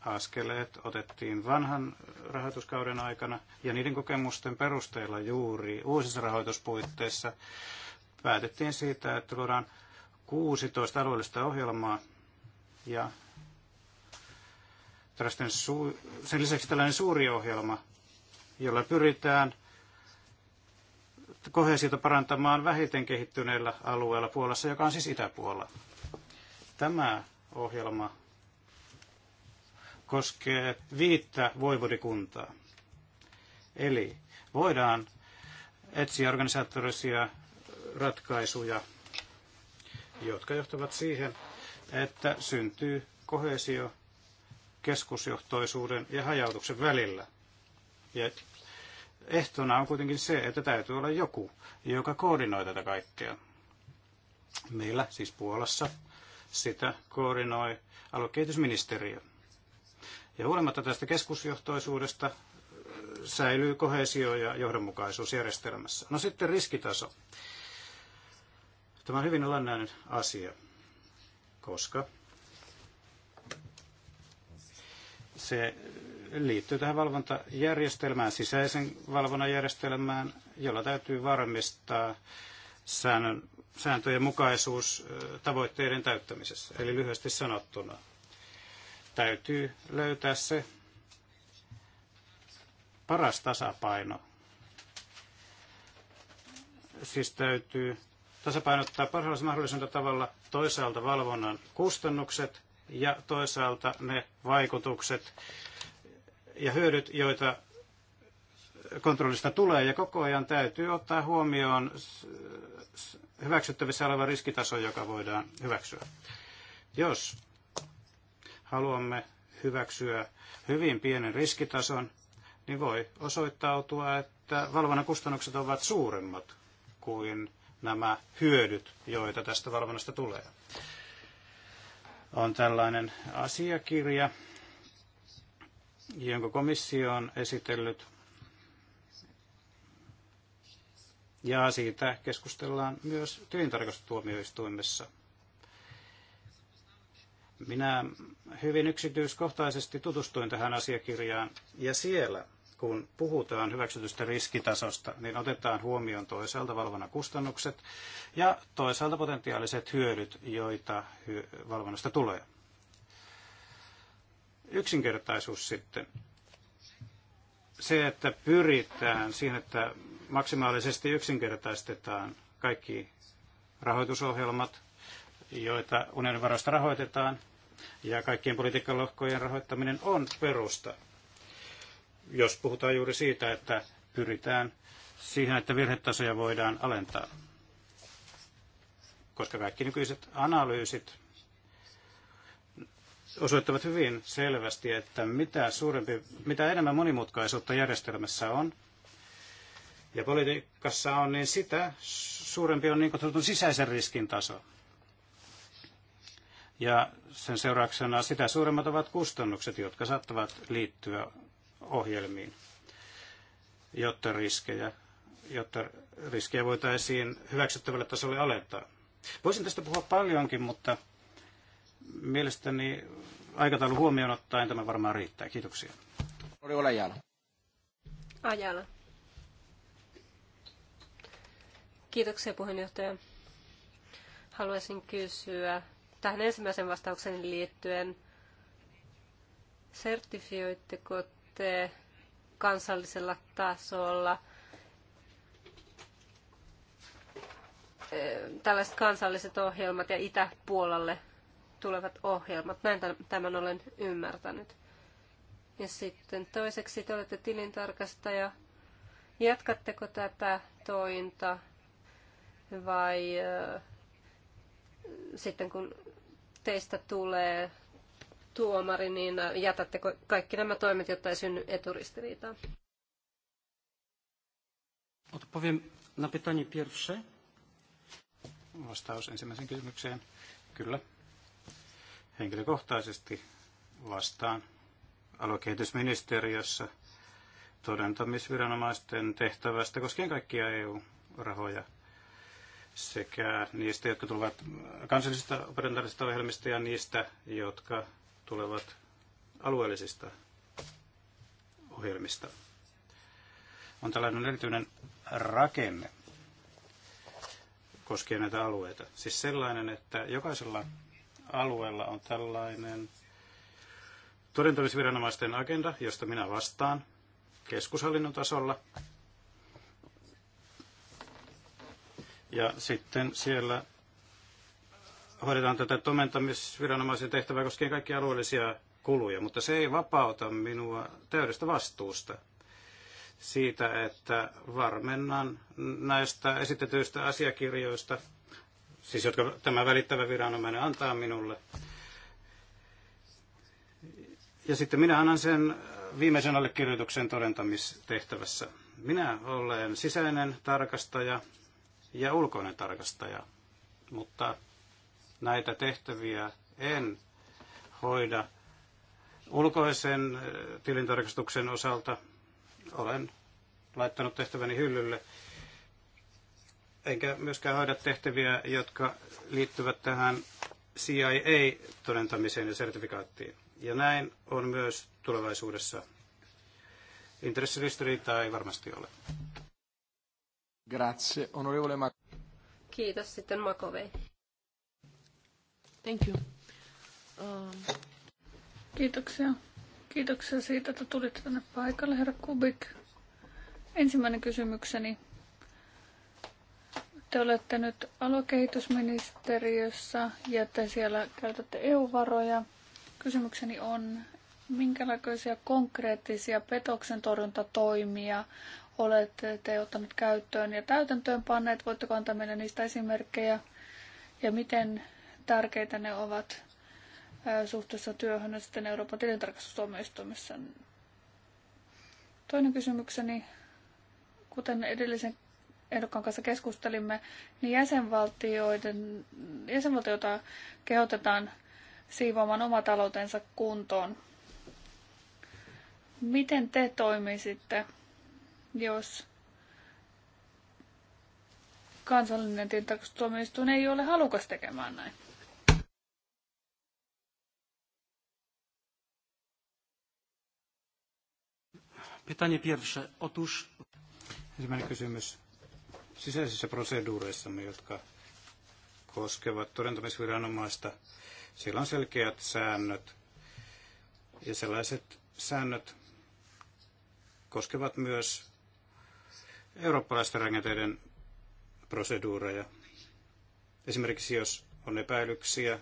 askeleet otettiin vanhan rahoituskauden aikana ja niiden kokemusten perusteella juuri uusissa rahoituspuitteissa päätettiin siitä, että luodaan 16 alueellista ohjelmaa ja sen lisäksi tällainen suuri ohjelma, jolla pyritään kohesiota parantamaan vähiten kehittyneellä alueella Puolassa, joka on siis Itäpuola. Tämä ohjelma koskee viittä voivodikuntaa. Eli voidaan etsiä organisaattorisia ratkaisuja, jotka johtavat siihen, että syntyy kohesio keskusjohtoisuuden ja hajautuksen välillä. Ja ehtona on kuitenkin se, että täytyy olla joku, joka koordinoi tätä kaikkea. Meillä siis Puolassa sitä koordinoi aluekehitysministeriö. Ja huolimatta tästä keskusjohtoisuudesta äh, säilyy kohesio ja johdonmukaisuus järjestelmässä. No sitten riskitaso. Tämä on hyvin olennainen asia, koska se liittyy tähän valvontajärjestelmään, sisäisen valvonnan järjestelmään, jolla täytyy varmistaa säännön sääntöjen mukaisuus tavoitteiden täyttämisessä. Eli lyhyesti sanottuna täytyy löytää se paras tasapaino. Siis täytyy tasapainottaa parhaalla mahdollisella tavalla toisaalta valvonnan kustannukset ja toisaalta ne vaikutukset ja hyödyt, joita kontrollista tulee. Ja koko ajan täytyy ottaa huomioon hyväksyttävissä oleva riskitaso, joka voidaan hyväksyä. Jos haluamme hyväksyä hyvin pienen riskitason, niin voi osoittautua, että valvonnan kustannukset ovat suuremmat kuin nämä hyödyt, joita tästä valvonnasta tulee. On tällainen asiakirja, jonka komissio on esitellyt Ja siitä keskustellaan myös tilintarkastustuomioistuimessa. Minä hyvin yksityiskohtaisesti tutustuin tähän asiakirjaan ja siellä, kun puhutaan hyväksytystä riskitasosta, niin otetaan huomioon toisaalta valvonnan kustannukset ja toisaalta potentiaaliset hyödyt, joita valvonnasta tulee. Yksinkertaisuus sitten se, että pyritään siihen, että maksimaalisesti yksinkertaistetaan kaikki rahoitusohjelmat, joita unionin varoista rahoitetaan, ja kaikkien politiikkalohkojen rahoittaminen on perusta. Jos puhutaan juuri siitä, että pyritään siihen, että virhetasoja voidaan alentaa. Koska kaikki nykyiset analyysit osoittavat hyvin selvästi, että mitä, suurempi, mitä enemmän monimutkaisuutta järjestelmässä on ja politiikassa on, niin sitä suurempi on niin kutsutun sisäisen riskin taso. Ja sen seurauksena sitä suuremmat ovat kustannukset, jotka saattavat liittyä ohjelmiin, jotta riskejä, jotta riskejä voitaisiin hyväksyttävälle tasolle alentaa. Voisin tästä puhua paljonkin, mutta Mielestäni aikataulu huomioon ottaen tämä varmaan riittää. Kiitoksia. Oli Ajala. Ajala. Kiitoksia puheenjohtaja. Haluaisin kysyä tähän ensimmäisen vastauksen liittyen, sertifioitteko te kansallisella tasolla eh, tällaiset kansalliset ohjelmat ja Itäpuolalle tulevat ohjelmat. Näin tämän olen ymmärtänyt. Ja sitten toiseksi te olette tilintarkastaja. Jatkatteko tätä tointa vai sitten kun teistä tulee tuomari, niin jätätte kaikki nämä toimet, jotta ei synny eturistiriitaa? Odpowiem na pytanie pierwsze. Vastaus ensimmäiseen kysymykseen. Kyllä, henkilökohtaisesti vastaan aluekehitysministeriössä todentamisviranomaisten tehtävästä koskien kaikkia EU-rahoja sekä niistä, jotka tulevat kansallisista operatiivisista ohjelmista ja niistä, jotka tulevat alueellisista ohjelmista. On tällainen erityinen rakenne koskien näitä alueita. Siis sellainen, että jokaisella alueella on tällainen todentamisviranomaisten agenda, josta minä vastaan keskushallinnon tasolla. Ja sitten siellä hoidetaan tätä tomentamisviranomaisen tehtävää koskien kaikkia alueellisia kuluja, mutta se ei vapauta minua täydestä vastuusta siitä, että varmennan näistä esitetyistä asiakirjoista – siis jotka tämä välittävä viranomainen antaa minulle. Ja sitten minä annan sen viimeisen allekirjoituksen todentamistehtävässä. Minä olen sisäinen tarkastaja ja ulkoinen tarkastaja, mutta näitä tehtäviä en hoida ulkoisen eh, tilintarkastuksen osalta. Olen laittanut tehtäväni hyllylle eikä myöskään hoida tehtäviä, jotka liittyvät tähän CIA-todentamiseen ja sertifikaattiin. Ja näin on myös tulevaisuudessa. Intressiristiriitaa ei varmasti ole. Grazie, onorevole Mac- Kiitos sitten Makovei. Thank you. Um... Kiitoksia. Kiitoksia siitä, että tulitte tänne paikalle, herra Kubik. Ensimmäinen kysymykseni te olette nyt alokehitysministeriössä ja te siellä käytätte EU-varoja. Kysymykseni on, minkälaisia konkreettisia petoksen torjuntatoimia olette te ottaneet käyttöön ja täytäntöön panneet? Voitteko antaa meille niistä esimerkkejä ja miten tärkeitä ne ovat suhteessa työhön sitten Euroopan tilintarkastustuomioistuimessa? Toinen kysymykseni, kuten edellisen ehdokkaan kanssa keskustelimme, niin jäsenvaltioiden, jäsenvaltioita kehotetaan siivoamaan oma taloutensa kuntoon. Miten te toimisitte, jos kansallinen tilintarkastustuomioistuin ei ole halukas tekemään näin? Pytanie pierwsze. Otóż... Ensimmäinen kysymys sisäisissä proseduureissamme, jotka koskevat todentamisviranomaista, siellä on selkeät säännöt. Ja sellaiset säännöt koskevat myös eurooppalaisten rakenteiden proseduureja. Esimerkiksi jos on epäilyksiä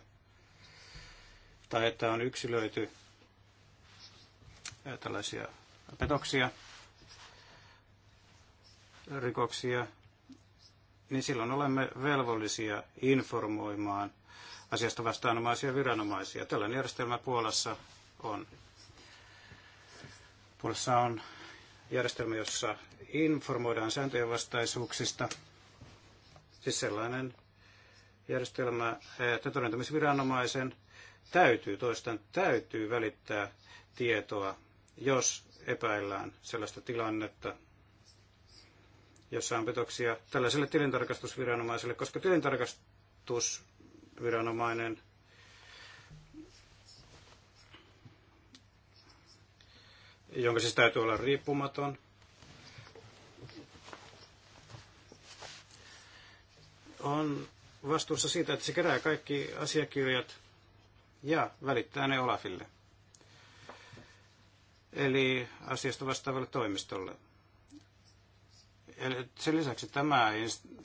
tai että on yksilöity tällaisia petoksia, rikoksia, niin silloin olemme velvollisia informoimaan asiasta vastaanomaisia viranomaisia. Tällainen järjestelmä Puolassa on. Puolassa on järjestelmä, jossa informoidaan sääntöjen vastaisuuksista. Siis sellainen järjestelmä, että todentamisviranomaisen täytyy, toistan täytyy välittää tietoa, jos epäillään sellaista tilannetta, jossa on petoksia tällaiselle tilintarkastusviranomaiselle, koska tilintarkastusviranomainen jonka siis täytyy olla riippumaton, on vastuussa siitä, että se kerää kaikki asiakirjat ja välittää ne Olafille, eli asiasta vastaavalle toimistolle sen lisäksi tämä,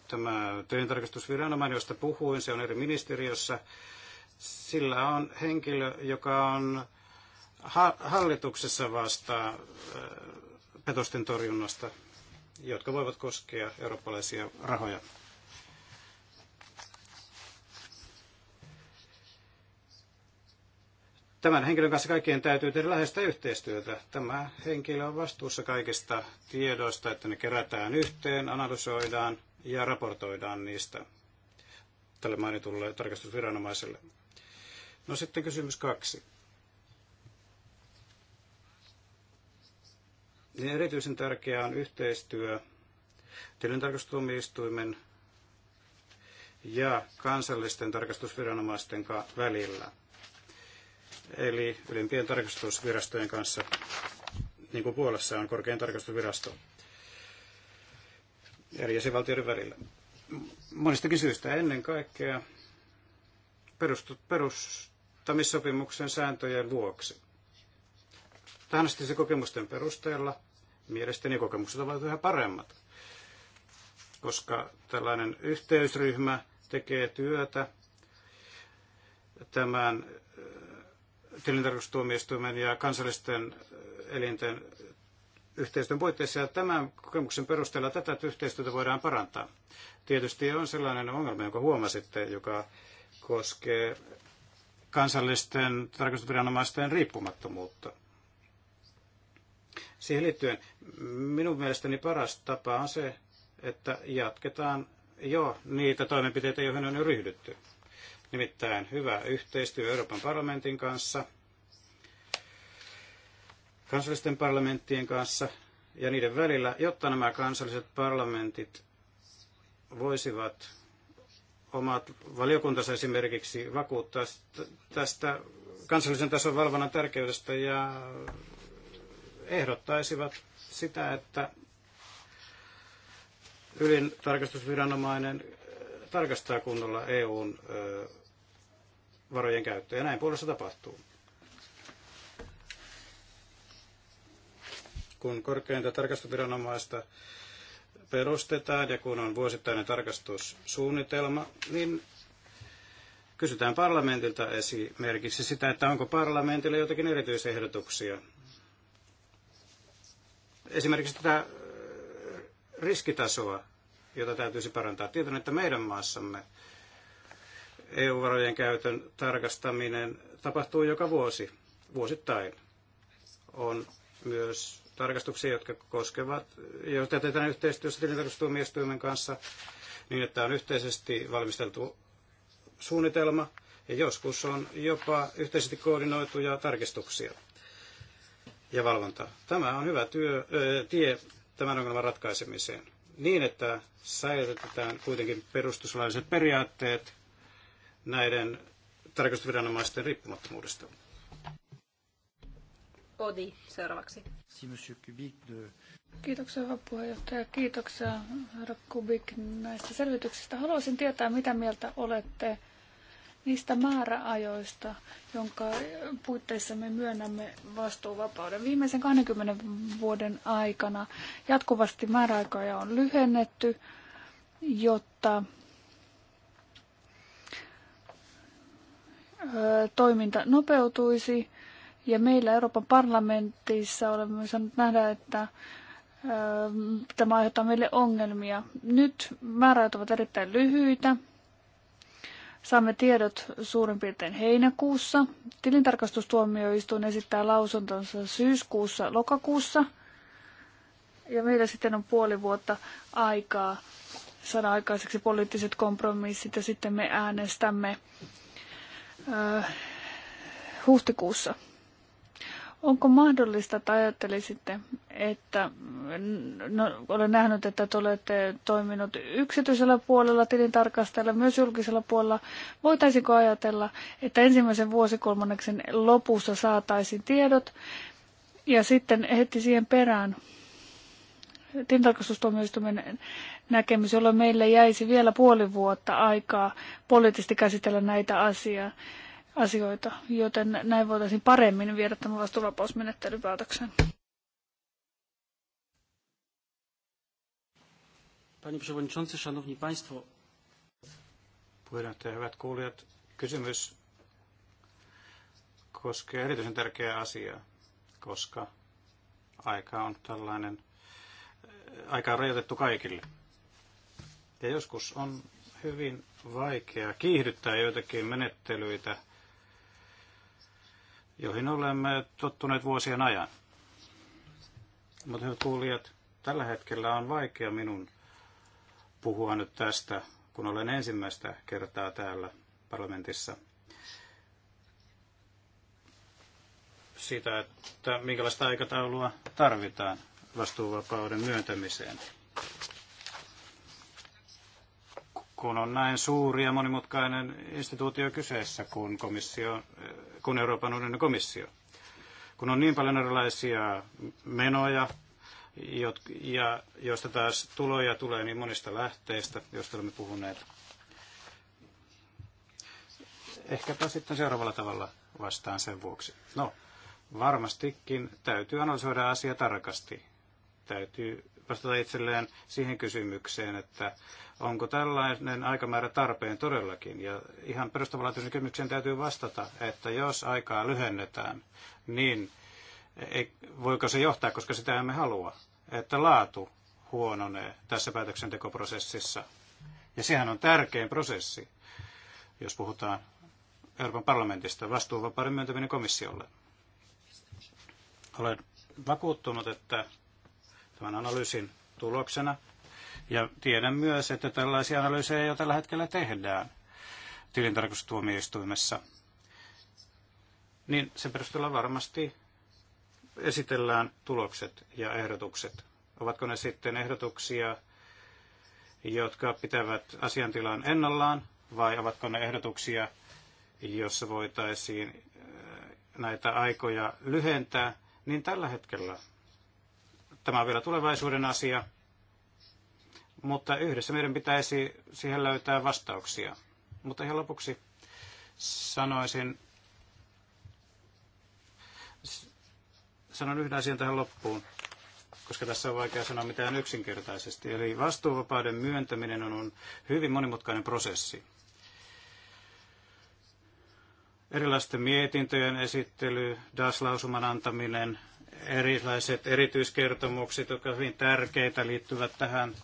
tämä työntarkastusviranomainen, josta puhuin, se on eri ministeriössä, sillä on henkilö, joka on hallituksessa vastaa petosten torjunnasta, jotka voivat koskea eurooppalaisia rahoja. Tämän henkilön kanssa kaikkien täytyy tehdä läheistä yhteistyötä. Tämä henkilö on vastuussa kaikista tiedoista, että ne kerätään yhteen, analysoidaan ja raportoidaan niistä tälle mainitulle tarkastusviranomaiselle. No sitten kysymys kaksi. Niin erityisen tärkeää on yhteistyö tilintarkastustuomioistuimen ja kansallisten tarkastusviranomaisten välillä – eli ylimpien tarkastusvirastojen kanssa, niin kuin Puolassa on korkein tarkastusvirasto eri jäsenvaltioiden välillä. Monistakin syystä ennen kaikkea perustamissopimuksen sääntöjen vuoksi. Tähän asti se kokemusten perusteella mielestäni kokemukset ovat yhä paremmat, koska tällainen yhteysryhmä tekee työtä tämän tilintarkastustuomioistuimen ja kansallisten elinten yhteistyön puitteissa ja tämän kokemuksen perusteella tätä yhteistyötä voidaan parantaa. Tietysti on sellainen ongelma, jonka huomasitte, joka koskee kansallisten tarkastusviranomaisten riippumattomuutta. Siihen liittyen minun mielestäni paras tapa on se, että jatketaan jo niitä toimenpiteitä, joihin on jo ryhdytty nimittäin hyvä yhteistyö Euroopan parlamentin kanssa, kansallisten parlamenttien kanssa ja niiden välillä, jotta nämä kansalliset parlamentit voisivat omat valiokuntansa esimerkiksi vakuuttaa tästä kansallisen tason valvonnan tärkeydestä ja ehdottaisivat sitä, että ylin tarkastusviranomainen tarkastaa kunnolla EUn varojen käyttö Ja näin puolessa tapahtuu. Kun korkeinta tarkastusviranomaista perustetaan ja kun on vuosittainen tarkastussuunnitelma, niin kysytään parlamentilta esimerkiksi sitä, että onko parlamentilla jotakin erityisehdotuksia. Esimerkiksi tätä äh, riskitasoa, jota täytyisi parantaa. Tietän, että meidän maassamme EU-varojen käytön tarkastaminen tapahtuu joka vuosi, vuosittain. On myös tarkastuksia, jotka koskevat, joita tehdään yhteistyössä tilintarkastustuomioistuimen kanssa, niin että on yhteisesti valmisteltu suunnitelma, ja joskus on jopa yhteisesti koordinoituja tarkistuksia ja valvontaa. Tämä on hyvä työ, ö, tie tämän ongelman ratkaisemiseen niin, että säilytetään kuitenkin perustuslailliset periaatteet näiden tarkastusviranomaisten riippumattomuudesta. Odi seuraavaksi. Kiitoksia herra puheenjohtaja. Kiitoksia herra Kubik näistä selvityksistä. Haluaisin tietää, mitä mieltä olette niistä määräajoista, jonka puitteissa me myönnämme vastuuvapauden. Viimeisen 20 vuoden aikana jatkuvasti määräaikoja on lyhennetty, jotta toiminta nopeutuisi. Ja meillä Euroopan parlamentissa olemme saaneet nähdä, että tämä aiheuttaa meille ongelmia. Nyt määräajat ovat erittäin lyhyitä. Saamme tiedot suurin piirtein heinäkuussa. Tilintarkastustuomioistuin esittää lausuntonsa syyskuussa, lokakuussa. Ja meillä sitten on puoli vuotta aikaa saada aikaiseksi poliittiset kompromissit ja sitten me äänestämme Äh, huhtikuussa. Onko mahdollista, että ajattelisitte, että no, olen nähnyt, että te olette toiminut yksityisellä puolella, tilintarkastajalla, myös julkisella puolella. Voitaisiko ajatella, että ensimmäisen vuosikolmanneksen lopussa saataisiin tiedot ja sitten heti siihen perään tilintarkastustuomioistuminen näkemys, jolloin meille jäisi vielä puoli vuotta aikaa poliittisesti käsitellä näitä asioita, joten näin voitaisiin paremmin viedä tämä vastuuvapausmenettelyn päätökseen. Panie Przewodniczący, Szanowni Państwo. Puheenjohtaja, hyvät kuulijat, kysymys koskee erityisen tärkeää asiaa, koska aika on tällainen, aika on rajoitettu kaikille. Ja joskus on hyvin vaikea kiihdyttää joitakin menettelyitä, joihin olemme tottuneet vuosien ajan. Mutta hyvät kuulijat, tällä hetkellä on vaikea minun puhua nyt tästä, kun olen ensimmäistä kertaa täällä parlamentissa siitä, että minkälaista aikataulua tarvitaan vastuuvapauden myöntämiseen. kun on näin suuri ja monimutkainen instituutio kyseessä kuin, komissio, kuin Euroopan unionin komissio. Kun on niin paljon erilaisia menoja, ja joista taas tuloja tulee niin monista lähteistä, joista olemme puhuneet. Ehkäpä sitten seuraavalla tavalla vastaan sen vuoksi. No, varmastikin täytyy analysoida asia tarkasti. Täytyy vastata itselleen siihen kysymykseen, että onko tällainen aikamäärä tarpeen todellakin. Ja ihan perustavanlaatuisen kysymykseen täytyy vastata, että jos aikaa lyhennetään, niin ei, voiko se johtaa, koska sitä emme halua, että laatu huononee tässä päätöksentekoprosessissa. Ja sehän on tärkein prosessi, jos puhutaan Euroopan parlamentista, vastuuvapauden myöntäminen komissiolle. Olen vakuuttunut, että Tämän analyysin tuloksena. Ja tiedän myös, että tällaisia analyysejä jo tällä hetkellä tehdään tilintarkastustuomioistuimessa. Niin sen perusteella varmasti esitellään tulokset ja ehdotukset. Ovatko ne sitten ehdotuksia, jotka pitävät asiantilan ennallaan, vai ovatko ne ehdotuksia, jossa voitaisiin äh, näitä aikoja lyhentää, niin tällä hetkellä Tämä on vielä tulevaisuuden asia, mutta yhdessä meidän pitäisi siihen löytää vastauksia. Mutta ihan lopuksi sanoisin, sanon yhden asian tähän loppuun, koska tässä on vaikea sanoa mitään yksinkertaisesti. Eli vastuuvapauden myöntäminen on hyvin monimutkainen prosessi. Erilaisten mietintöjen esittely, DAS-lausuman antaminen, erilaiset erityiskertomukset, jotka ovat hyvin tärkeitä, liittyvät tähän,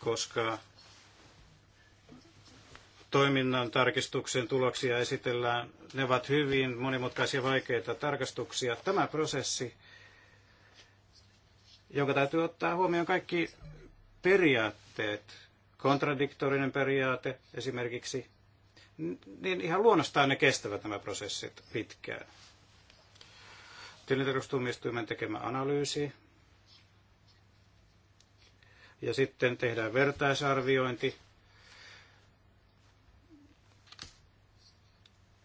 koska toiminnan tarkistuksen tuloksia esitellään. Ne ovat hyvin monimutkaisia vaikeita tarkastuksia. Tämä prosessi, jonka täytyy ottaa huomioon kaikki periaatteet, kontradiktorinen periaate esimerkiksi, niin ihan luonnostaan ne kestävät nämä prosessit pitkään tilintarkastustuomioistuimen tekemä analyysi. Ja sitten tehdään vertaisarviointi.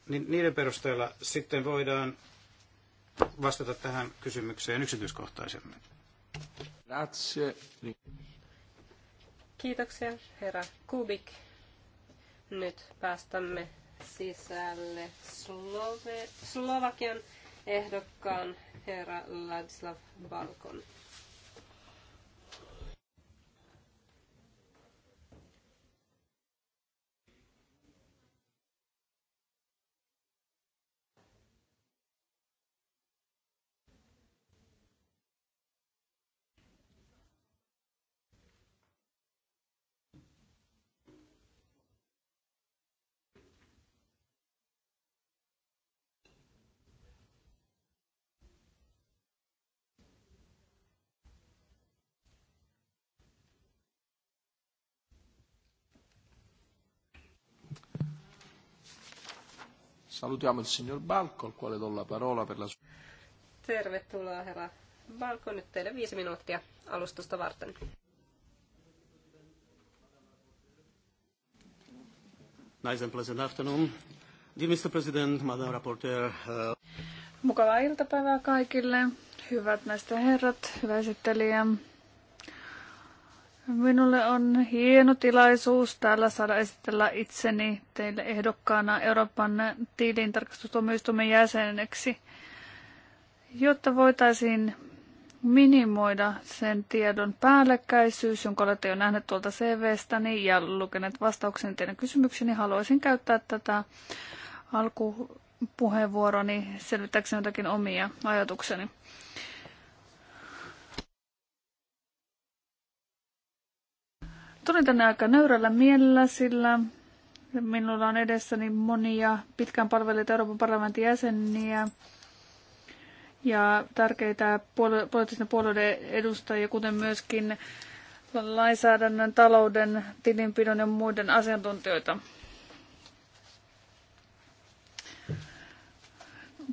Niin niiden perusteella sitten voidaan vastata tähän kysymykseen yksityiskohtaisemmin. Kiitoksia, herra Kubik. Nyt päästämme sisälle Slove- Slovakian ehdokkaan herra Ladislav Balkon. Salutiamo il signor Balco, al quale do la parola per la sua... Tervetuloa herra Balko, nyt teille viisi minuuttia alustusta varten. Nice and pleasant afternoon. Dear Mr. President, Madam Rapporteur. Uh... Mukavaa iltapäivää kaikille. Hyvät näistä herrat, hyvä esittelijä. Minulle on hieno tilaisuus täällä saada esitellä itseni teille ehdokkaana Euroopan tilintarkastustuomioistuimen jäseneksi, jotta voitaisiin minimoida sen tiedon päällekkäisyys, jonka olette jo nähneet tuolta CV-stäni ja lukeneet vastauksen teidän kysymyksiin, niin haluaisin käyttää tätä alkupuheenvuoroni selvittääkseni jotakin omia ajatukseni. Tulin tänne aika nöyrällä mielellä, sillä minulla on edessäni monia pitkään palveluita Euroopan parlamentin jäseniä ja tärkeitä puol- poliittisten puolueiden edustajia, kuten myöskin lainsäädännön, talouden, tilinpidon ja muiden asiantuntijoita.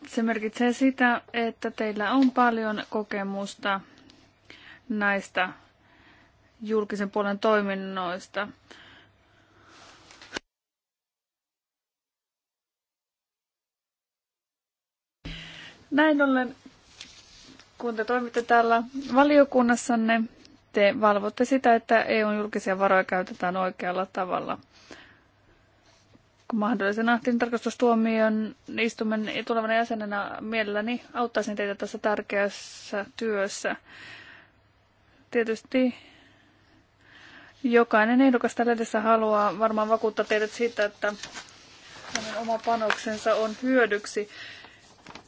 Se merkitsee sitä, että teillä on paljon kokemusta näistä julkisen puolen toiminnoista. Näin ollen, kun te toimitte täällä valiokunnassanne, te valvotte sitä, että EUn julkisia varoja käytetään oikealla tavalla. Kun mahdollisena tarkastustuomion istumen tulevana jäsenenä mielelläni auttaisin teitä tässä tärkeässä työssä. Tietysti Jokainen ehdokas tällä edessä haluaa varmaan vakuuttaa teidät siitä, että hänen oma panoksensa on hyödyksi,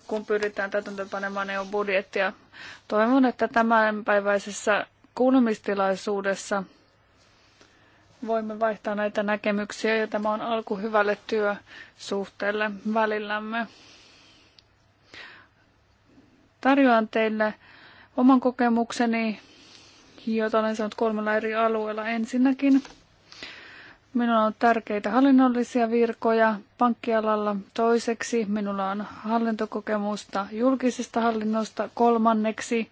kun pyritään täytäntöönpanemaan EUn budjettia. Toivon, että tämänpäiväisessä kuulemistilaisuudessa voimme vaihtaa näitä näkemyksiä ja tämä on alku hyvälle työsuhteelle välillämme. Tarjoan teille oman kokemukseni joita olen saanut kolmella eri alueella. Ensinnäkin minulla on tärkeitä hallinnollisia virkoja pankkialalla. Toiseksi minulla on hallintokokemusta julkisesta hallinnosta. Kolmanneksi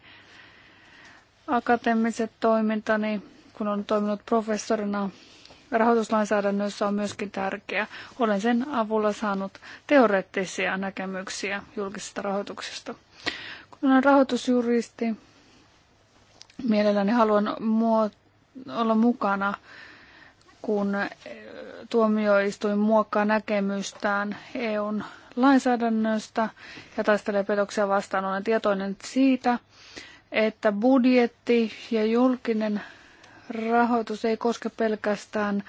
akateemiset toimintani, kun olen toiminut professorina rahoituslainsäädännössä on myöskin tärkeä. Olen sen avulla saanut teoreettisia näkemyksiä julkisesta rahoituksesta. Kun olen rahoitusjuristi, Mielelläni haluan olla mukana, kun tuomioistuin muokkaa näkemystään EUn lainsäädännöstä ja taistelee petoksia vastaan. Olen tietoinen siitä, että budjetti ja julkinen rahoitus ei koske pelkästään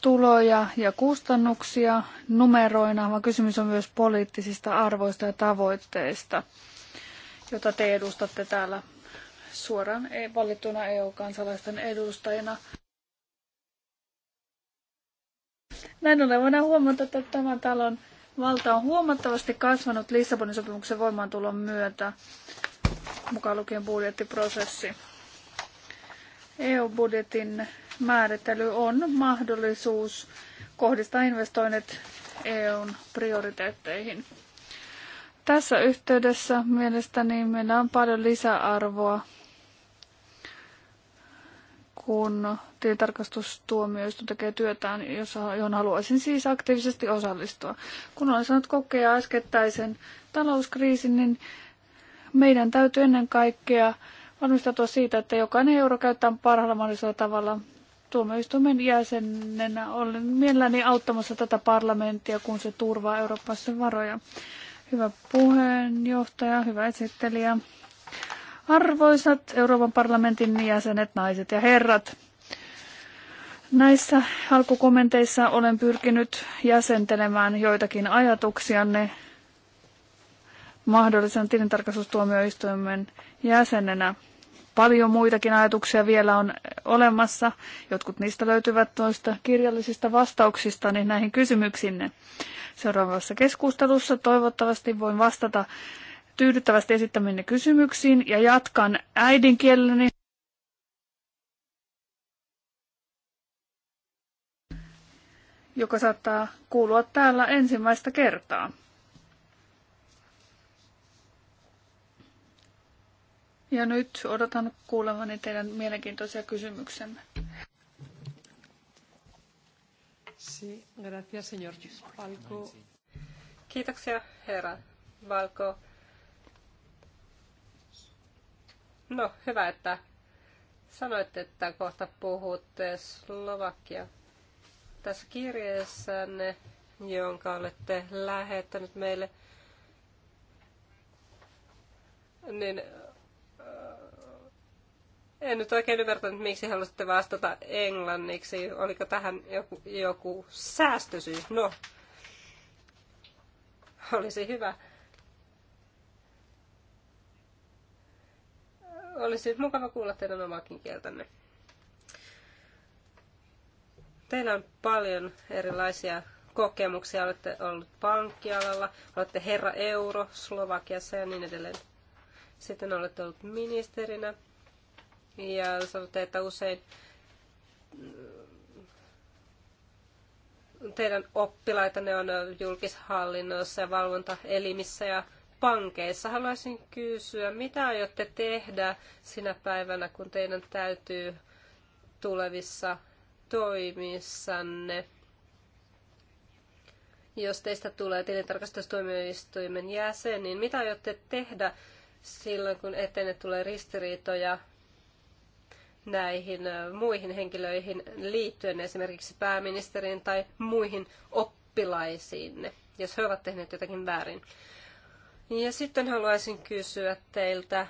tuloja ja kustannuksia numeroina, vaan kysymys on myös poliittisista arvoista ja tavoitteista jota te edustatte täällä suoraan e- valittuna EU-kansalaisten edustajina. Näin ollen voidaan huomata, että tämän talon valta on huomattavasti kasvanut Lissabonin sopimuksen voimaantulon myötä, mukaan lukien budjettiprosessi. EU-budjetin määrittely on mahdollisuus kohdistaa investoinnit EUn prioriteetteihin. Tässä yhteydessä mielestäni meillä on paljon lisäarvoa, kun tilintarkastustuomioistuin tekee työtään, johon haluaisin siis aktiivisesti osallistua. Kun olen saanut kokea äskettäisen talouskriisin, niin meidän täytyy ennen kaikkea valmistautua siitä, että jokainen euro käytetään parhaalla mahdollisella tavalla. Tuomioistuimen jäsenenä olen mielelläni auttamassa tätä parlamenttia, kun se turvaa Euroopassa varoja. Hyvä puheenjohtaja, hyvä esittelijä. Arvoisat Euroopan parlamentin jäsenet, naiset ja herrat. Näissä alkukommenteissa olen pyrkinyt jäsentelemään joitakin ajatuksianne mahdollisen tilintarkastustuomioistuimen jäsenenä – Paljon muitakin ajatuksia vielä on olemassa. Jotkut niistä löytyvät toista kirjallisista vastauksista niin näihin kysymyksinne. Seuraavassa keskustelussa toivottavasti voin vastata tyydyttävästi esittäminne kysymyksiin ja jatkan äidinkieleni, joka saattaa kuulua täällä ensimmäistä kertaa. Ja nyt odotan kuulevani teidän mielenkiintoisia kysymyksenne. Sí, gracias, señor Palco. Kiitoksia, herra Valko. No, hyvä, että sanoitte, että kohta puhutte Slovakia. Tässä kirjeessänne, jonka olette lähettänyt meille, niin en nyt oikein ymmärtänyt, miksi halusitte vastata englanniksi. Oliko tähän joku, joku säästösyy? No, olisi hyvä. Olisi mukava kuulla teidän omakin kieltänne. Teillä on paljon erilaisia kokemuksia. Olette ollut pankkialalla, olette herra euro Slovakiassa ja niin edelleen. Sitten olette ollut ministerinä ja sanotte, että usein teidän oppilaita ne on julkishallinnossa ja valvontaelimissä ja pankeissa. Haluaisin kysyä, mitä aiotte tehdä sinä päivänä, kun teidän täytyy tulevissa toimissanne, jos teistä tulee tilintarkastustuomioistuimen jäsen, niin mitä aiotte tehdä silloin, kun eteenne tulee ristiriitoja näihin muihin henkilöihin liittyen, esimerkiksi pääministeriin tai muihin oppilaisiinne, jos he ovat tehneet jotakin väärin. Ja sitten haluaisin kysyä teiltä,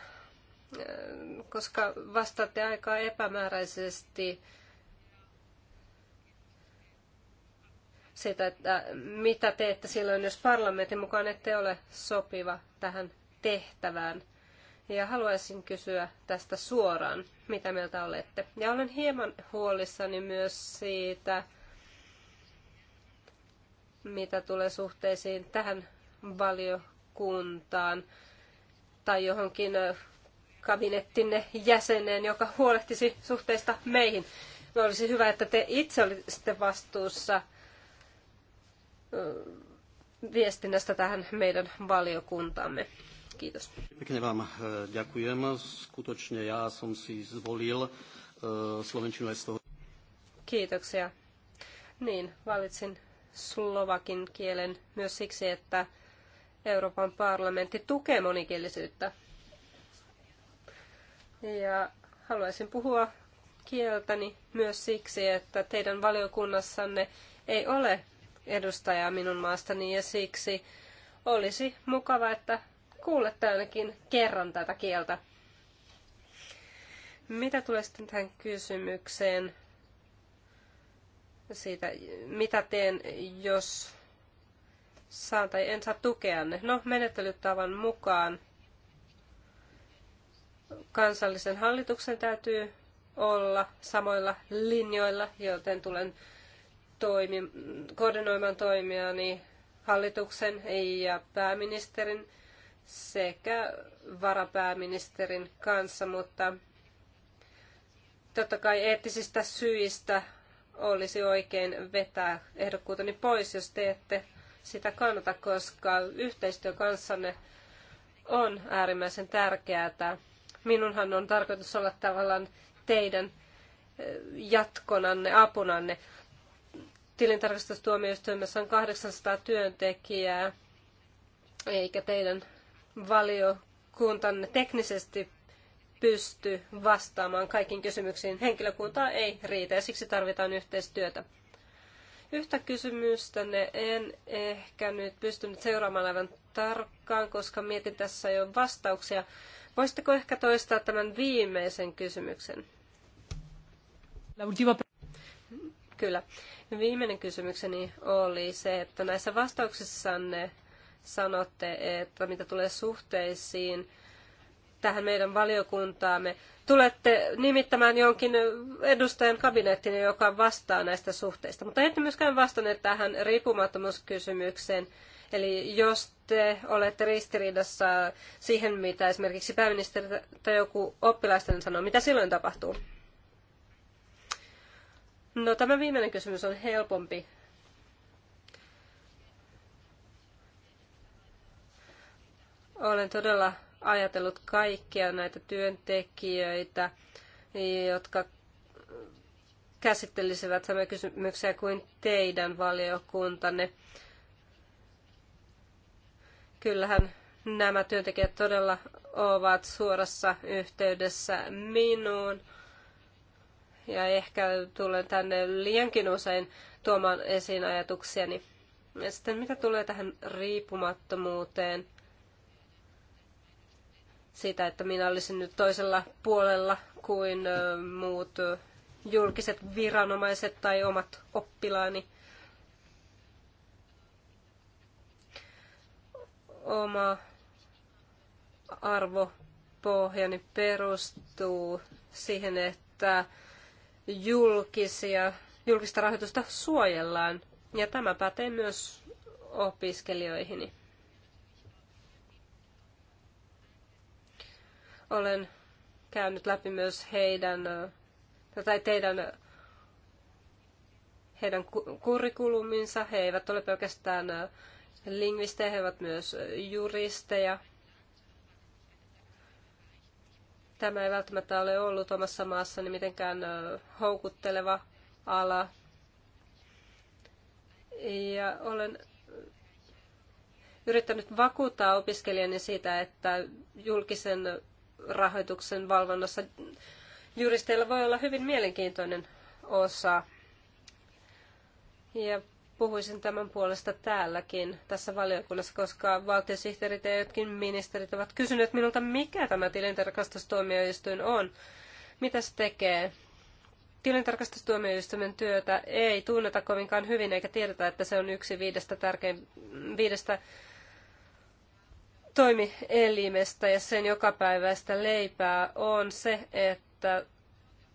koska vastaatte aika epämääräisesti sitä, että mitä teette silloin, jos parlamentin mukaan ette ole sopiva tähän tehtävään. Ja haluaisin kysyä tästä suoraan, mitä mieltä olette. Ja olen hieman huolissani myös siitä, mitä tulee suhteisiin tähän valiokuntaan tai johonkin kabinettinne jäseneen, joka huolehtisi suhteista meihin. Me no, olisi hyvä, että te itse olisitte vastuussa viestinnästä tähän meidän valiokuntamme. Kiitos. Pekne vám eh, ďakujem. Skutočne ja som si zvolil eh, Slovenčinu Kiitoksia. Niin, valitsin slovakin kielen myös siksi, että Euroopan parlamentti tukee monikielisyyttä. Ja haluaisin puhua kieltäni myös siksi, että teidän valiokunnassanne ei ole edustajaa minun maastani ja siksi olisi mukava, että kuulette ainakin kerran tätä kieltä. Mitä tulee sitten tähän kysymykseen siitä, mitä teen, jos saan tai en saa tukeanne? No, menettelytavan mukaan kansallisen hallituksen täytyy olla samoilla linjoilla, joten tulen toimi, koordinoimaan toimiani hallituksen ja pääministerin sekä varapääministerin kanssa, mutta totta kai eettisistä syistä olisi oikein vetää ehdokkuuteni pois, jos te ette sitä kannata, koska yhteistyö kanssanne on äärimmäisen tärkeää. Minunhan on tarkoitus olla tavallaan teidän eh, jatkonanne, apunanne. Tilintarkastustuomioistuimessa on 800 työntekijää, eikä teidän valiokuntanne teknisesti pysty vastaamaan kaikkiin kysymyksiin. Henkilökuntaa ei riitä ja siksi tarvitaan yhteistyötä. Yhtä ne en ehkä nyt pystynyt seuraamaan aivan tarkkaan, koska mietin tässä jo vastauksia. Voisitteko ehkä toistaa tämän viimeisen kysymyksen? Kyllä. Viimeinen kysymykseni oli se, että näissä vastauksissanne sanotte, että mitä tulee suhteisiin tähän meidän valiokuntaamme, tulette nimittämään jonkin edustajan kabinettin, joka vastaa näistä suhteista. Mutta ette myöskään vastanneet tähän riippumattomuuskysymykseen. Eli jos te olette ristiriidassa siihen, mitä esimerkiksi pääministeri tai joku oppilaisten sanoo, mitä silloin tapahtuu? No tämä viimeinen kysymys on helpompi Olen todella ajatellut kaikkia näitä työntekijöitä, jotka käsittelisivät samoja kysymyksiä kuin teidän valiokuntanne. Kyllähän nämä työntekijät todella ovat suorassa yhteydessä minuun. Ja ehkä tulen tänne liiankin usein tuomaan esiin ajatuksiani. Ja sitten mitä tulee tähän riippumattomuuteen, siitä, että minä olisin nyt toisella puolella kuin muut julkiset viranomaiset tai omat oppilaani. Oma arvopohjani perustuu siihen, että julkisia, julkista rahoitusta suojellaan. Ja tämä pätee myös opiskelijoihini. Olen käynyt läpi myös heidän, tai teidän, heidän kurrikuluminsa. He eivät ole pelkästään lingvistejä, he ovat myös juristeja. Tämä ei välttämättä ole ollut omassa maassani mitenkään houkutteleva ala. Ja olen yrittänyt vakuuttaa opiskelijani siitä, että julkisen rahoituksen valvonnassa juristeilla voi olla hyvin mielenkiintoinen osa. Ja puhuisin tämän puolesta täälläkin tässä valiokunnassa, koska valtiosihteerit ja jotkin ministerit ovat kysyneet minulta, mikä tämä tilintarkastustuomioistuin on, mitä se tekee. Tilintarkastustuomioistuimen työtä ei tunneta kovinkaan hyvin eikä tiedetä, että se on yksi viidestä, tärkein, viidestä toimielimestä ja sen jokapäiväistä leipää on se, että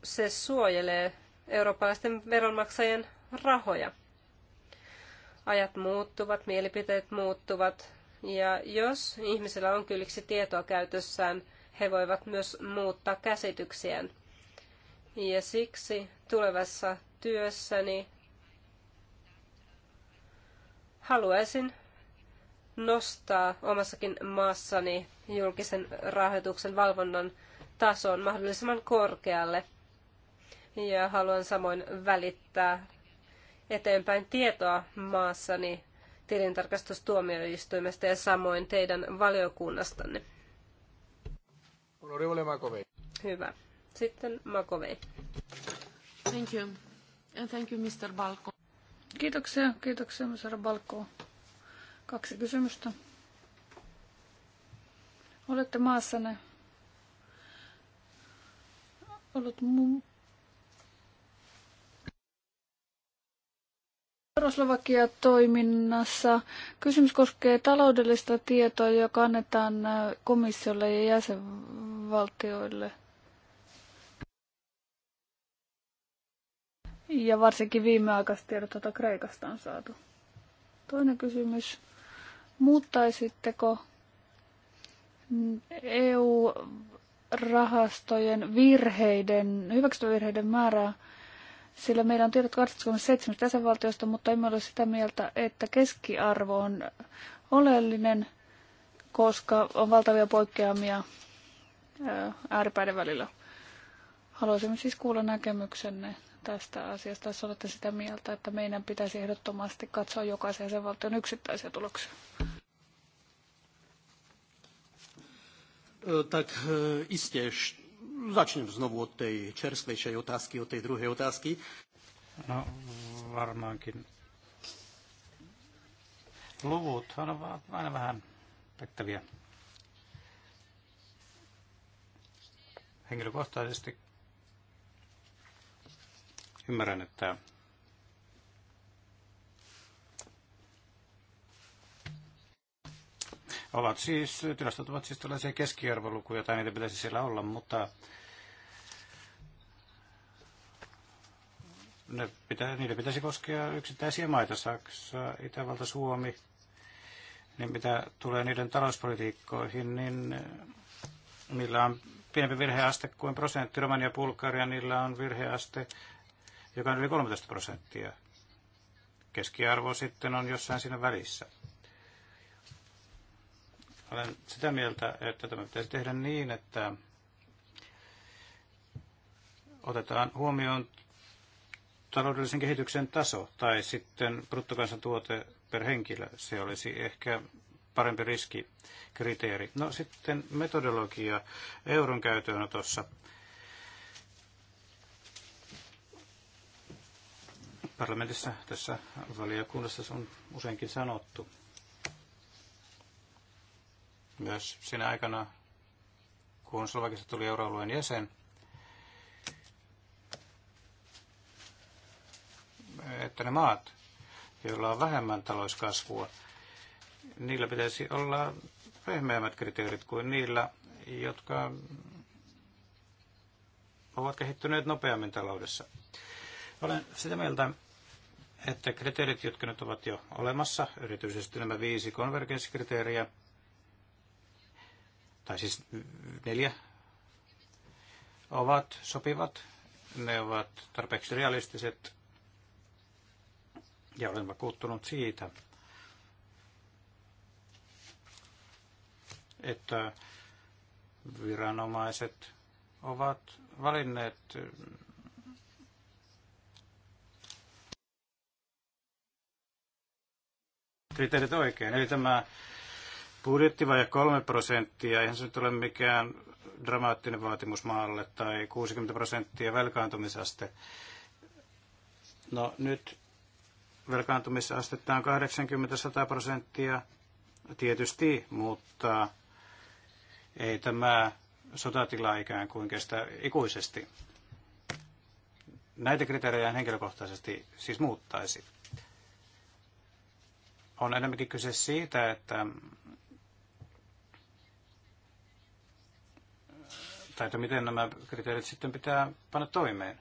se suojelee eurooppalaisten veronmaksajien rahoja. Ajat muuttuvat, mielipiteet muuttuvat ja jos ihmisillä on kylliksi tietoa käytössään, he voivat myös muuttaa käsityksiään. Ja siksi tulevassa työssäni haluaisin nostaa omassakin maassani julkisen rahoituksen valvonnan tason mahdollisimman korkealle. Ja haluan samoin välittää eteenpäin tietoa maassani tilintarkastustuomioistuimesta ja samoin teidän valiokunnastanne. Honorable Makovei. Hyvä. Sitten Makovei. Thank you. And thank you, Mr. Balko. Kiitoksia, kiitoksia, Mr. Balko. Kaksi kysymystä. Olette maassanne ollut mun... Euroslovakia toiminnassa. Kysymys koskee taloudellista tietoa, joka annetaan äh, komissiolle ja jäsenvaltioille. Ja varsinkin viimeaikaiset tiedot, joita Kreikasta on saatu. Toinen kysymys. Muuttaisitteko EU-rahastojen virheiden, hyväksytyvirheiden määrää, sillä meillä on tiedot 27 jäsenvaltiosta, mutta emme ole sitä mieltä, että keskiarvo on oleellinen, koska on valtavia poikkeamia ääripäiden välillä. Haluaisimme siis kuulla näkemyksenne tästä asiasta, jos olette sitä mieltä, että meidän pitäisi ehdottomasti katsoa jokaisen jäsenvaltion yksittäisiä tuloksia? E, tak e, iście. Zacznę znovu od tej czerstwejszej otázky, od tej drugiej otázky. No varmaankin. Luvut on aina vähän pettäviä. Henkilökohtaisesti Ymmärrän, että ovat siis, tilastot ovat siis tällaisia keskiarvolukuja, tai niitä pitäisi siellä olla, mutta ne pitä, niitä pitäisi koskea yksittäisiä maita, Saksa, Itävalta, Suomi, niin mitä tulee niiden talouspolitiikkoihin, niin niillä on pienempi virheaste kuin prosentti. Romania ja Bulgaria, niillä on virheaste joka on yli 13 prosenttia. Keskiarvo sitten on jossain siinä välissä. Olen sitä mieltä, että tämä pitäisi tehdä niin, että otetaan huomioon taloudellisen kehityksen taso tai sitten bruttokansantuote per henkilö. Se olisi ehkä parempi riskikriteeri. No sitten metodologia euron käytöönotossa. parlamentissa tässä valiokunnassa se on useinkin sanottu. Myös sinä aikana, kun Slovakista tuli euroalueen jäsen, että ne maat, joilla on vähemmän talouskasvua, niillä pitäisi olla pehmeämmät kriteerit kuin niillä, jotka ovat kehittyneet nopeammin taloudessa. Olen sitä mieltä, että kriteerit, jotka nyt ovat jo olemassa, erityisesti nämä viisi konvergenssikriteeriä, tai siis neljä, ovat sopivat, ne ovat tarpeeksi realistiset, ja olen vakuuttunut siitä, että viranomaiset ovat valinneet kriteerit oikein. Eli tämä budjettivaje 3 prosenttia, eihän se nyt ole mikään dramaattinen vaatimus maalle, tai 60 prosenttia velkaantumisaste. No nyt velkaantumisastetta on 80-100 prosenttia tietysti, mutta ei tämä sotatila ikään kuin kestä ikuisesti. Näitä kriteerejä henkilökohtaisesti siis muuttaisi on enemmänkin kyse siitä, että tai että miten nämä kriteerit sitten pitää panna toimeen.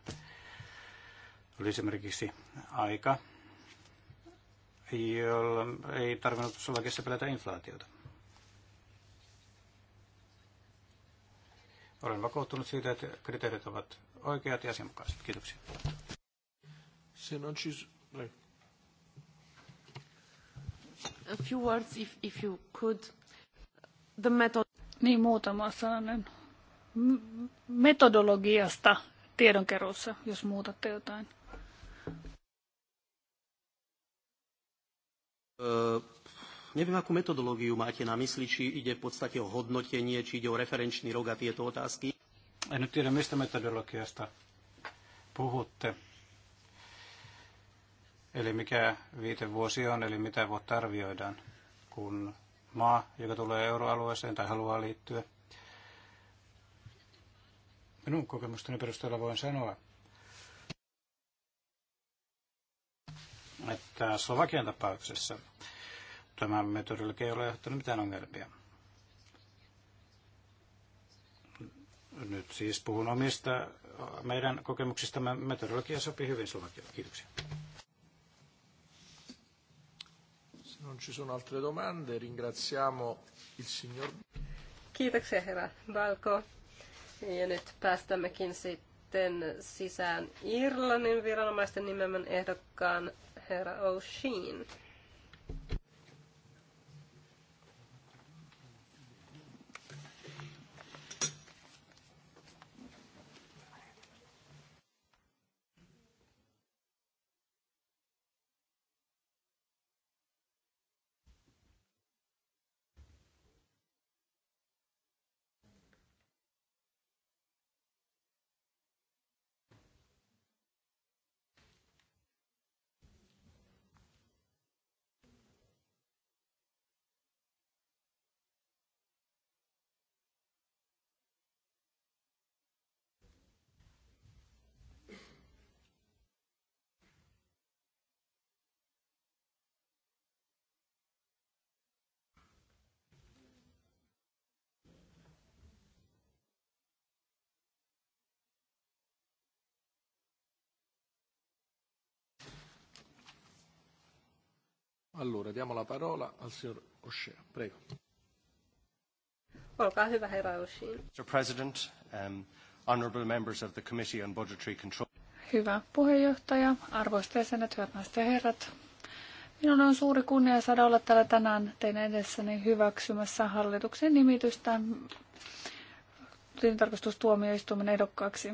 Oli esimerkiksi aika, jolla ei tarvinnut Slovakiassa pelätä inflaatiota. Olen vakuuttunut siitä, että kriteerit ovat oikeat ja asianmukaiset. Kiitoksia. Sen on siis... A few words, if, if you could. The method... Niin, muutama sananen metodologiasta tiedonkeruussa, jos muutatte jotain. neviem, akú metodológiu máte na mysli, či ide v podstate o hodnotenie, či ide o referenčný rok a tieto otázky. En nyt tiedä, mistä metodologiasta puhutte. Eli mikä viitevuosi on, eli mitä vuotta arvioidaan, kun maa, joka tulee euroalueeseen tai haluaa liittyä. Minun kokemustani perusteella voin sanoa, että Slovakian tapauksessa tämä metodologia ei ole johtanut mitään ongelmia. Nyt siis puhun omista meidän kokemuksistamme. Metodologia sopii hyvin Slovakialle. Kiitoksia. non ci sono altre domande, ringraziamo il signor... Kiitoksia herra Balko. Ja nyt päästämmekin sitten sisään Irlannin viranomaisten nimemmän ehdokkaan herra O'Sheen. Allora, diamo la parola al signor O'Shea. Prego. Olkaa hyvä, herra O'Shea. Mr. President, um, honorable members of the Committee on Budgetary Control. Hyvä puheenjohtaja, arvoisat jäsenet, hyvät naiset ja herrat. Minun on suuri kunnia saada olla täällä tänään teidän edessäni hyväksymässä hallituksen nimitystä tilintarkastustuomioistuimen ehdokkaaksi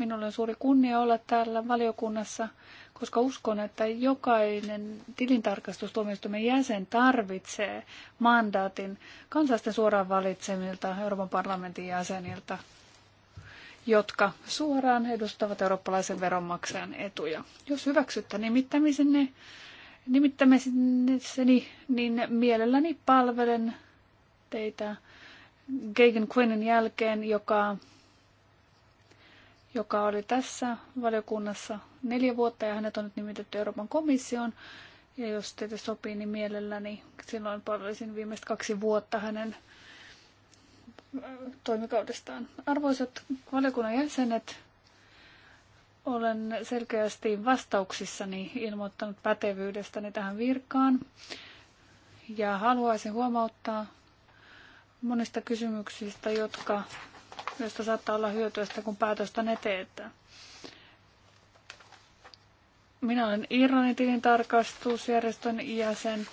Minulla on suuri kunnia olla täällä valiokunnassa, koska uskon, että jokainen tilintarkastustuomioistuimen jäsen tarvitsee mandaatin kansalaisten suoraan valitsemilta Euroopan parlamentin jäseniltä, jotka suoraan edustavat eurooppalaisen veronmaksajan etuja. Jos hyväksytte nimittämisenne, nimittämiseni, niin mielelläni palvelen teitä Gegen Quinnin jälkeen, joka joka oli tässä valiokunnassa neljä vuotta ja hänet on nyt nimitetty Euroopan komissioon. Ja jos teitä sopii, niin mielelläni silloin palvelisin viimeistä kaksi vuotta hänen äh, toimikaudestaan. Arvoisat valiokunnan jäsenet, olen selkeästi vastauksissani ilmoittanut pätevyydestäni tähän virkaan. Ja haluaisin huomauttaa monista kysymyksistä, jotka josta saattaa olla hyötyä sitä, kun päätöstä ne teettää. Minä olen Irlannin tilintarkastusjärjestön jäsen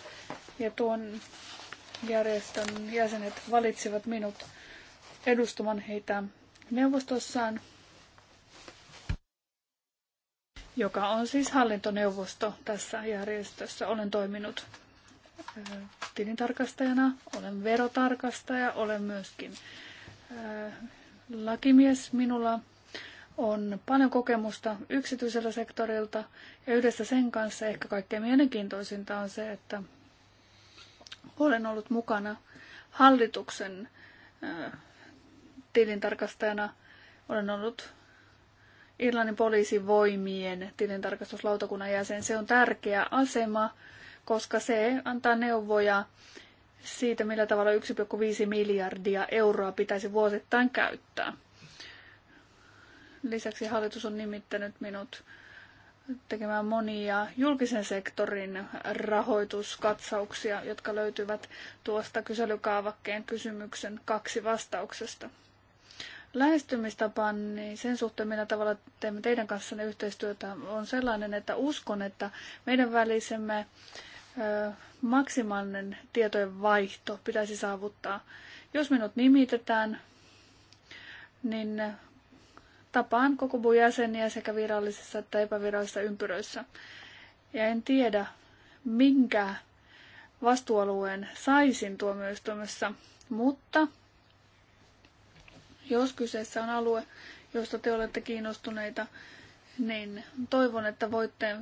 ja tuon järjestön jäsenet valitsivat minut edustamaan heitä neuvostossaan, joka on siis hallintoneuvosto tässä järjestössä. Olen toiminut äh, tilintarkastajana, olen verotarkastaja, olen myöskin äh, lakimies. Minulla on paljon kokemusta yksityisellä sektorilta ja yhdessä sen kanssa ehkä kaikkein mielenkiintoisinta on se, että olen ollut mukana hallituksen tilintarkastajana. Olen ollut Irlannin poliisivoimien tilintarkastuslautakunnan jäsen. Se on tärkeä asema, koska se antaa neuvoja siitä, millä tavalla 1,5 miljardia euroa pitäisi vuosittain käyttää. Lisäksi hallitus on nimittänyt minut tekemään monia julkisen sektorin rahoituskatsauksia, jotka löytyvät tuosta kyselykaavakkeen kysymyksen kaksi vastauksesta. Lähestymistapa, niin sen suhteen, millä tavalla teemme teidän kanssanne yhteistyötä, on sellainen, että uskon, että meidän välisemme maksimaalinen tietojen vaihto pitäisi saavuttaa. Jos minut nimitetään, niin tapaan koko mun jäseniä sekä virallisissa että epävirallisissa ympyröissä. Ja en tiedä, minkä vastuualueen saisin tuomioistuimessa, mutta jos kyseessä on alue, josta te olette kiinnostuneita, niin toivon, että voitte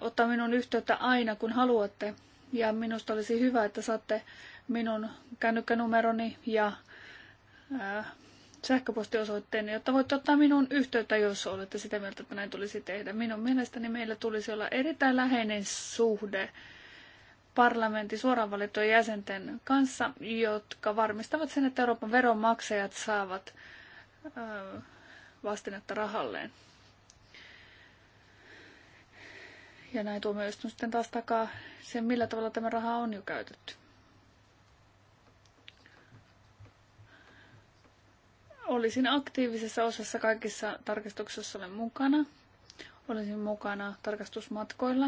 ottaa minun yhteyttä aina, kun haluatte. Ja minusta olisi hyvä, että saatte minun kännykkänumeroni ja ää, sähköpostiosoitteeni, jotta voitte ottaa minun yhteyttä, jos olette sitä mieltä, että näin tulisi tehdä. Minun mielestäni meillä tulisi olla erittäin läheinen suhde parlamentin suoraan valittujen jäsenten kanssa, jotka varmistavat sen, että Euroopan veronmaksajat saavat ää, vastinetta rahalleen. Ja näin tuomioistuin sitten taas takaa sen, millä tavalla tämä raha on jo käytetty. Olisin aktiivisessa osassa kaikissa tarkastuksissa olen mukana. Olisin mukana tarkastusmatkoilla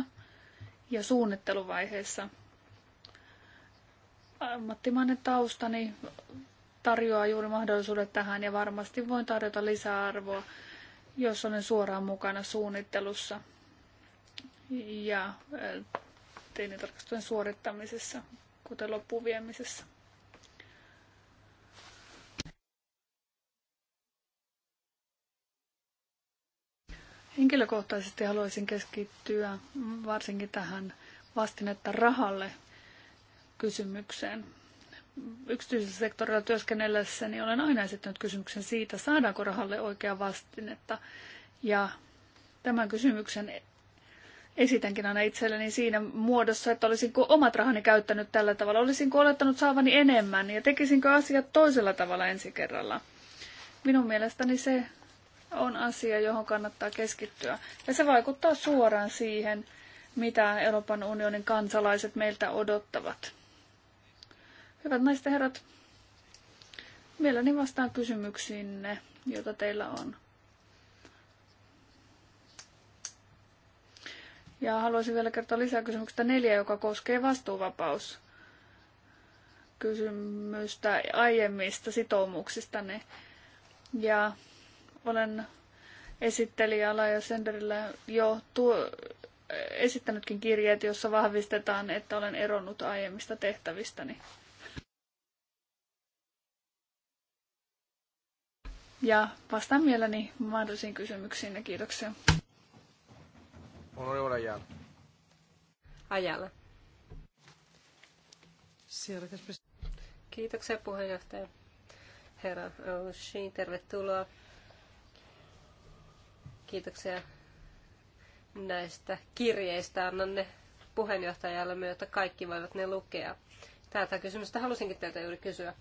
ja suunnitteluvaiheessa. Ammattimainen taustani tarjoaa juuri mahdollisuudet tähän ja varmasti voin tarjota lisäarvoa, jos olen suoraan mukana suunnittelussa ja eh, teinitarkastuksen suorittamisessa, kuten loppuviemisessä. Henkilökohtaisesti haluaisin keskittyä varsinkin tähän vastinetta rahalle kysymykseen. Yksityisellä sektorilla työskennellessäni niin olen aina esittänyt kysymyksen siitä, saadaanko rahalle oikea vastinetta. Ja tämän kysymyksen esitänkin aina itselleni siinä muodossa, että olisinko omat rahani käyttänyt tällä tavalla, olisinko olettanut saavani enemmän ja tekisinkö asiat toisella tavalla ensi kerralla. Minun mielestäni se on asia, johon kannattaa keskittyä. Ja se vaikuttaa suoraan siihen, mitä Euroopan unionin kansalaiset meiltä odottavat. Hyvät naiset ja herrat, mielelläni vastaan kysymyksiinne, joita teillä on. Ja haluaisin vielä kertoa lisää kysymyksestä neljä, joka koskee vastuuvapaus kysymystä aiemmista sitoumuksista. Ja olen esittelijällä ja senderillä jo tuo, esittänytkin kirjeet, jossa vahvistetaan, että olen eronnut aiemmista tehtävistäni. Ja vastaan mielelläni mahdollisiin kysymyksiin ja kiitoksia. Onorevole Ayala. Ayala. Kiitoksia puheenjohtaja. Herra Oushin, tervetuloa. Kiitoksia näistä kirjeistä. Annan ne puheenjohtajalle myötä kaikki voivat ne lukea. Tätä kysymystä halusinkin teiltä juuri kysyä.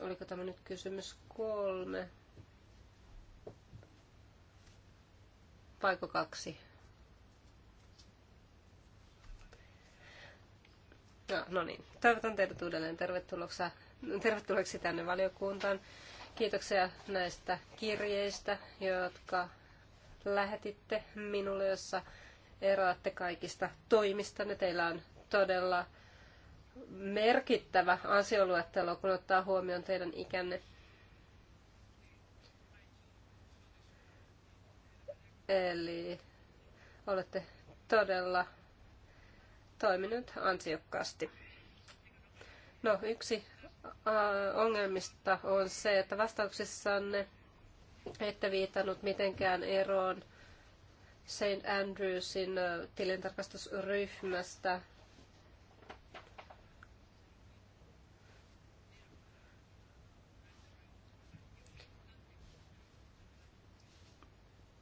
Oliko tämä nyt kysymys kolme? vaiko kaksi? No, no niin, toivotan teidät uudelleen tervetulleeksi tänne valiokuntaan. Kiitoksia näistä kirjeistä, jotka lähetitte minulle, jossa eroatte kaikista toimista. Teillä on todella merkittävä ansioluettelo, kun ottaa huomioon teidän ikänne. Eli olette todella toiminut ansiokkaasti. No, yksi ongelmista on se, että vastauksissanne ette viitannut mitenkään eroon St. Andrewsin tilintarkastusryhmästä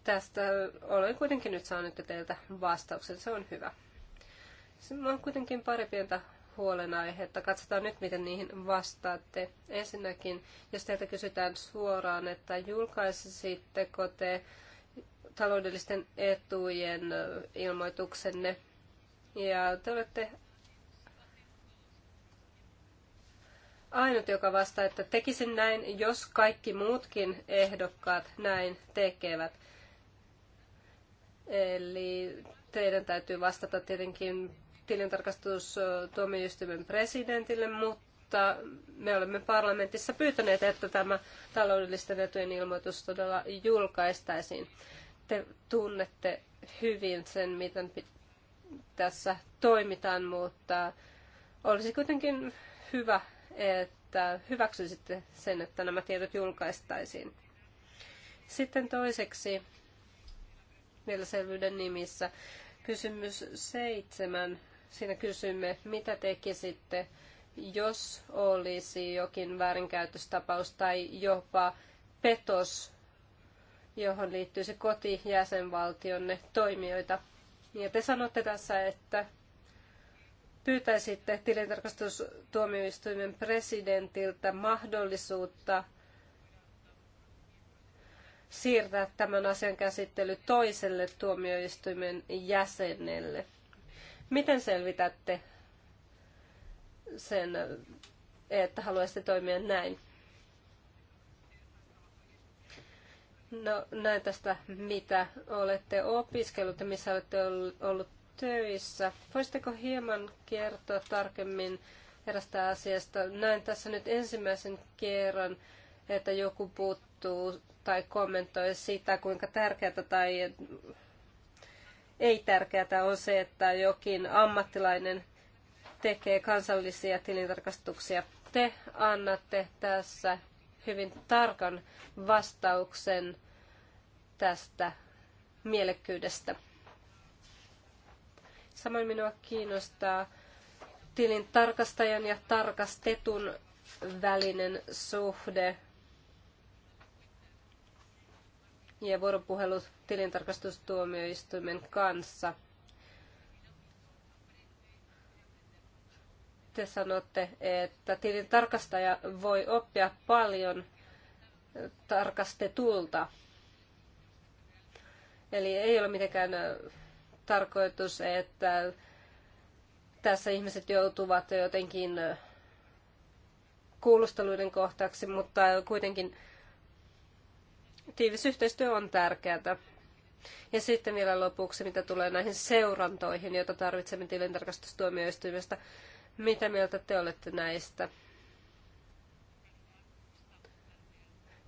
Tästä olen kuitenkin nyt saanut jo teiltä vastauksen, se on hyvä. Sinulla on kuitenkin pari pientä huolenaihetta. Katsotaan nyt, miten niihin vastaatte. Ensinnäkin, jos teiltä kysytään suoraan, että julkaisitteko te taloudellisten etujen ilmoituksenne. Ja te olette ainut, joka vastaa, että tekisin näin, jos kaikki muutkin ehdokkaat näin tekevät. Eli teidän täytyy vastata tietenkin tilintarkastustuomioistuimen presidentille, mutta me olemme parlamentissa pyytäneet, että tämä taloudellisten etujen ilmoitus todella julkaistaisiin. Te tunnette hyvin sen, miten tässä toimitaan, mutta olisi kuitenkin hyvä, että hyväksyisitte sen, että nämä tiedot julkaistaisiin. Sitten toiseksi vielä selvyyden nimissä. Kysymys seitsemän. Siinä kysymme, mitä tekisitte, jos olisi jokin väärinkäytöstapaus tai jopa petos, johon liittyisi kotijäsenvaltionne toimijoita. Ja te sanotte tässä, että pyytäisitte tilintarkastustuomioistuimen presidentiltä mahdollisuutta siirtää tämän asian käsittely toiselle tuomioistuimen jäsenelle. Miten selvitätte sen, että haluaisitte toimia näin? No näin tästä, mitä olette opiskellut ja missä olette ollut töissä. Voisitteko hieman kertoa tarkemmin erästä asiasta? Näin tässä nyt ensimmäisen kerran, että joku puuttuu tai kommentoi sitä, kuinka tärkeää tai ei tärkeää on se, että jokin ammattilainen tekee kansallisia tilintarkastuksia. Te annatte tässä hyvin tarkan vastauksen tästä mielekkyydestä. Samoin minua kiinnostaa tilintarkastajan ja tarkastetun välinen suhde. ja vuoropuhelut tilintarkastustuomioistuimen kanssa. Te sanotte, että tilintarkastaja voi oppia paljon tarkastetulta. Eli ei ole mitenkään tarkoitus, että tässä ihmiset joutuvat jotenkin kuulusteluiden kohtaaksi, mutta kuitenkin tiivis yhteistyö on tärkeää. Ja sitten vielä lopuksi, mitä tulee näihin seurantoihin, joita tarvitsemme tilintarkastustuomioistuimesta. Mitä mieltä te olette näistä?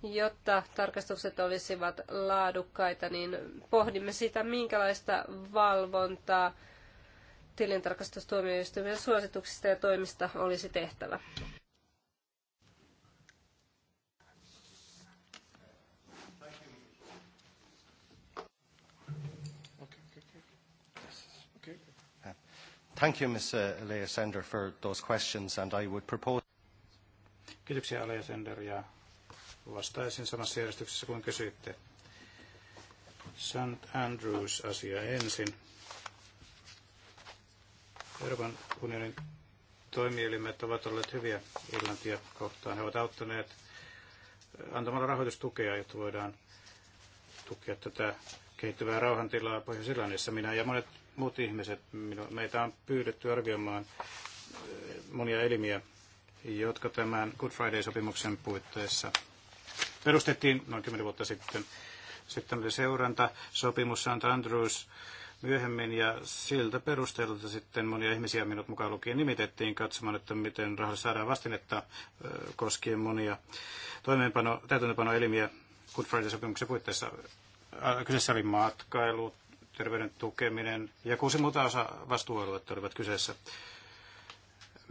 Jotta tarkastukset olisivat laadukkaita, niin pohdimme sitä, minkälaista valvontaa tilintarkastustuomioistuimen suosituksista ja toimista olisi tehtävä. Thank you, Ms. Uh, Leia for those questions, and I would propose... Kiitoksia, Leia ja vastaisin samassa järjestyksessä kuin kysyitte. St. Andrews-asia ensin. Euroopan unionin toimielimet ovat olleet hyviä Irlantia kohtaan. He ovat auttaneet äh, antamalla rahoitustukea, jotta voidaan tukea tätä kehittyvää rauhantilaa Pohjois-Irlannissa. Minä ja monet muut ihmiset. Meitä on pyydetty arvioimaan eh, monia elimiä, jotka tämän Good Friday-sopimuksen puitteissa perustettiin noin 10 vuotta sitten. Sitten oli seuranta, sopimus St. Andrews myöhemmin ja siltä perusteelta sitten monia ihmisiä minut mukaan lukien nimitettiin katsomaan, että miten rahalla saadaan vastinetta eh, koskien monia toimeenpano, täytäntöpanoelimiä Good Friday-sopimuksen puitteissa. Kyseessä oli matkailut, terveyden tukeminen ja kuusi muuta osa vastuualuetta olivat kyseessä.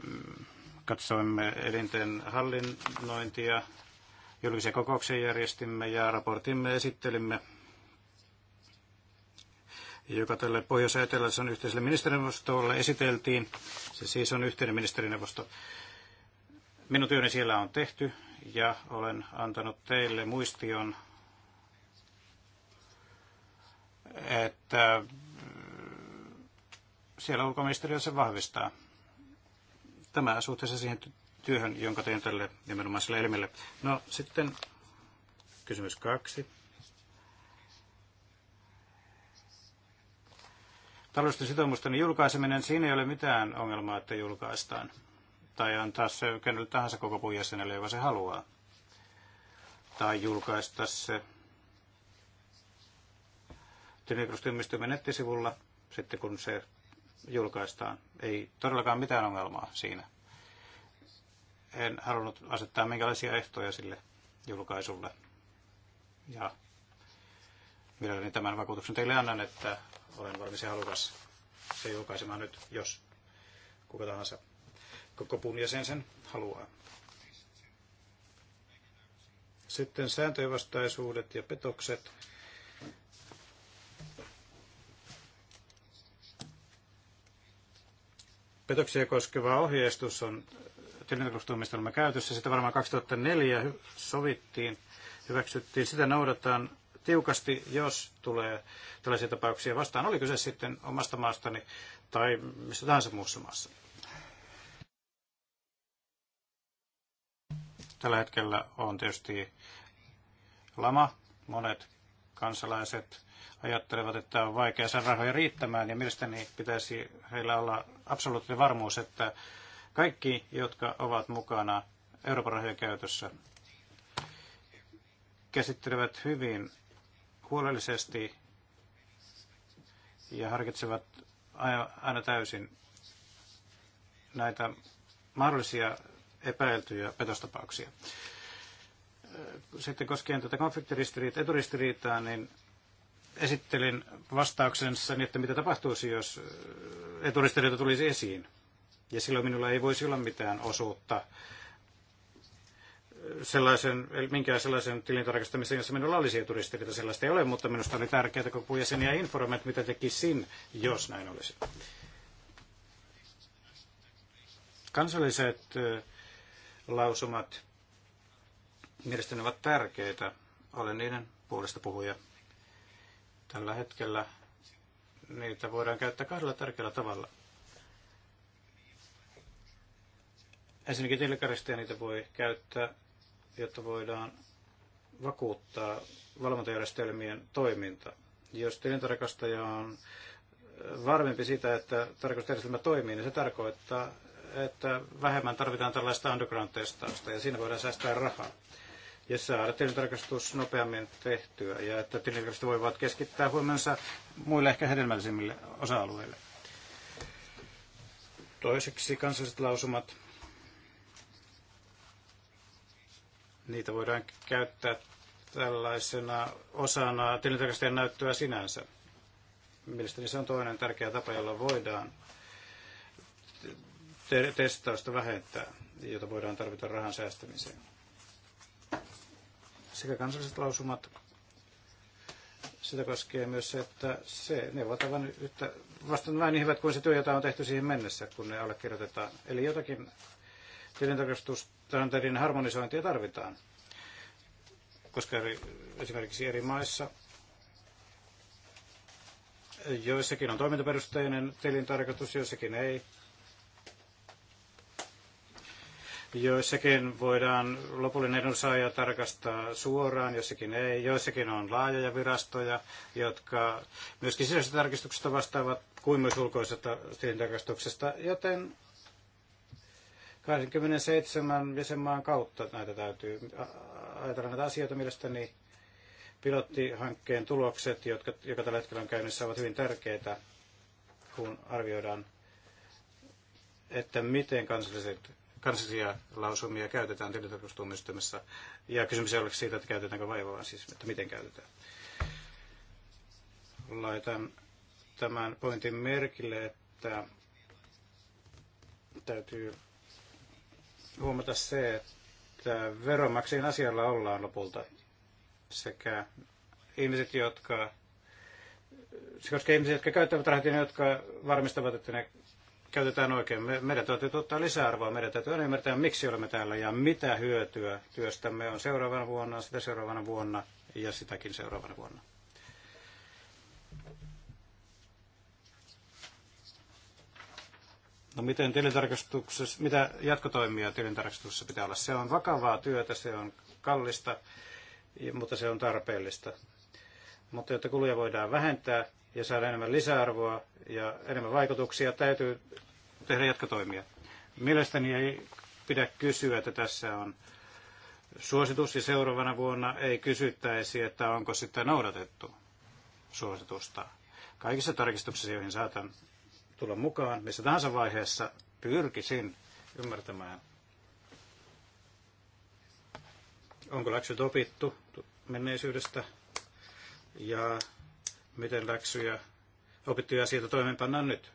Mm, katsoimme elinten hallinnointia, julkisia kokouksia järjestimme ja raportimme esittelimme joka tälle Pohjois- ja Eteläisen yhteiselle ministerineuvostolle esiteltiin. Se siis on yhteinen ministerineuvosto. Minun työni siellä on tehty ja olen antanut teille muistion että äh, siellä sen vahvistaa tämä suhteessa siihen työhön, jonka tein tälle sille elimelle. No sitten kysymys kaksi. Taloudellisten sitoumusten julkaiseminen, siinä ei ole mitään ongelmaa, että julkaistaan. Tai antaa se kenelle tahansa koko puun joka se haluaa. Tai julkaista se tilintarkastustyömistymme nettisivulla sitten kun se julkaistaan. Ei todellakaan mitään ongelmaa siinä. En halunnut asettaa minkälaisia ehtoja sille julkaisulle. Ja mielelläni tämän vakuutuksen teille annan, että olen valmis ja halukas se julkaisemaan nyt, jos kuka tahansa puun jäsen sen haluaa. Sitten vastaisuudet ja petokset. Petoksia koskeva ohjeistus on tilintarkastustuomioistuimen käytössä. Sitä varmaan 2004 sovittiin, hyväksyttiin. Sitä noudataan tiukasti, jos tulee tällaisia tapauksia vastaan. Oli kyse sitten omasta maastani tai mistä tahansa muussa maassa. Tällä hetkellä on tietysti lama. Monet kansalaiset ajattelevat, että on vaikea saada rahoja riittämään, ja mielestäni pitäisi heillä olla absoluuttinen varmuus, että kaikki, jotka ovat mukana Euroopan rahojen käytössä, käsittelevät hyvin huolellisesti ja harkitsevat aina täysin näitä mahdollisia epäiltyjä petostapauksia. Sitten koskien tätä konfliktiristiriitaa, eturistiriitaa, niin esittelin vastauksensa, että mitä tapahtuisi, jos äh, eturistiriita tulisi esiin. Ja silloin minulla ei voisi olla mitään osuutta äh, sellaisen, minkään sellaisen tilintarkastamisen jossa minulla olisi eturistiriita. Sellaista ei ole, mutta minusta oli tärkeää, kun jäseniä informoimme, että mitä tekisin, jos näin olisi. Kansalliset äh, lausumat mielestäni ovat tärkeitä. Olen niiden puolesta puhuja. Tällä hetkellä niitä voidaan käyttää kahdella tärkeällä tavalla. Ensinnäkin tilkaristeja niitä voi käyttää, jotta voidaan vakuuttaa valvontajärjestelmien toiminta. Jos tilintarkastaja on varmempi siitä, että tarkastusjärjestelmä toimii, niin se tarkoittaa, että vähemmän tarvitaan tällaista underground-testausta ja siinä voidaan säästää rahaa ja saada tilintarkastus nopeammin tehtyä ja että tilintarkastus voivat keskittää huomensa muille ehkä hedelmällisimmille osa-alueille. Toiseksi kansalliset lausumat. Niitä voidaan käyttää tällaisena osana tilintarkastajan näyttöä sinänsä. Mielestäni se on toinen tärkeä tapa, jolla voidaan te- testausta vähentää, jota voidaan tarvita rahan säästämiseen sekä kansalliset lausumat. Sitä koskee myös se, että se, ne ovat aivan yhtä, vasta näin niin hyvät kuin se työ, jota on tehty siihen mennessä, kun ne allekirjoitetaan. Eli jotakin tilintarkastustandardin harmonisointia tarvitaan, koska eri, esimerkiksi eri maissa joissakin on toimintaperusteinen tilintarkastus, joissakin ei Joissakin voidaan lopullinen edunsaaja tarkastaa suoraan, jossakin ei. Joissakin on laajoja virastoja, jotka myöskin sisäisestä tarkistuksesta vastaavat kuin myös ulkoisesta tilintarkastuksesta, joten 27 jäsenmaan kautta näitä täytyy ajatella näitä asioita mielestäni. Pilottihankkeen tulokset, jotka, joka tällä hetkellä on käynnissä, ovat hyvin tärkeitä, kun arvioidaan, että miten kansalliset kansallisia lausumia käytetään tilintarkastustuomioistuimessa. Ja kysymys ei ole siitä, että käytetäänkö vaivaa, vaan siis, että miten käytetään. Laitan tämän pointin merkille, että täytyy huomata se, että veronmaksajien asialla ollaan lopulta sekä ihmiset, jotka se koskee ihmisiä, jotka käyttävät rahat ja ne, jotka varmistavat, että ne käytetään oikein. Me, meidän täytyy tuottaa lisäarvoa, meidän täytyy ymmärtää, miksi olemme täällä ja mitä hyötyä työstämme on seuraavana vuonna, sitä seuraavana vuonna ja sitäkin seuraavana vuonna. No miten tilintarkastuksessa, mitä jatkotoimia tilintarkastuksessa pitää olla? Se on vakavaa työtä, se on kallista, mutta se on tarpeellista. Mutta jotta kuluja voidaan vähentää ja saada enemmän lisäarvoa ja enemmän vaikutuksia, täytyy tehdä jatkotoimia. Mielestäni ei pidä kysyä, että tässä on suositus ja seuraavana vuonna ei kysyttäisi, että onko sitä noudatettu suositusta. Kaikissa tarkistuksissa, joihin saatan tulla mukaan, missä tahansa vaiheessa pyrkisin ymmärtämään, onko läksyt opittu menneisyydestä ja miten läksyjä opittuja asioita toimeenpannaan nyt.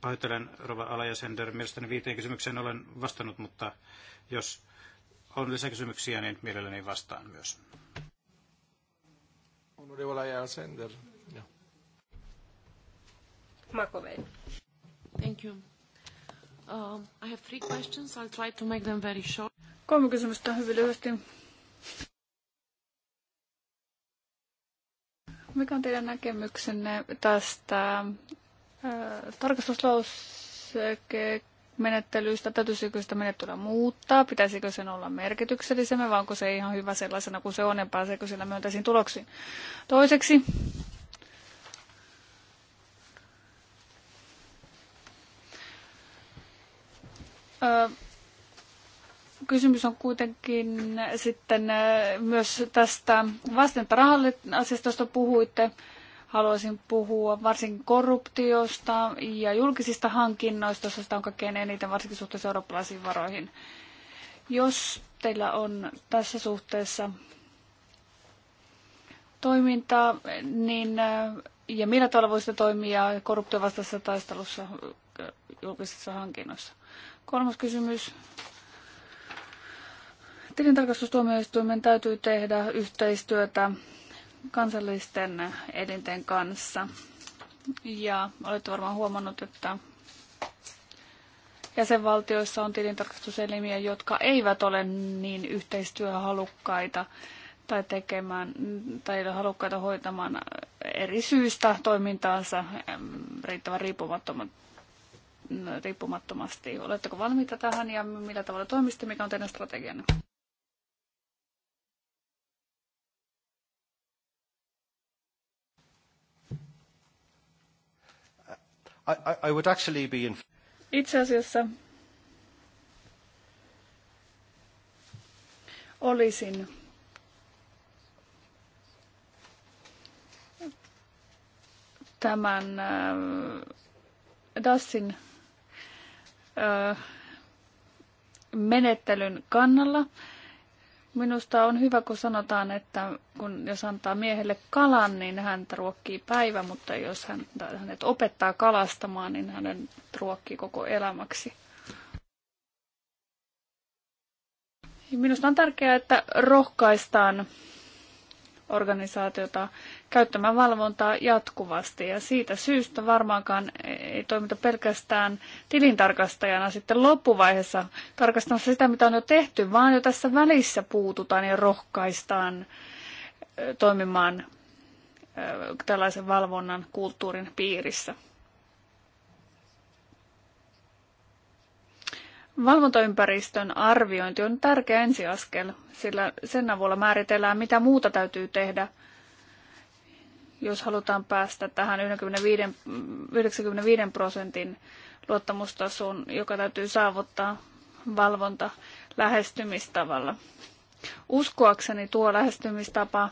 Pahoittelen Rova Alajasender, mielestäni viiteen kysymykseen olen vastannut, mutta jos on lisäkysymyksiä, niin mielelläni vastaan myös. Onorevole Alajasender. Makovei. Thank you. Um, I have three questions. I'll try to make them very short. Kolme kysymystä hyvin lyhyesti mikä on teidän näkemyksenne tästä äh, tarkastuslausmenettelystä, täytyisikö sitä menettelyä muuttaa, pitäisikö sen olla merkityksellisemmin, vai onko se ihan hyvä sellaisena kuin se on, ja pääseekö sillä myönteisiin tuloksiin. Toiseksi, kysymys on kuitenkin sitten äh, myös tästä vastenta asiasta, josta puhuitte. Haluaisin puhua varsinkin korruptiosta ja julkisista hankinnoista, joista on kaikkein eniten, varsinkin suhteessa eurooppalaisiin varoihin. Jos teillä on tässä suhteessa toimintaa, niin äh, ja millä tavalla voisitte toimia korruptiovastaisessa taistelussa äh, julkisissa hankinnoissa? Kolmas kysymys Tilintarkastustuomioistuimen täytyy tehdä yhteistyötä kansallisten elinten kanssa. Ja olette varmaan huomannut, että jäsenvaltioissa on tilintarkastuselimiä, jotka eivät ole niin yhteistyöhalukkaita tai tekemään tai halukkaita hoitamaan eri syistä toimintaansa riittävän riippumattomasti. Oletteko valmiita tähän ja millä tavalla toimisitte, mikä on teidän strategianne? I, I would actually be in... Itse asiassa olisin tämän äh, Dassin äh, menettelyn kannalla. Minusta on hyvä, kun sanotaan, että kun jos antaa miehelle kalan, niin häntä ruokkii päivä, mutta jos hän, hänet opettaa kalastamaan, niin hänen ruokkii koko elämäksi. Minusta on tärkeää, että rohkaistaan organisaatiota käyttämään valvontaa jatkuvasti. Ja siitä syystä varmaankaan ei toimita pelkästään tilintarkastajana sitten loppuvaiheessa tarkastamassa sitä, mitä on jo tehty, vaan jo tässä välissä puututaan ja rohkaistaan toimimaan tällaisen valvonnan kulttuurin piirissä. Valvontaympäristön arviointi on tärkeä ensiaskel, sillä sen avulla määritellään, mitä muuta täytyy tehdä – jos halutaan päästä tähän 95, 95 prosentin luottamustasoon, joka täytyy saavuttaa valvonta lähestymistavalla. Uskoakseni tuo lähestymistapa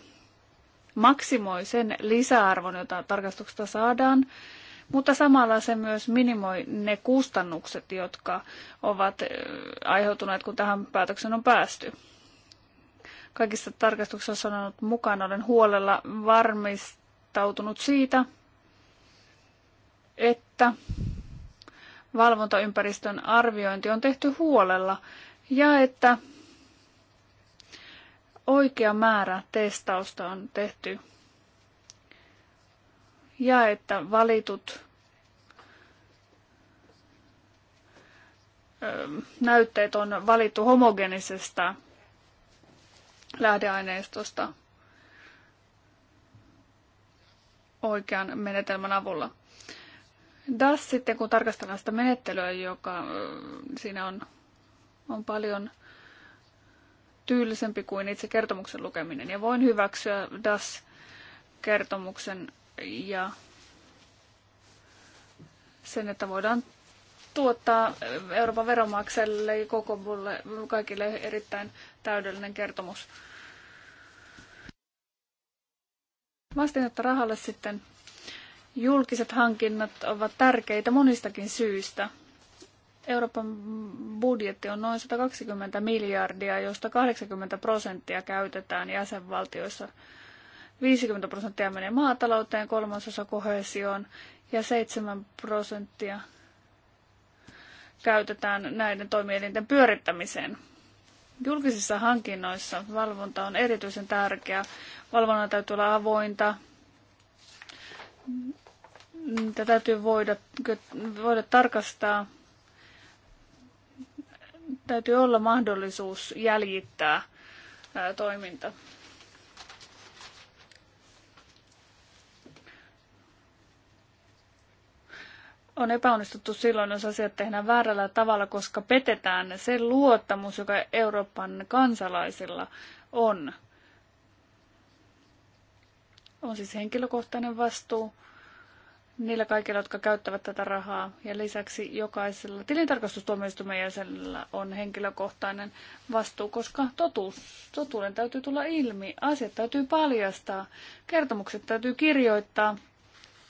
maksimoi sen lisäarvon, jota tarkastuksesta saadaan, mutta samalla se myös minimoi ne kustannukset, jotka ovat aiheutuneet, kun tähän päätöksen on päästy. Kaikissa tarkastuksissa on ollut mukana, olen huolella varmistanut, irrottautunut siitä, että valvontaympäristön arviointi on tehty huolella ja että oikea määrä testausta on tehty ja että valitut näytteet on valittu homogenisesta lähdeaineistosta. oikean menetelmän avulla. DAS sitten, kun tarkastellaan sitä menettelyä, joka siinä on, on paljon tyylisempi kuin itse kertomuksen lukeminen. Ja voin hyväksyä DAS-kertomuksen ja sen, että voidaan tuottaa Euroopan veronmaksajille ja koko mulle, kaikille erittäin täydellinen kertomus. Vastinetta rahalle sitten julkiset hankinnat ovat tärkeitä monistakin syistä. Euroopan budjetti on noin 120 miljardia, josta 80 prosenttia käytetään jäsenvaltioissa. 50 prosenttia menee maatalouteen, kolmasosa kohesioon ja 7 prosenttia käytetään näiden toimielinten pyörittämiseen. Julkisissa hankinnoissa valvonta on erityisen tärkeää. Valvonnan täytyy olla avointa. Tätä täytyy voida, voida tarkastaa. Täytyy olla mahdollisuus jäljittää toiminta. on epäonnistuttu silloin, jos asiat tehdään väärällä tavalla, koska petetään se luottamus, joka Euroopan kansalaisilla on. On siis henkilökohtainen vastuu niillä kaikilla, jotka käyttävät tätä rahaa. Ja lisäksi jokaisella tilintarkastustuomioistuimen jäsenellä on henkilökohtainen vastuu, koska totuus, totuuden täytyy tulla ilmi. Asiat täytyy paljastaa, kertomukset täytyy kirjoittaa –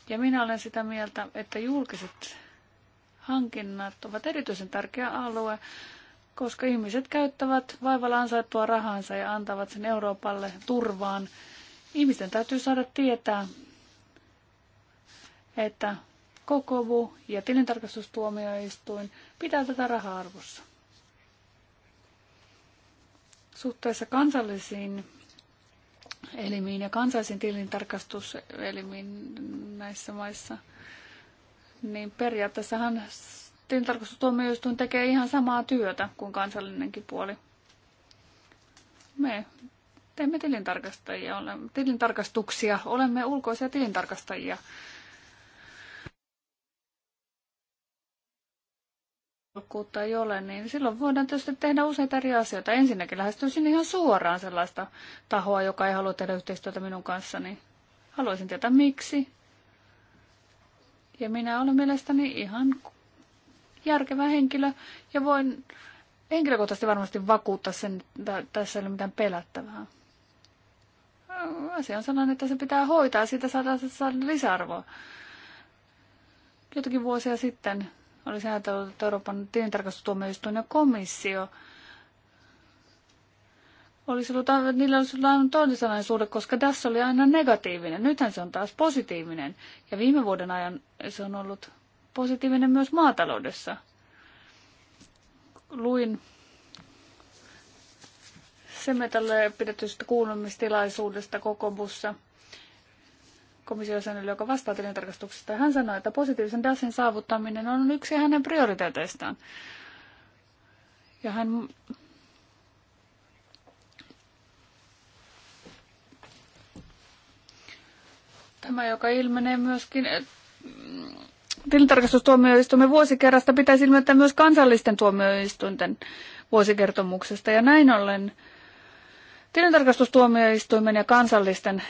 ja minä olen sitä mieltä, että julkiset hankinnat ovat erityisen tärkeä alue, koska ihmiset käyttävät vaivalla ansaittua rahansa ja antavat sen Euroopalle turvaan. Ihmisten täytyy saada tietää, että kokovu ja tilintarkastustuomioistuin pitää tätä rahaa arvossa. Suhteessa kansallisiin elimiin ja kansallisiin tilintarkastuselimiin näissä maissa, niin periaatteessahan tilintarkastustuomioistuin tekee ihan samaa työtä kuin kansallinenkin puoli. Me teemme tilintarkastajia, olemme, tilintarkastuksia, olemme ulkoisia tilintarkastajia. halukkuutta ei ole, niin silloin voidaan tietysti tehdä useita eri asioita. Ensinnäkin lähestyisin ihan suoraan sellaista tahoa, joka ei halua tehdä yhteistyötä minun kanssani. Haluaisin tietää miksi. Ja minä olen mielestäni ihan järkevä henkilö ja voin henkilökohtaisesti varmasti vakuuttaa sen, että tässä ei ole mitään pelättävää. Asia on sellainen, että se pitää hoitaa ja siitä saadaan saada lisäarvoa. Jotakin vuosia sitten olisi ajatellut, että Euroopan tilintarkastustuomioistuin ja komissio olisi ollut, niillä olisi ollut aina toinen suhde, koska tässä oli aina negatiivinen. Nythän se on taas positiivinen. Ja viime vuoden ajan se on ollut positiivinen myös maataloudessa. Luin Semetalle pidetystä kuulumistilaisuudesta Kokobussa – komissiosäännölle, joka vastaa tilintarkastuksesta. Hän sanoi, että positiivisen DASin saavuttaminen on yksi hänen prioriteeteistaan. Ja hän Tämä, joka ilmenee myöskin tilintarkastustuomioistuimen vuosikerrasta, pitäisi ilmentää myös kansallisten tuomioistuinten vuosikertomuksesta. Ja näin ollen tilintarkastustuomioistuimen ja kansallisten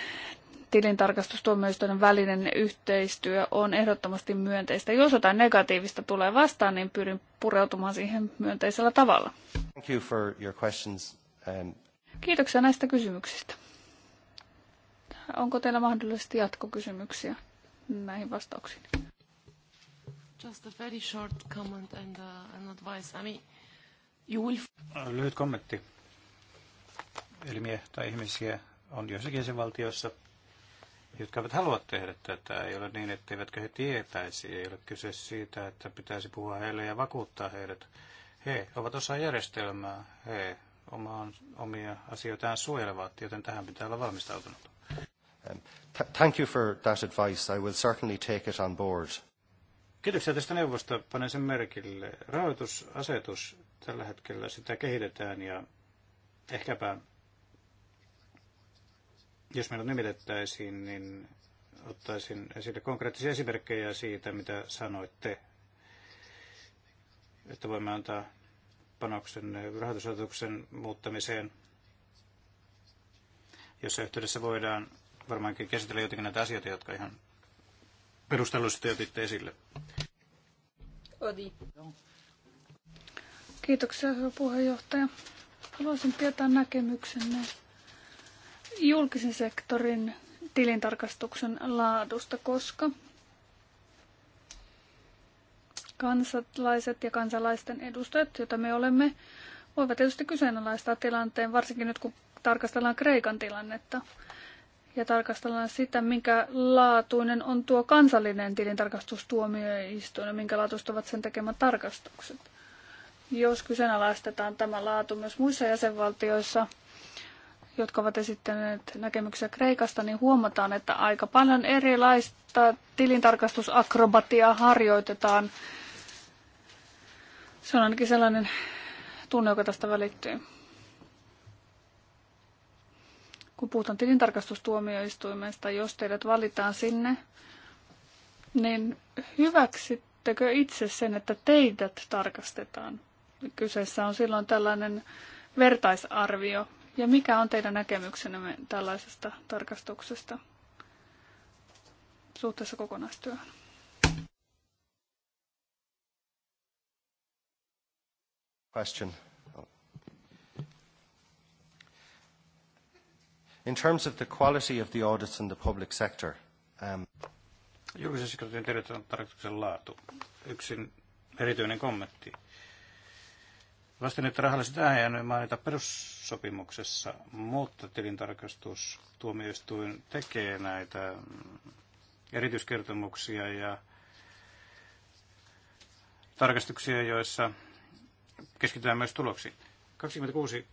tilintarkastustuomioistuimen välinen yhteistyö on ehdottomasti myönteistä. Jos jotain negatiivista tulee vastaan, niin pyrin pureutumaan siihen myönteisellä tavalla. Thank you for your questions. Um, Kiitoksia näistä kysymyksistä. Onko teillä mahdollisesti jatkokysymyksiä näihin vastauksiin? Just a very short comment and uh, advice. I mean, you will... Äh, lyhyt kommentti. Elimiä tai ihmisiä on joissakin jäsenvaltioissa, jotka eivät halua tehdä tätä. Ei ole niin, etteivätkö he tietäisi. Ei ole kyse siitä, että pitäisi puhua heille ja vakuuttaa heidät. He ovat osa järjestelmää. He omaan, omia asioitaan suojelevat, joten tähän pitää olla valmistautunut. Um, thank you for that advice. I will certainly take it on board. Kiitoksia tästä neuvosta. Panen sen merkille. Rahoitusasetus tällä hetkellä sitä kehitetään ja ehkäpä jos minut nimitettäisiin, niin ottaisin esille konkreettisia esimerkkejä siitä, mitä sanoitte, että voimme antaa panoksen rahoitusasetuksen muuttamiseen, jossa yhteydessä voidaan varmaankin käsitellä jotenkin näitä asioita, jotka ihan perusteluisesti otitte esille. Odi. Kiitoksia, hyvä puheenjohtaja. Haluaisin tietää näkemyksenne julkisen sektorin tilintarkastuksen laadusta, koska kansalaiset ja kansalaisten edustajat, joita me olemme, voivat tietysti kyseenalaistaa tilanteen, varsinkin nyt kun tarkastellaan Kreikan tilannetta ja tarkastellaan sitä, minkä laatuinen on tuo kansallinen tilintarkastustuomioistuin ja minkä laatuista ovat sen tekemät tarkastukset. Jos kyseenalaistetaan tämä laatu myös muissa jäsenvaltioissa, jotka ovat esittäneet näkemyksiä Kreikasta, niin huomataan, että aika paljon erilaista tilintarkastusakrobatiaa harjoitetaan. Se on ainakin sellainen tunne, joka tästä välittyy. Kun puhutaan tilintarkastustuomioistuimesta, jos teidät valitaan sinne, niin hyväksyttekö itse sen, että teidät tarkastetaan? Kyseessä on silloin tällainen vertaisarvio, ja mikä on teidän näkemyksenne tällaisesta tarkastuksesta suhteessa kokonaistyöhön? Question. In terms of the quality of the audits in the public sector, um... Julkisen sektorin tarkastuksen laatu. Yksin erityinen kommentti. Vastin, sitä, rahalliset ei mainita perussopimuksessa, mutta tilintarkastus tuomioistuin tekee näitä erityiskertomuksia ja tarkastuksia, joissa keskitytään myös tuloksiin. 26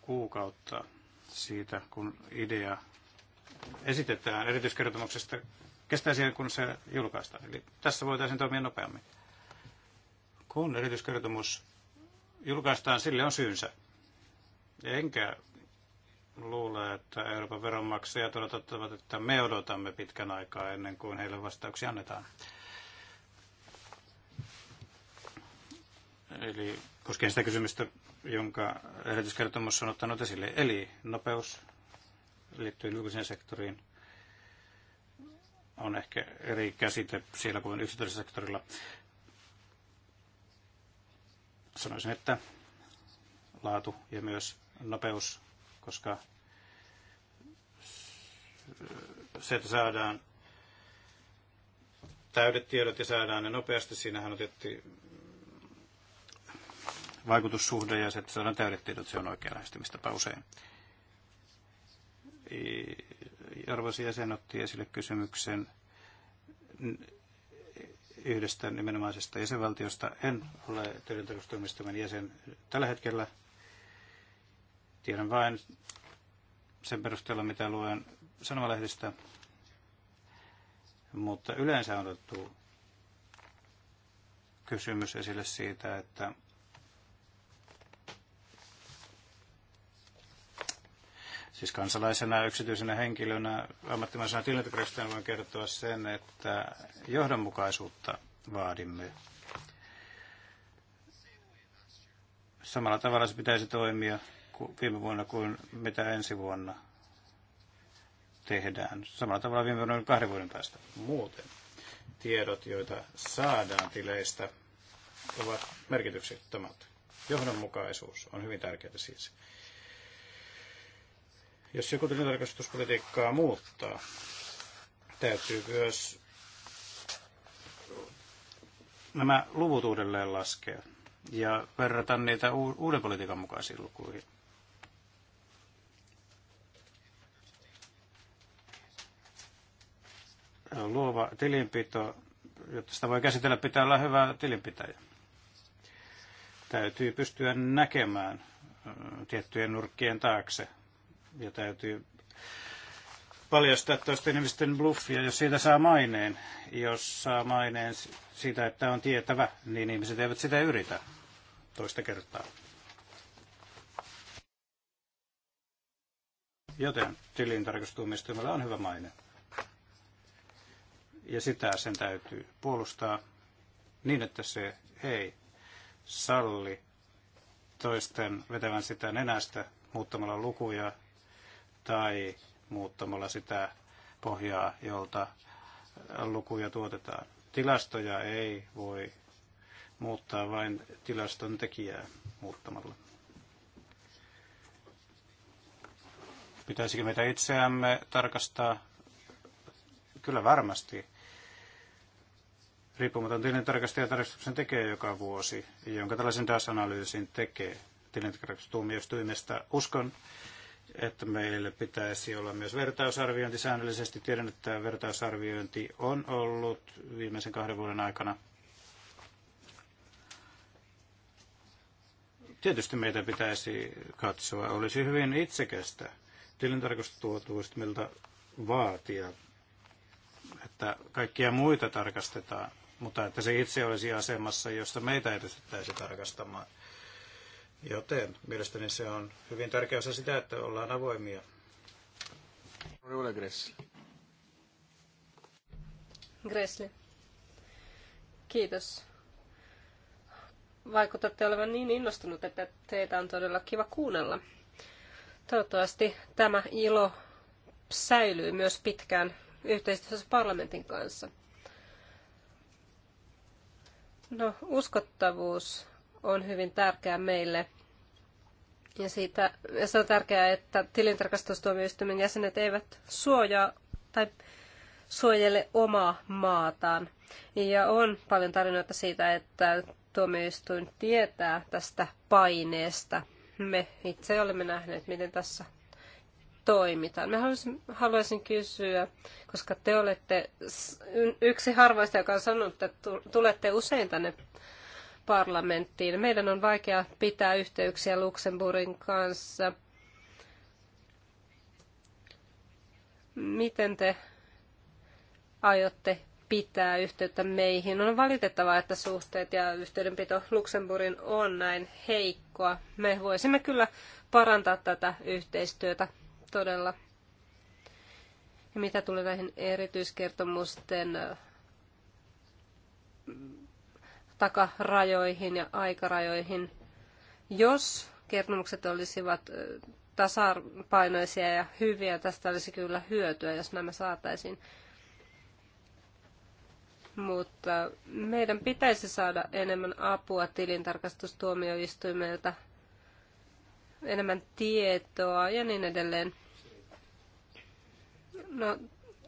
kuukautta siitä, kun idea esitetään erityiskertomuksesta, kestää siihen, kun se julkaistaan. Eli tässä voitaisiin toimia nopeammin. Kun erityiskertomus julkaistaan, sille on syynsä. Enkä luule, että Euroopan veronmaksajat odottavat, että me odotamme pitkän aikaa ennen kuin heille vastauksia annetaan. Eli koskien sitä kysymystä, jonka erityiskertomus on ottanut esille. Eli nopeus liittyy julkiseen sektoriin on ehkä eri käsite siellä kuin yksityisellä sektorilla sanoisin, että laatu ja myös nopeus, koska se, että saadaan täydet tiedot ja saadaan ne nopeasti, siinähän on tietysti vaikutussuhde ja se, että saadaan täydet tiedot, se on oikea lähestymistapa usein. Arvoisa jäsen otti esille kysymyksen yhdestä nimenomaisesta jäsenvaltiosta. En ole tilintarkastustuomioistuimen jäsen tällä hetkellä. Tiedän vain sen perusteella, mitä luen sanomalehdistä. Mutta yleensä on otettu kysymys esille siitä, että Siis kansalaisena, yksityisenä henkilönä, ammattimaisena tilintekoristajana voin kertoa sen, että johdonmukaisuutta vaadimme. Samalla tavalla se pitäisi toimia viime vuonna kuin mitä ensi vuonna tehdään. Samalla tavalla viime vuonna kahden vuoden päästä. Muuten tiedot, joita saadaan tileistä, ovat merkityksettömät. Johdonmukaisuus on hyvin tärkeää siis. Jos joku tilintarkastuspolitiikkaa muuttaa, täytyy myös nämä luvut uudelleen laskea ja verrata niitä uuden politiikan mukaisiin lukuihin. Luova tilinpito, jotta sitä voi käsitellä, pitää olla hyvä tilinpitäjä. Täytyy pystyä näkemään tiettyjen nurkkien taakse ja täytyy paljastaa toisten ihmisten bluffia, jos siitä saa maineen. Jos saa maineen siitä, että on tietävä, niin ihmiset eivät sitä yritä toista kertaa. Joten tilintarkastustuomioistuimella on hyvä maine. Ja sitä sen täytyy puolustaa niin, että se ei salli toisten vetävän sitä nenästä muuttamalla lukuja tai muuttamalla sitä pohjaa, jolta lukuja tuotetaan. Tilastoja ei voi muuttaa vain tilaston tekijää muuttamalla. Pitäisikö meitä itseämme tarkastaa? Kyllä varmasti. Riippumaton tilintarkastaja tarkastuksen tekee joka vuosi, jonka tällaisen DAS-analyysin tekee tilintarkastustuomioistuimesta. Uskon, että meillä pitäisi olla myös vertausarviointi säännöllisesti. Tiedän, että tämä vertausarviointi on ollut viimeisen kahden vuoden aikana. Tietysti meitä pitäisi katsoa. Olisi hyvin itsekästä tilintarkastustuotuistumilta vaatia, että kaikkia muita tarkastetaan, mutta että se itse olisi asemassa, jossa meitä ei pystyttäisi tarkastamaan. Joten mielestäni se on hyvin tärkeä osa sitä, että ollaan avoimia. Gressle. Kiitos. Vaikutatte olevan niin innostunut, että teitä on todella kiva kuunnella. Toivottavasti tämä ilo säilyy myös pitkään yhteistyössä parlamentin kanssa. No, uskottavuus on hyvin tärkeä meille. Ja, siitä, ja se on tärkeää, että tilintarkastustuomioistuimen jäsenet eivät suojaa tai suojele omaa maataan. Ja on paljon tarinoita siitä, että tuomioistuin tietää tästä paineesta. Me itse olemme nähneet, miten tässä toimitaan. Mä haluaisin, haluaisin kysyä, koska te olette yksi harvoista, joka on sanonut, että tulette usein tänne parlamenttiin. Meidän on vaikea pitää yhteyksiä Luxemburgin kanssa. Miten te aiotte pitää yhteyttä meihin? On valitettavaa, että suhteet ja yhteydenpito Luxemburgin on näin heikkoa. Me voisimme kyllä parantaa tätä yhteistyötä todella. Ja mitä tulee näihin erityiskertomusten takarajoihin ja aikarajoihin. Jos kertomukset olisivat tasapainoisia ja hyviä, tästä olisi kyllä hyötyä, jos nämä saataisiin. Mutta meidän pitäisi saada enemmän apua tilintarkastustuomioistuimelta, enemmän tietoa ja niin edelleen. No,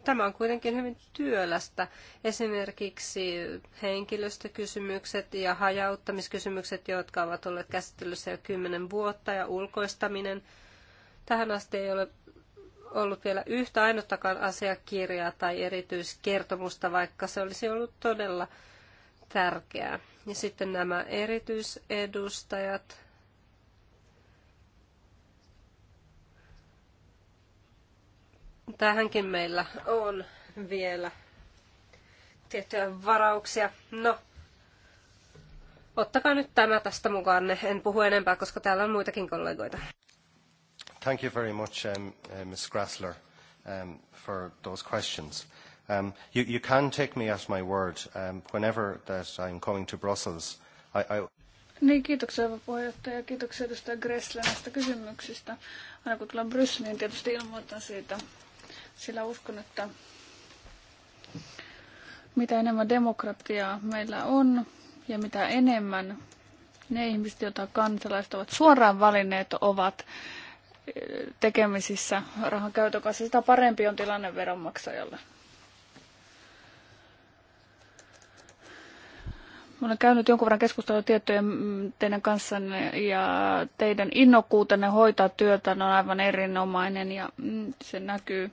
Tämä on kuitenkin hyvin työlästä. Esimerkiksi henkilöstökysymykset ja hajauttamiskysymykset, jotka ovat olleet käsittelyssä jo kymmenen vuotta, ja ulkoistaminen. Tähän asti ei ole ollut vielä yhtä ainuttakaan asiakirjaa tai erityiskertomusta, vaikka se olisi ollut todella tärkeää. Ja sitten nämä erityisedustajat, tähänkin meillä on vielä tiettyjä varauksia. No, ottakaa nyt tämä tästä mukaan. En puhu enempää, koska täällä on muitakin kollegoita. Thank you very much, um, uh, Ms. Grassler, um, for those questions. Um, you, you can take me at my word um, whenever that I'm coming to Brussels. I, I... Niin, kiitoksia hyvä puheenjohtaja ja kiitoksia edustaja Gressler näistä kysymyksistä. Aina kun tullaan Brysseliin, tietysti ilmoitan siitä sillä uskon, että mitä enemmän demokratiaa meillä on ja mitä enemmän ne ihmiset, joita kansalaiset ovat suoraan valinneet, ovat eh, tekemisissä rahan käytön kanssa, sitä parempi on tilanne veronmaksajalle. olen käynyt jonkun verran keskustelua tiettyjen mm, teidän kanssanne ja teidän innokkuutenne hoitaa työtä on aivan erinomainen ja mm, se näkyy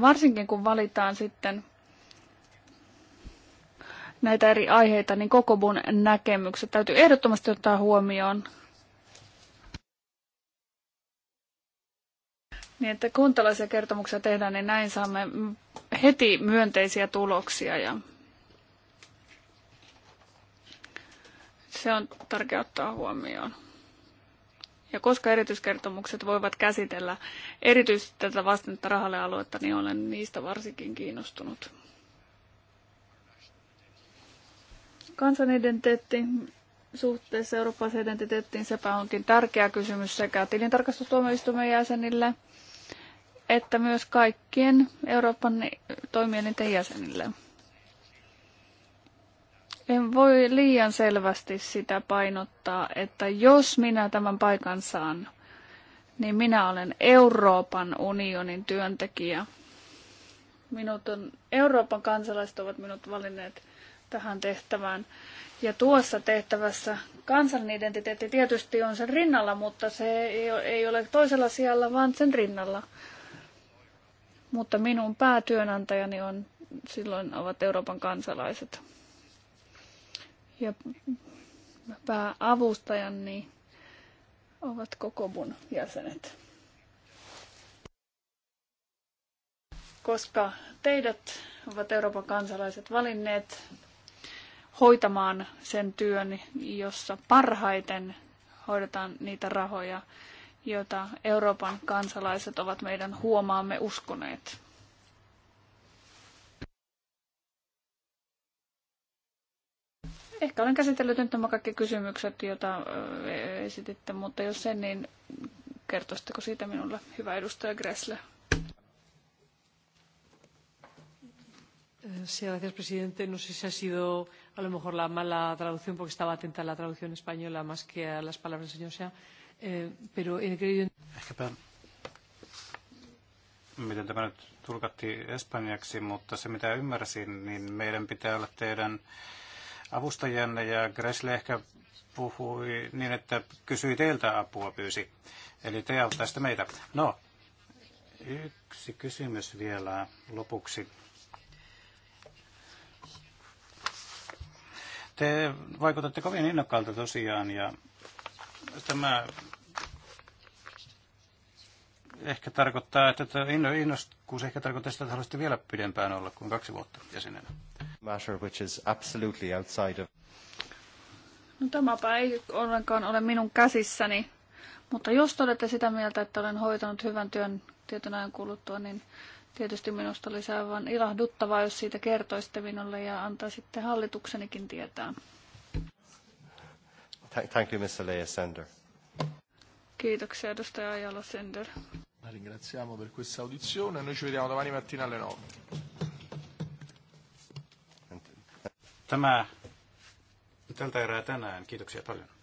Varsinkin kun valitaan sitten näitä eri aiheita, niin koko mun näkemykset täytyy ehdottomasti ottaa huomioon. Niin, että kun tällaisia kertomuksia tehdään, niin näin saamme heti myönteisiä tuloksia ja se on tärkeää ottaa huomioon. Ja koska erityiskertomukset voivat käsitellä erityisesti tätä vastennetta rahalle aluetta, niin olen niistä varsinkin kiinnostunut. Kansanidentiteetti suhteessa Euroopan identiteettiin, sepä onkin tärkeä kysymys sekä tilintarkastustuomioistuimen jäsenille että myös kaikkien Euroopan toimielinten jäsenille. En voi liian selvästi sitä painottaa, että jos minä tämän paikan saan, niin minä olen Euroopan unionin työntekijä. Minut on, Euroopan kansalaiset ovat minut valinneet tähän tehtävään. Ja tuossa tehtävässä kansallinen identiteetti tietysti on sen rinnalla, mutta se ei ole toisella sijalla, vaan sen rinnalla. Mutta minun päätyönantajani on silloin ovat Euroopan kansalaiset ja pääavustajan niin ovat koko mun jäsenet. Koska teidät ovat Euroopan kansalaiset valinneet hoitamaan sen työn, jossa parhaiten hoidetaan niitä rahoja, joita Euroopan kansalaiset ovat meidän huomaamme uskoneet. Ehkä olen käsitellyt nyt nämä kaikki kysymykset, joita e, esititte, mutta jos sen, niin kertoisitteko siitä minulle, hyvä edustaja Gressle? Eh, sí, gracias, presidente. No sé si ha sido a lo mejor la mala traducción, porque estaba atenta a la traducción española más que a las palabras del señor Sea, eh, pero he querido... Ehkäpä, miten tämä nyt tulkattiin espanjaksi, mutta se mitä ymmärsin, niin meidän pitää olla teidän avustajanne ja Gressle ehkä puhui niin, että kysyi teiltä apua pyysi. Eli te auttaisitte meitä. No, yksi kysymys vielä lopuksi. Te vaikutatte kovin innokkaalta tosiaan ja tämä ehkä tarkoittaa, että innostus ehkä tarkoittaa sitä, että haluaisitte vielä pidempään olla kuin kaksi vuotta jäsenenä. Matter, which is absolutely outside of... No, tämäpä ei ollenkaan ole minun käsissäni, mutta jos olette sitä mieltä, että olen hoitanut hyvän työn tietyn ajan kuluttua, niin tietysti minusta olisi aivan ilahduttavaa, jos siitä kertoisitte minulle ja antaisitte hallituksenikin tietää. Thank you, Mr. Leia Sender. Kiitoksia, edustaja Ajala Sender. Ringraziamo per questa audizione. Noi ci vediamo domani mattina alle 9. Tämä tältä erää tänään. Kiitoksia paljon.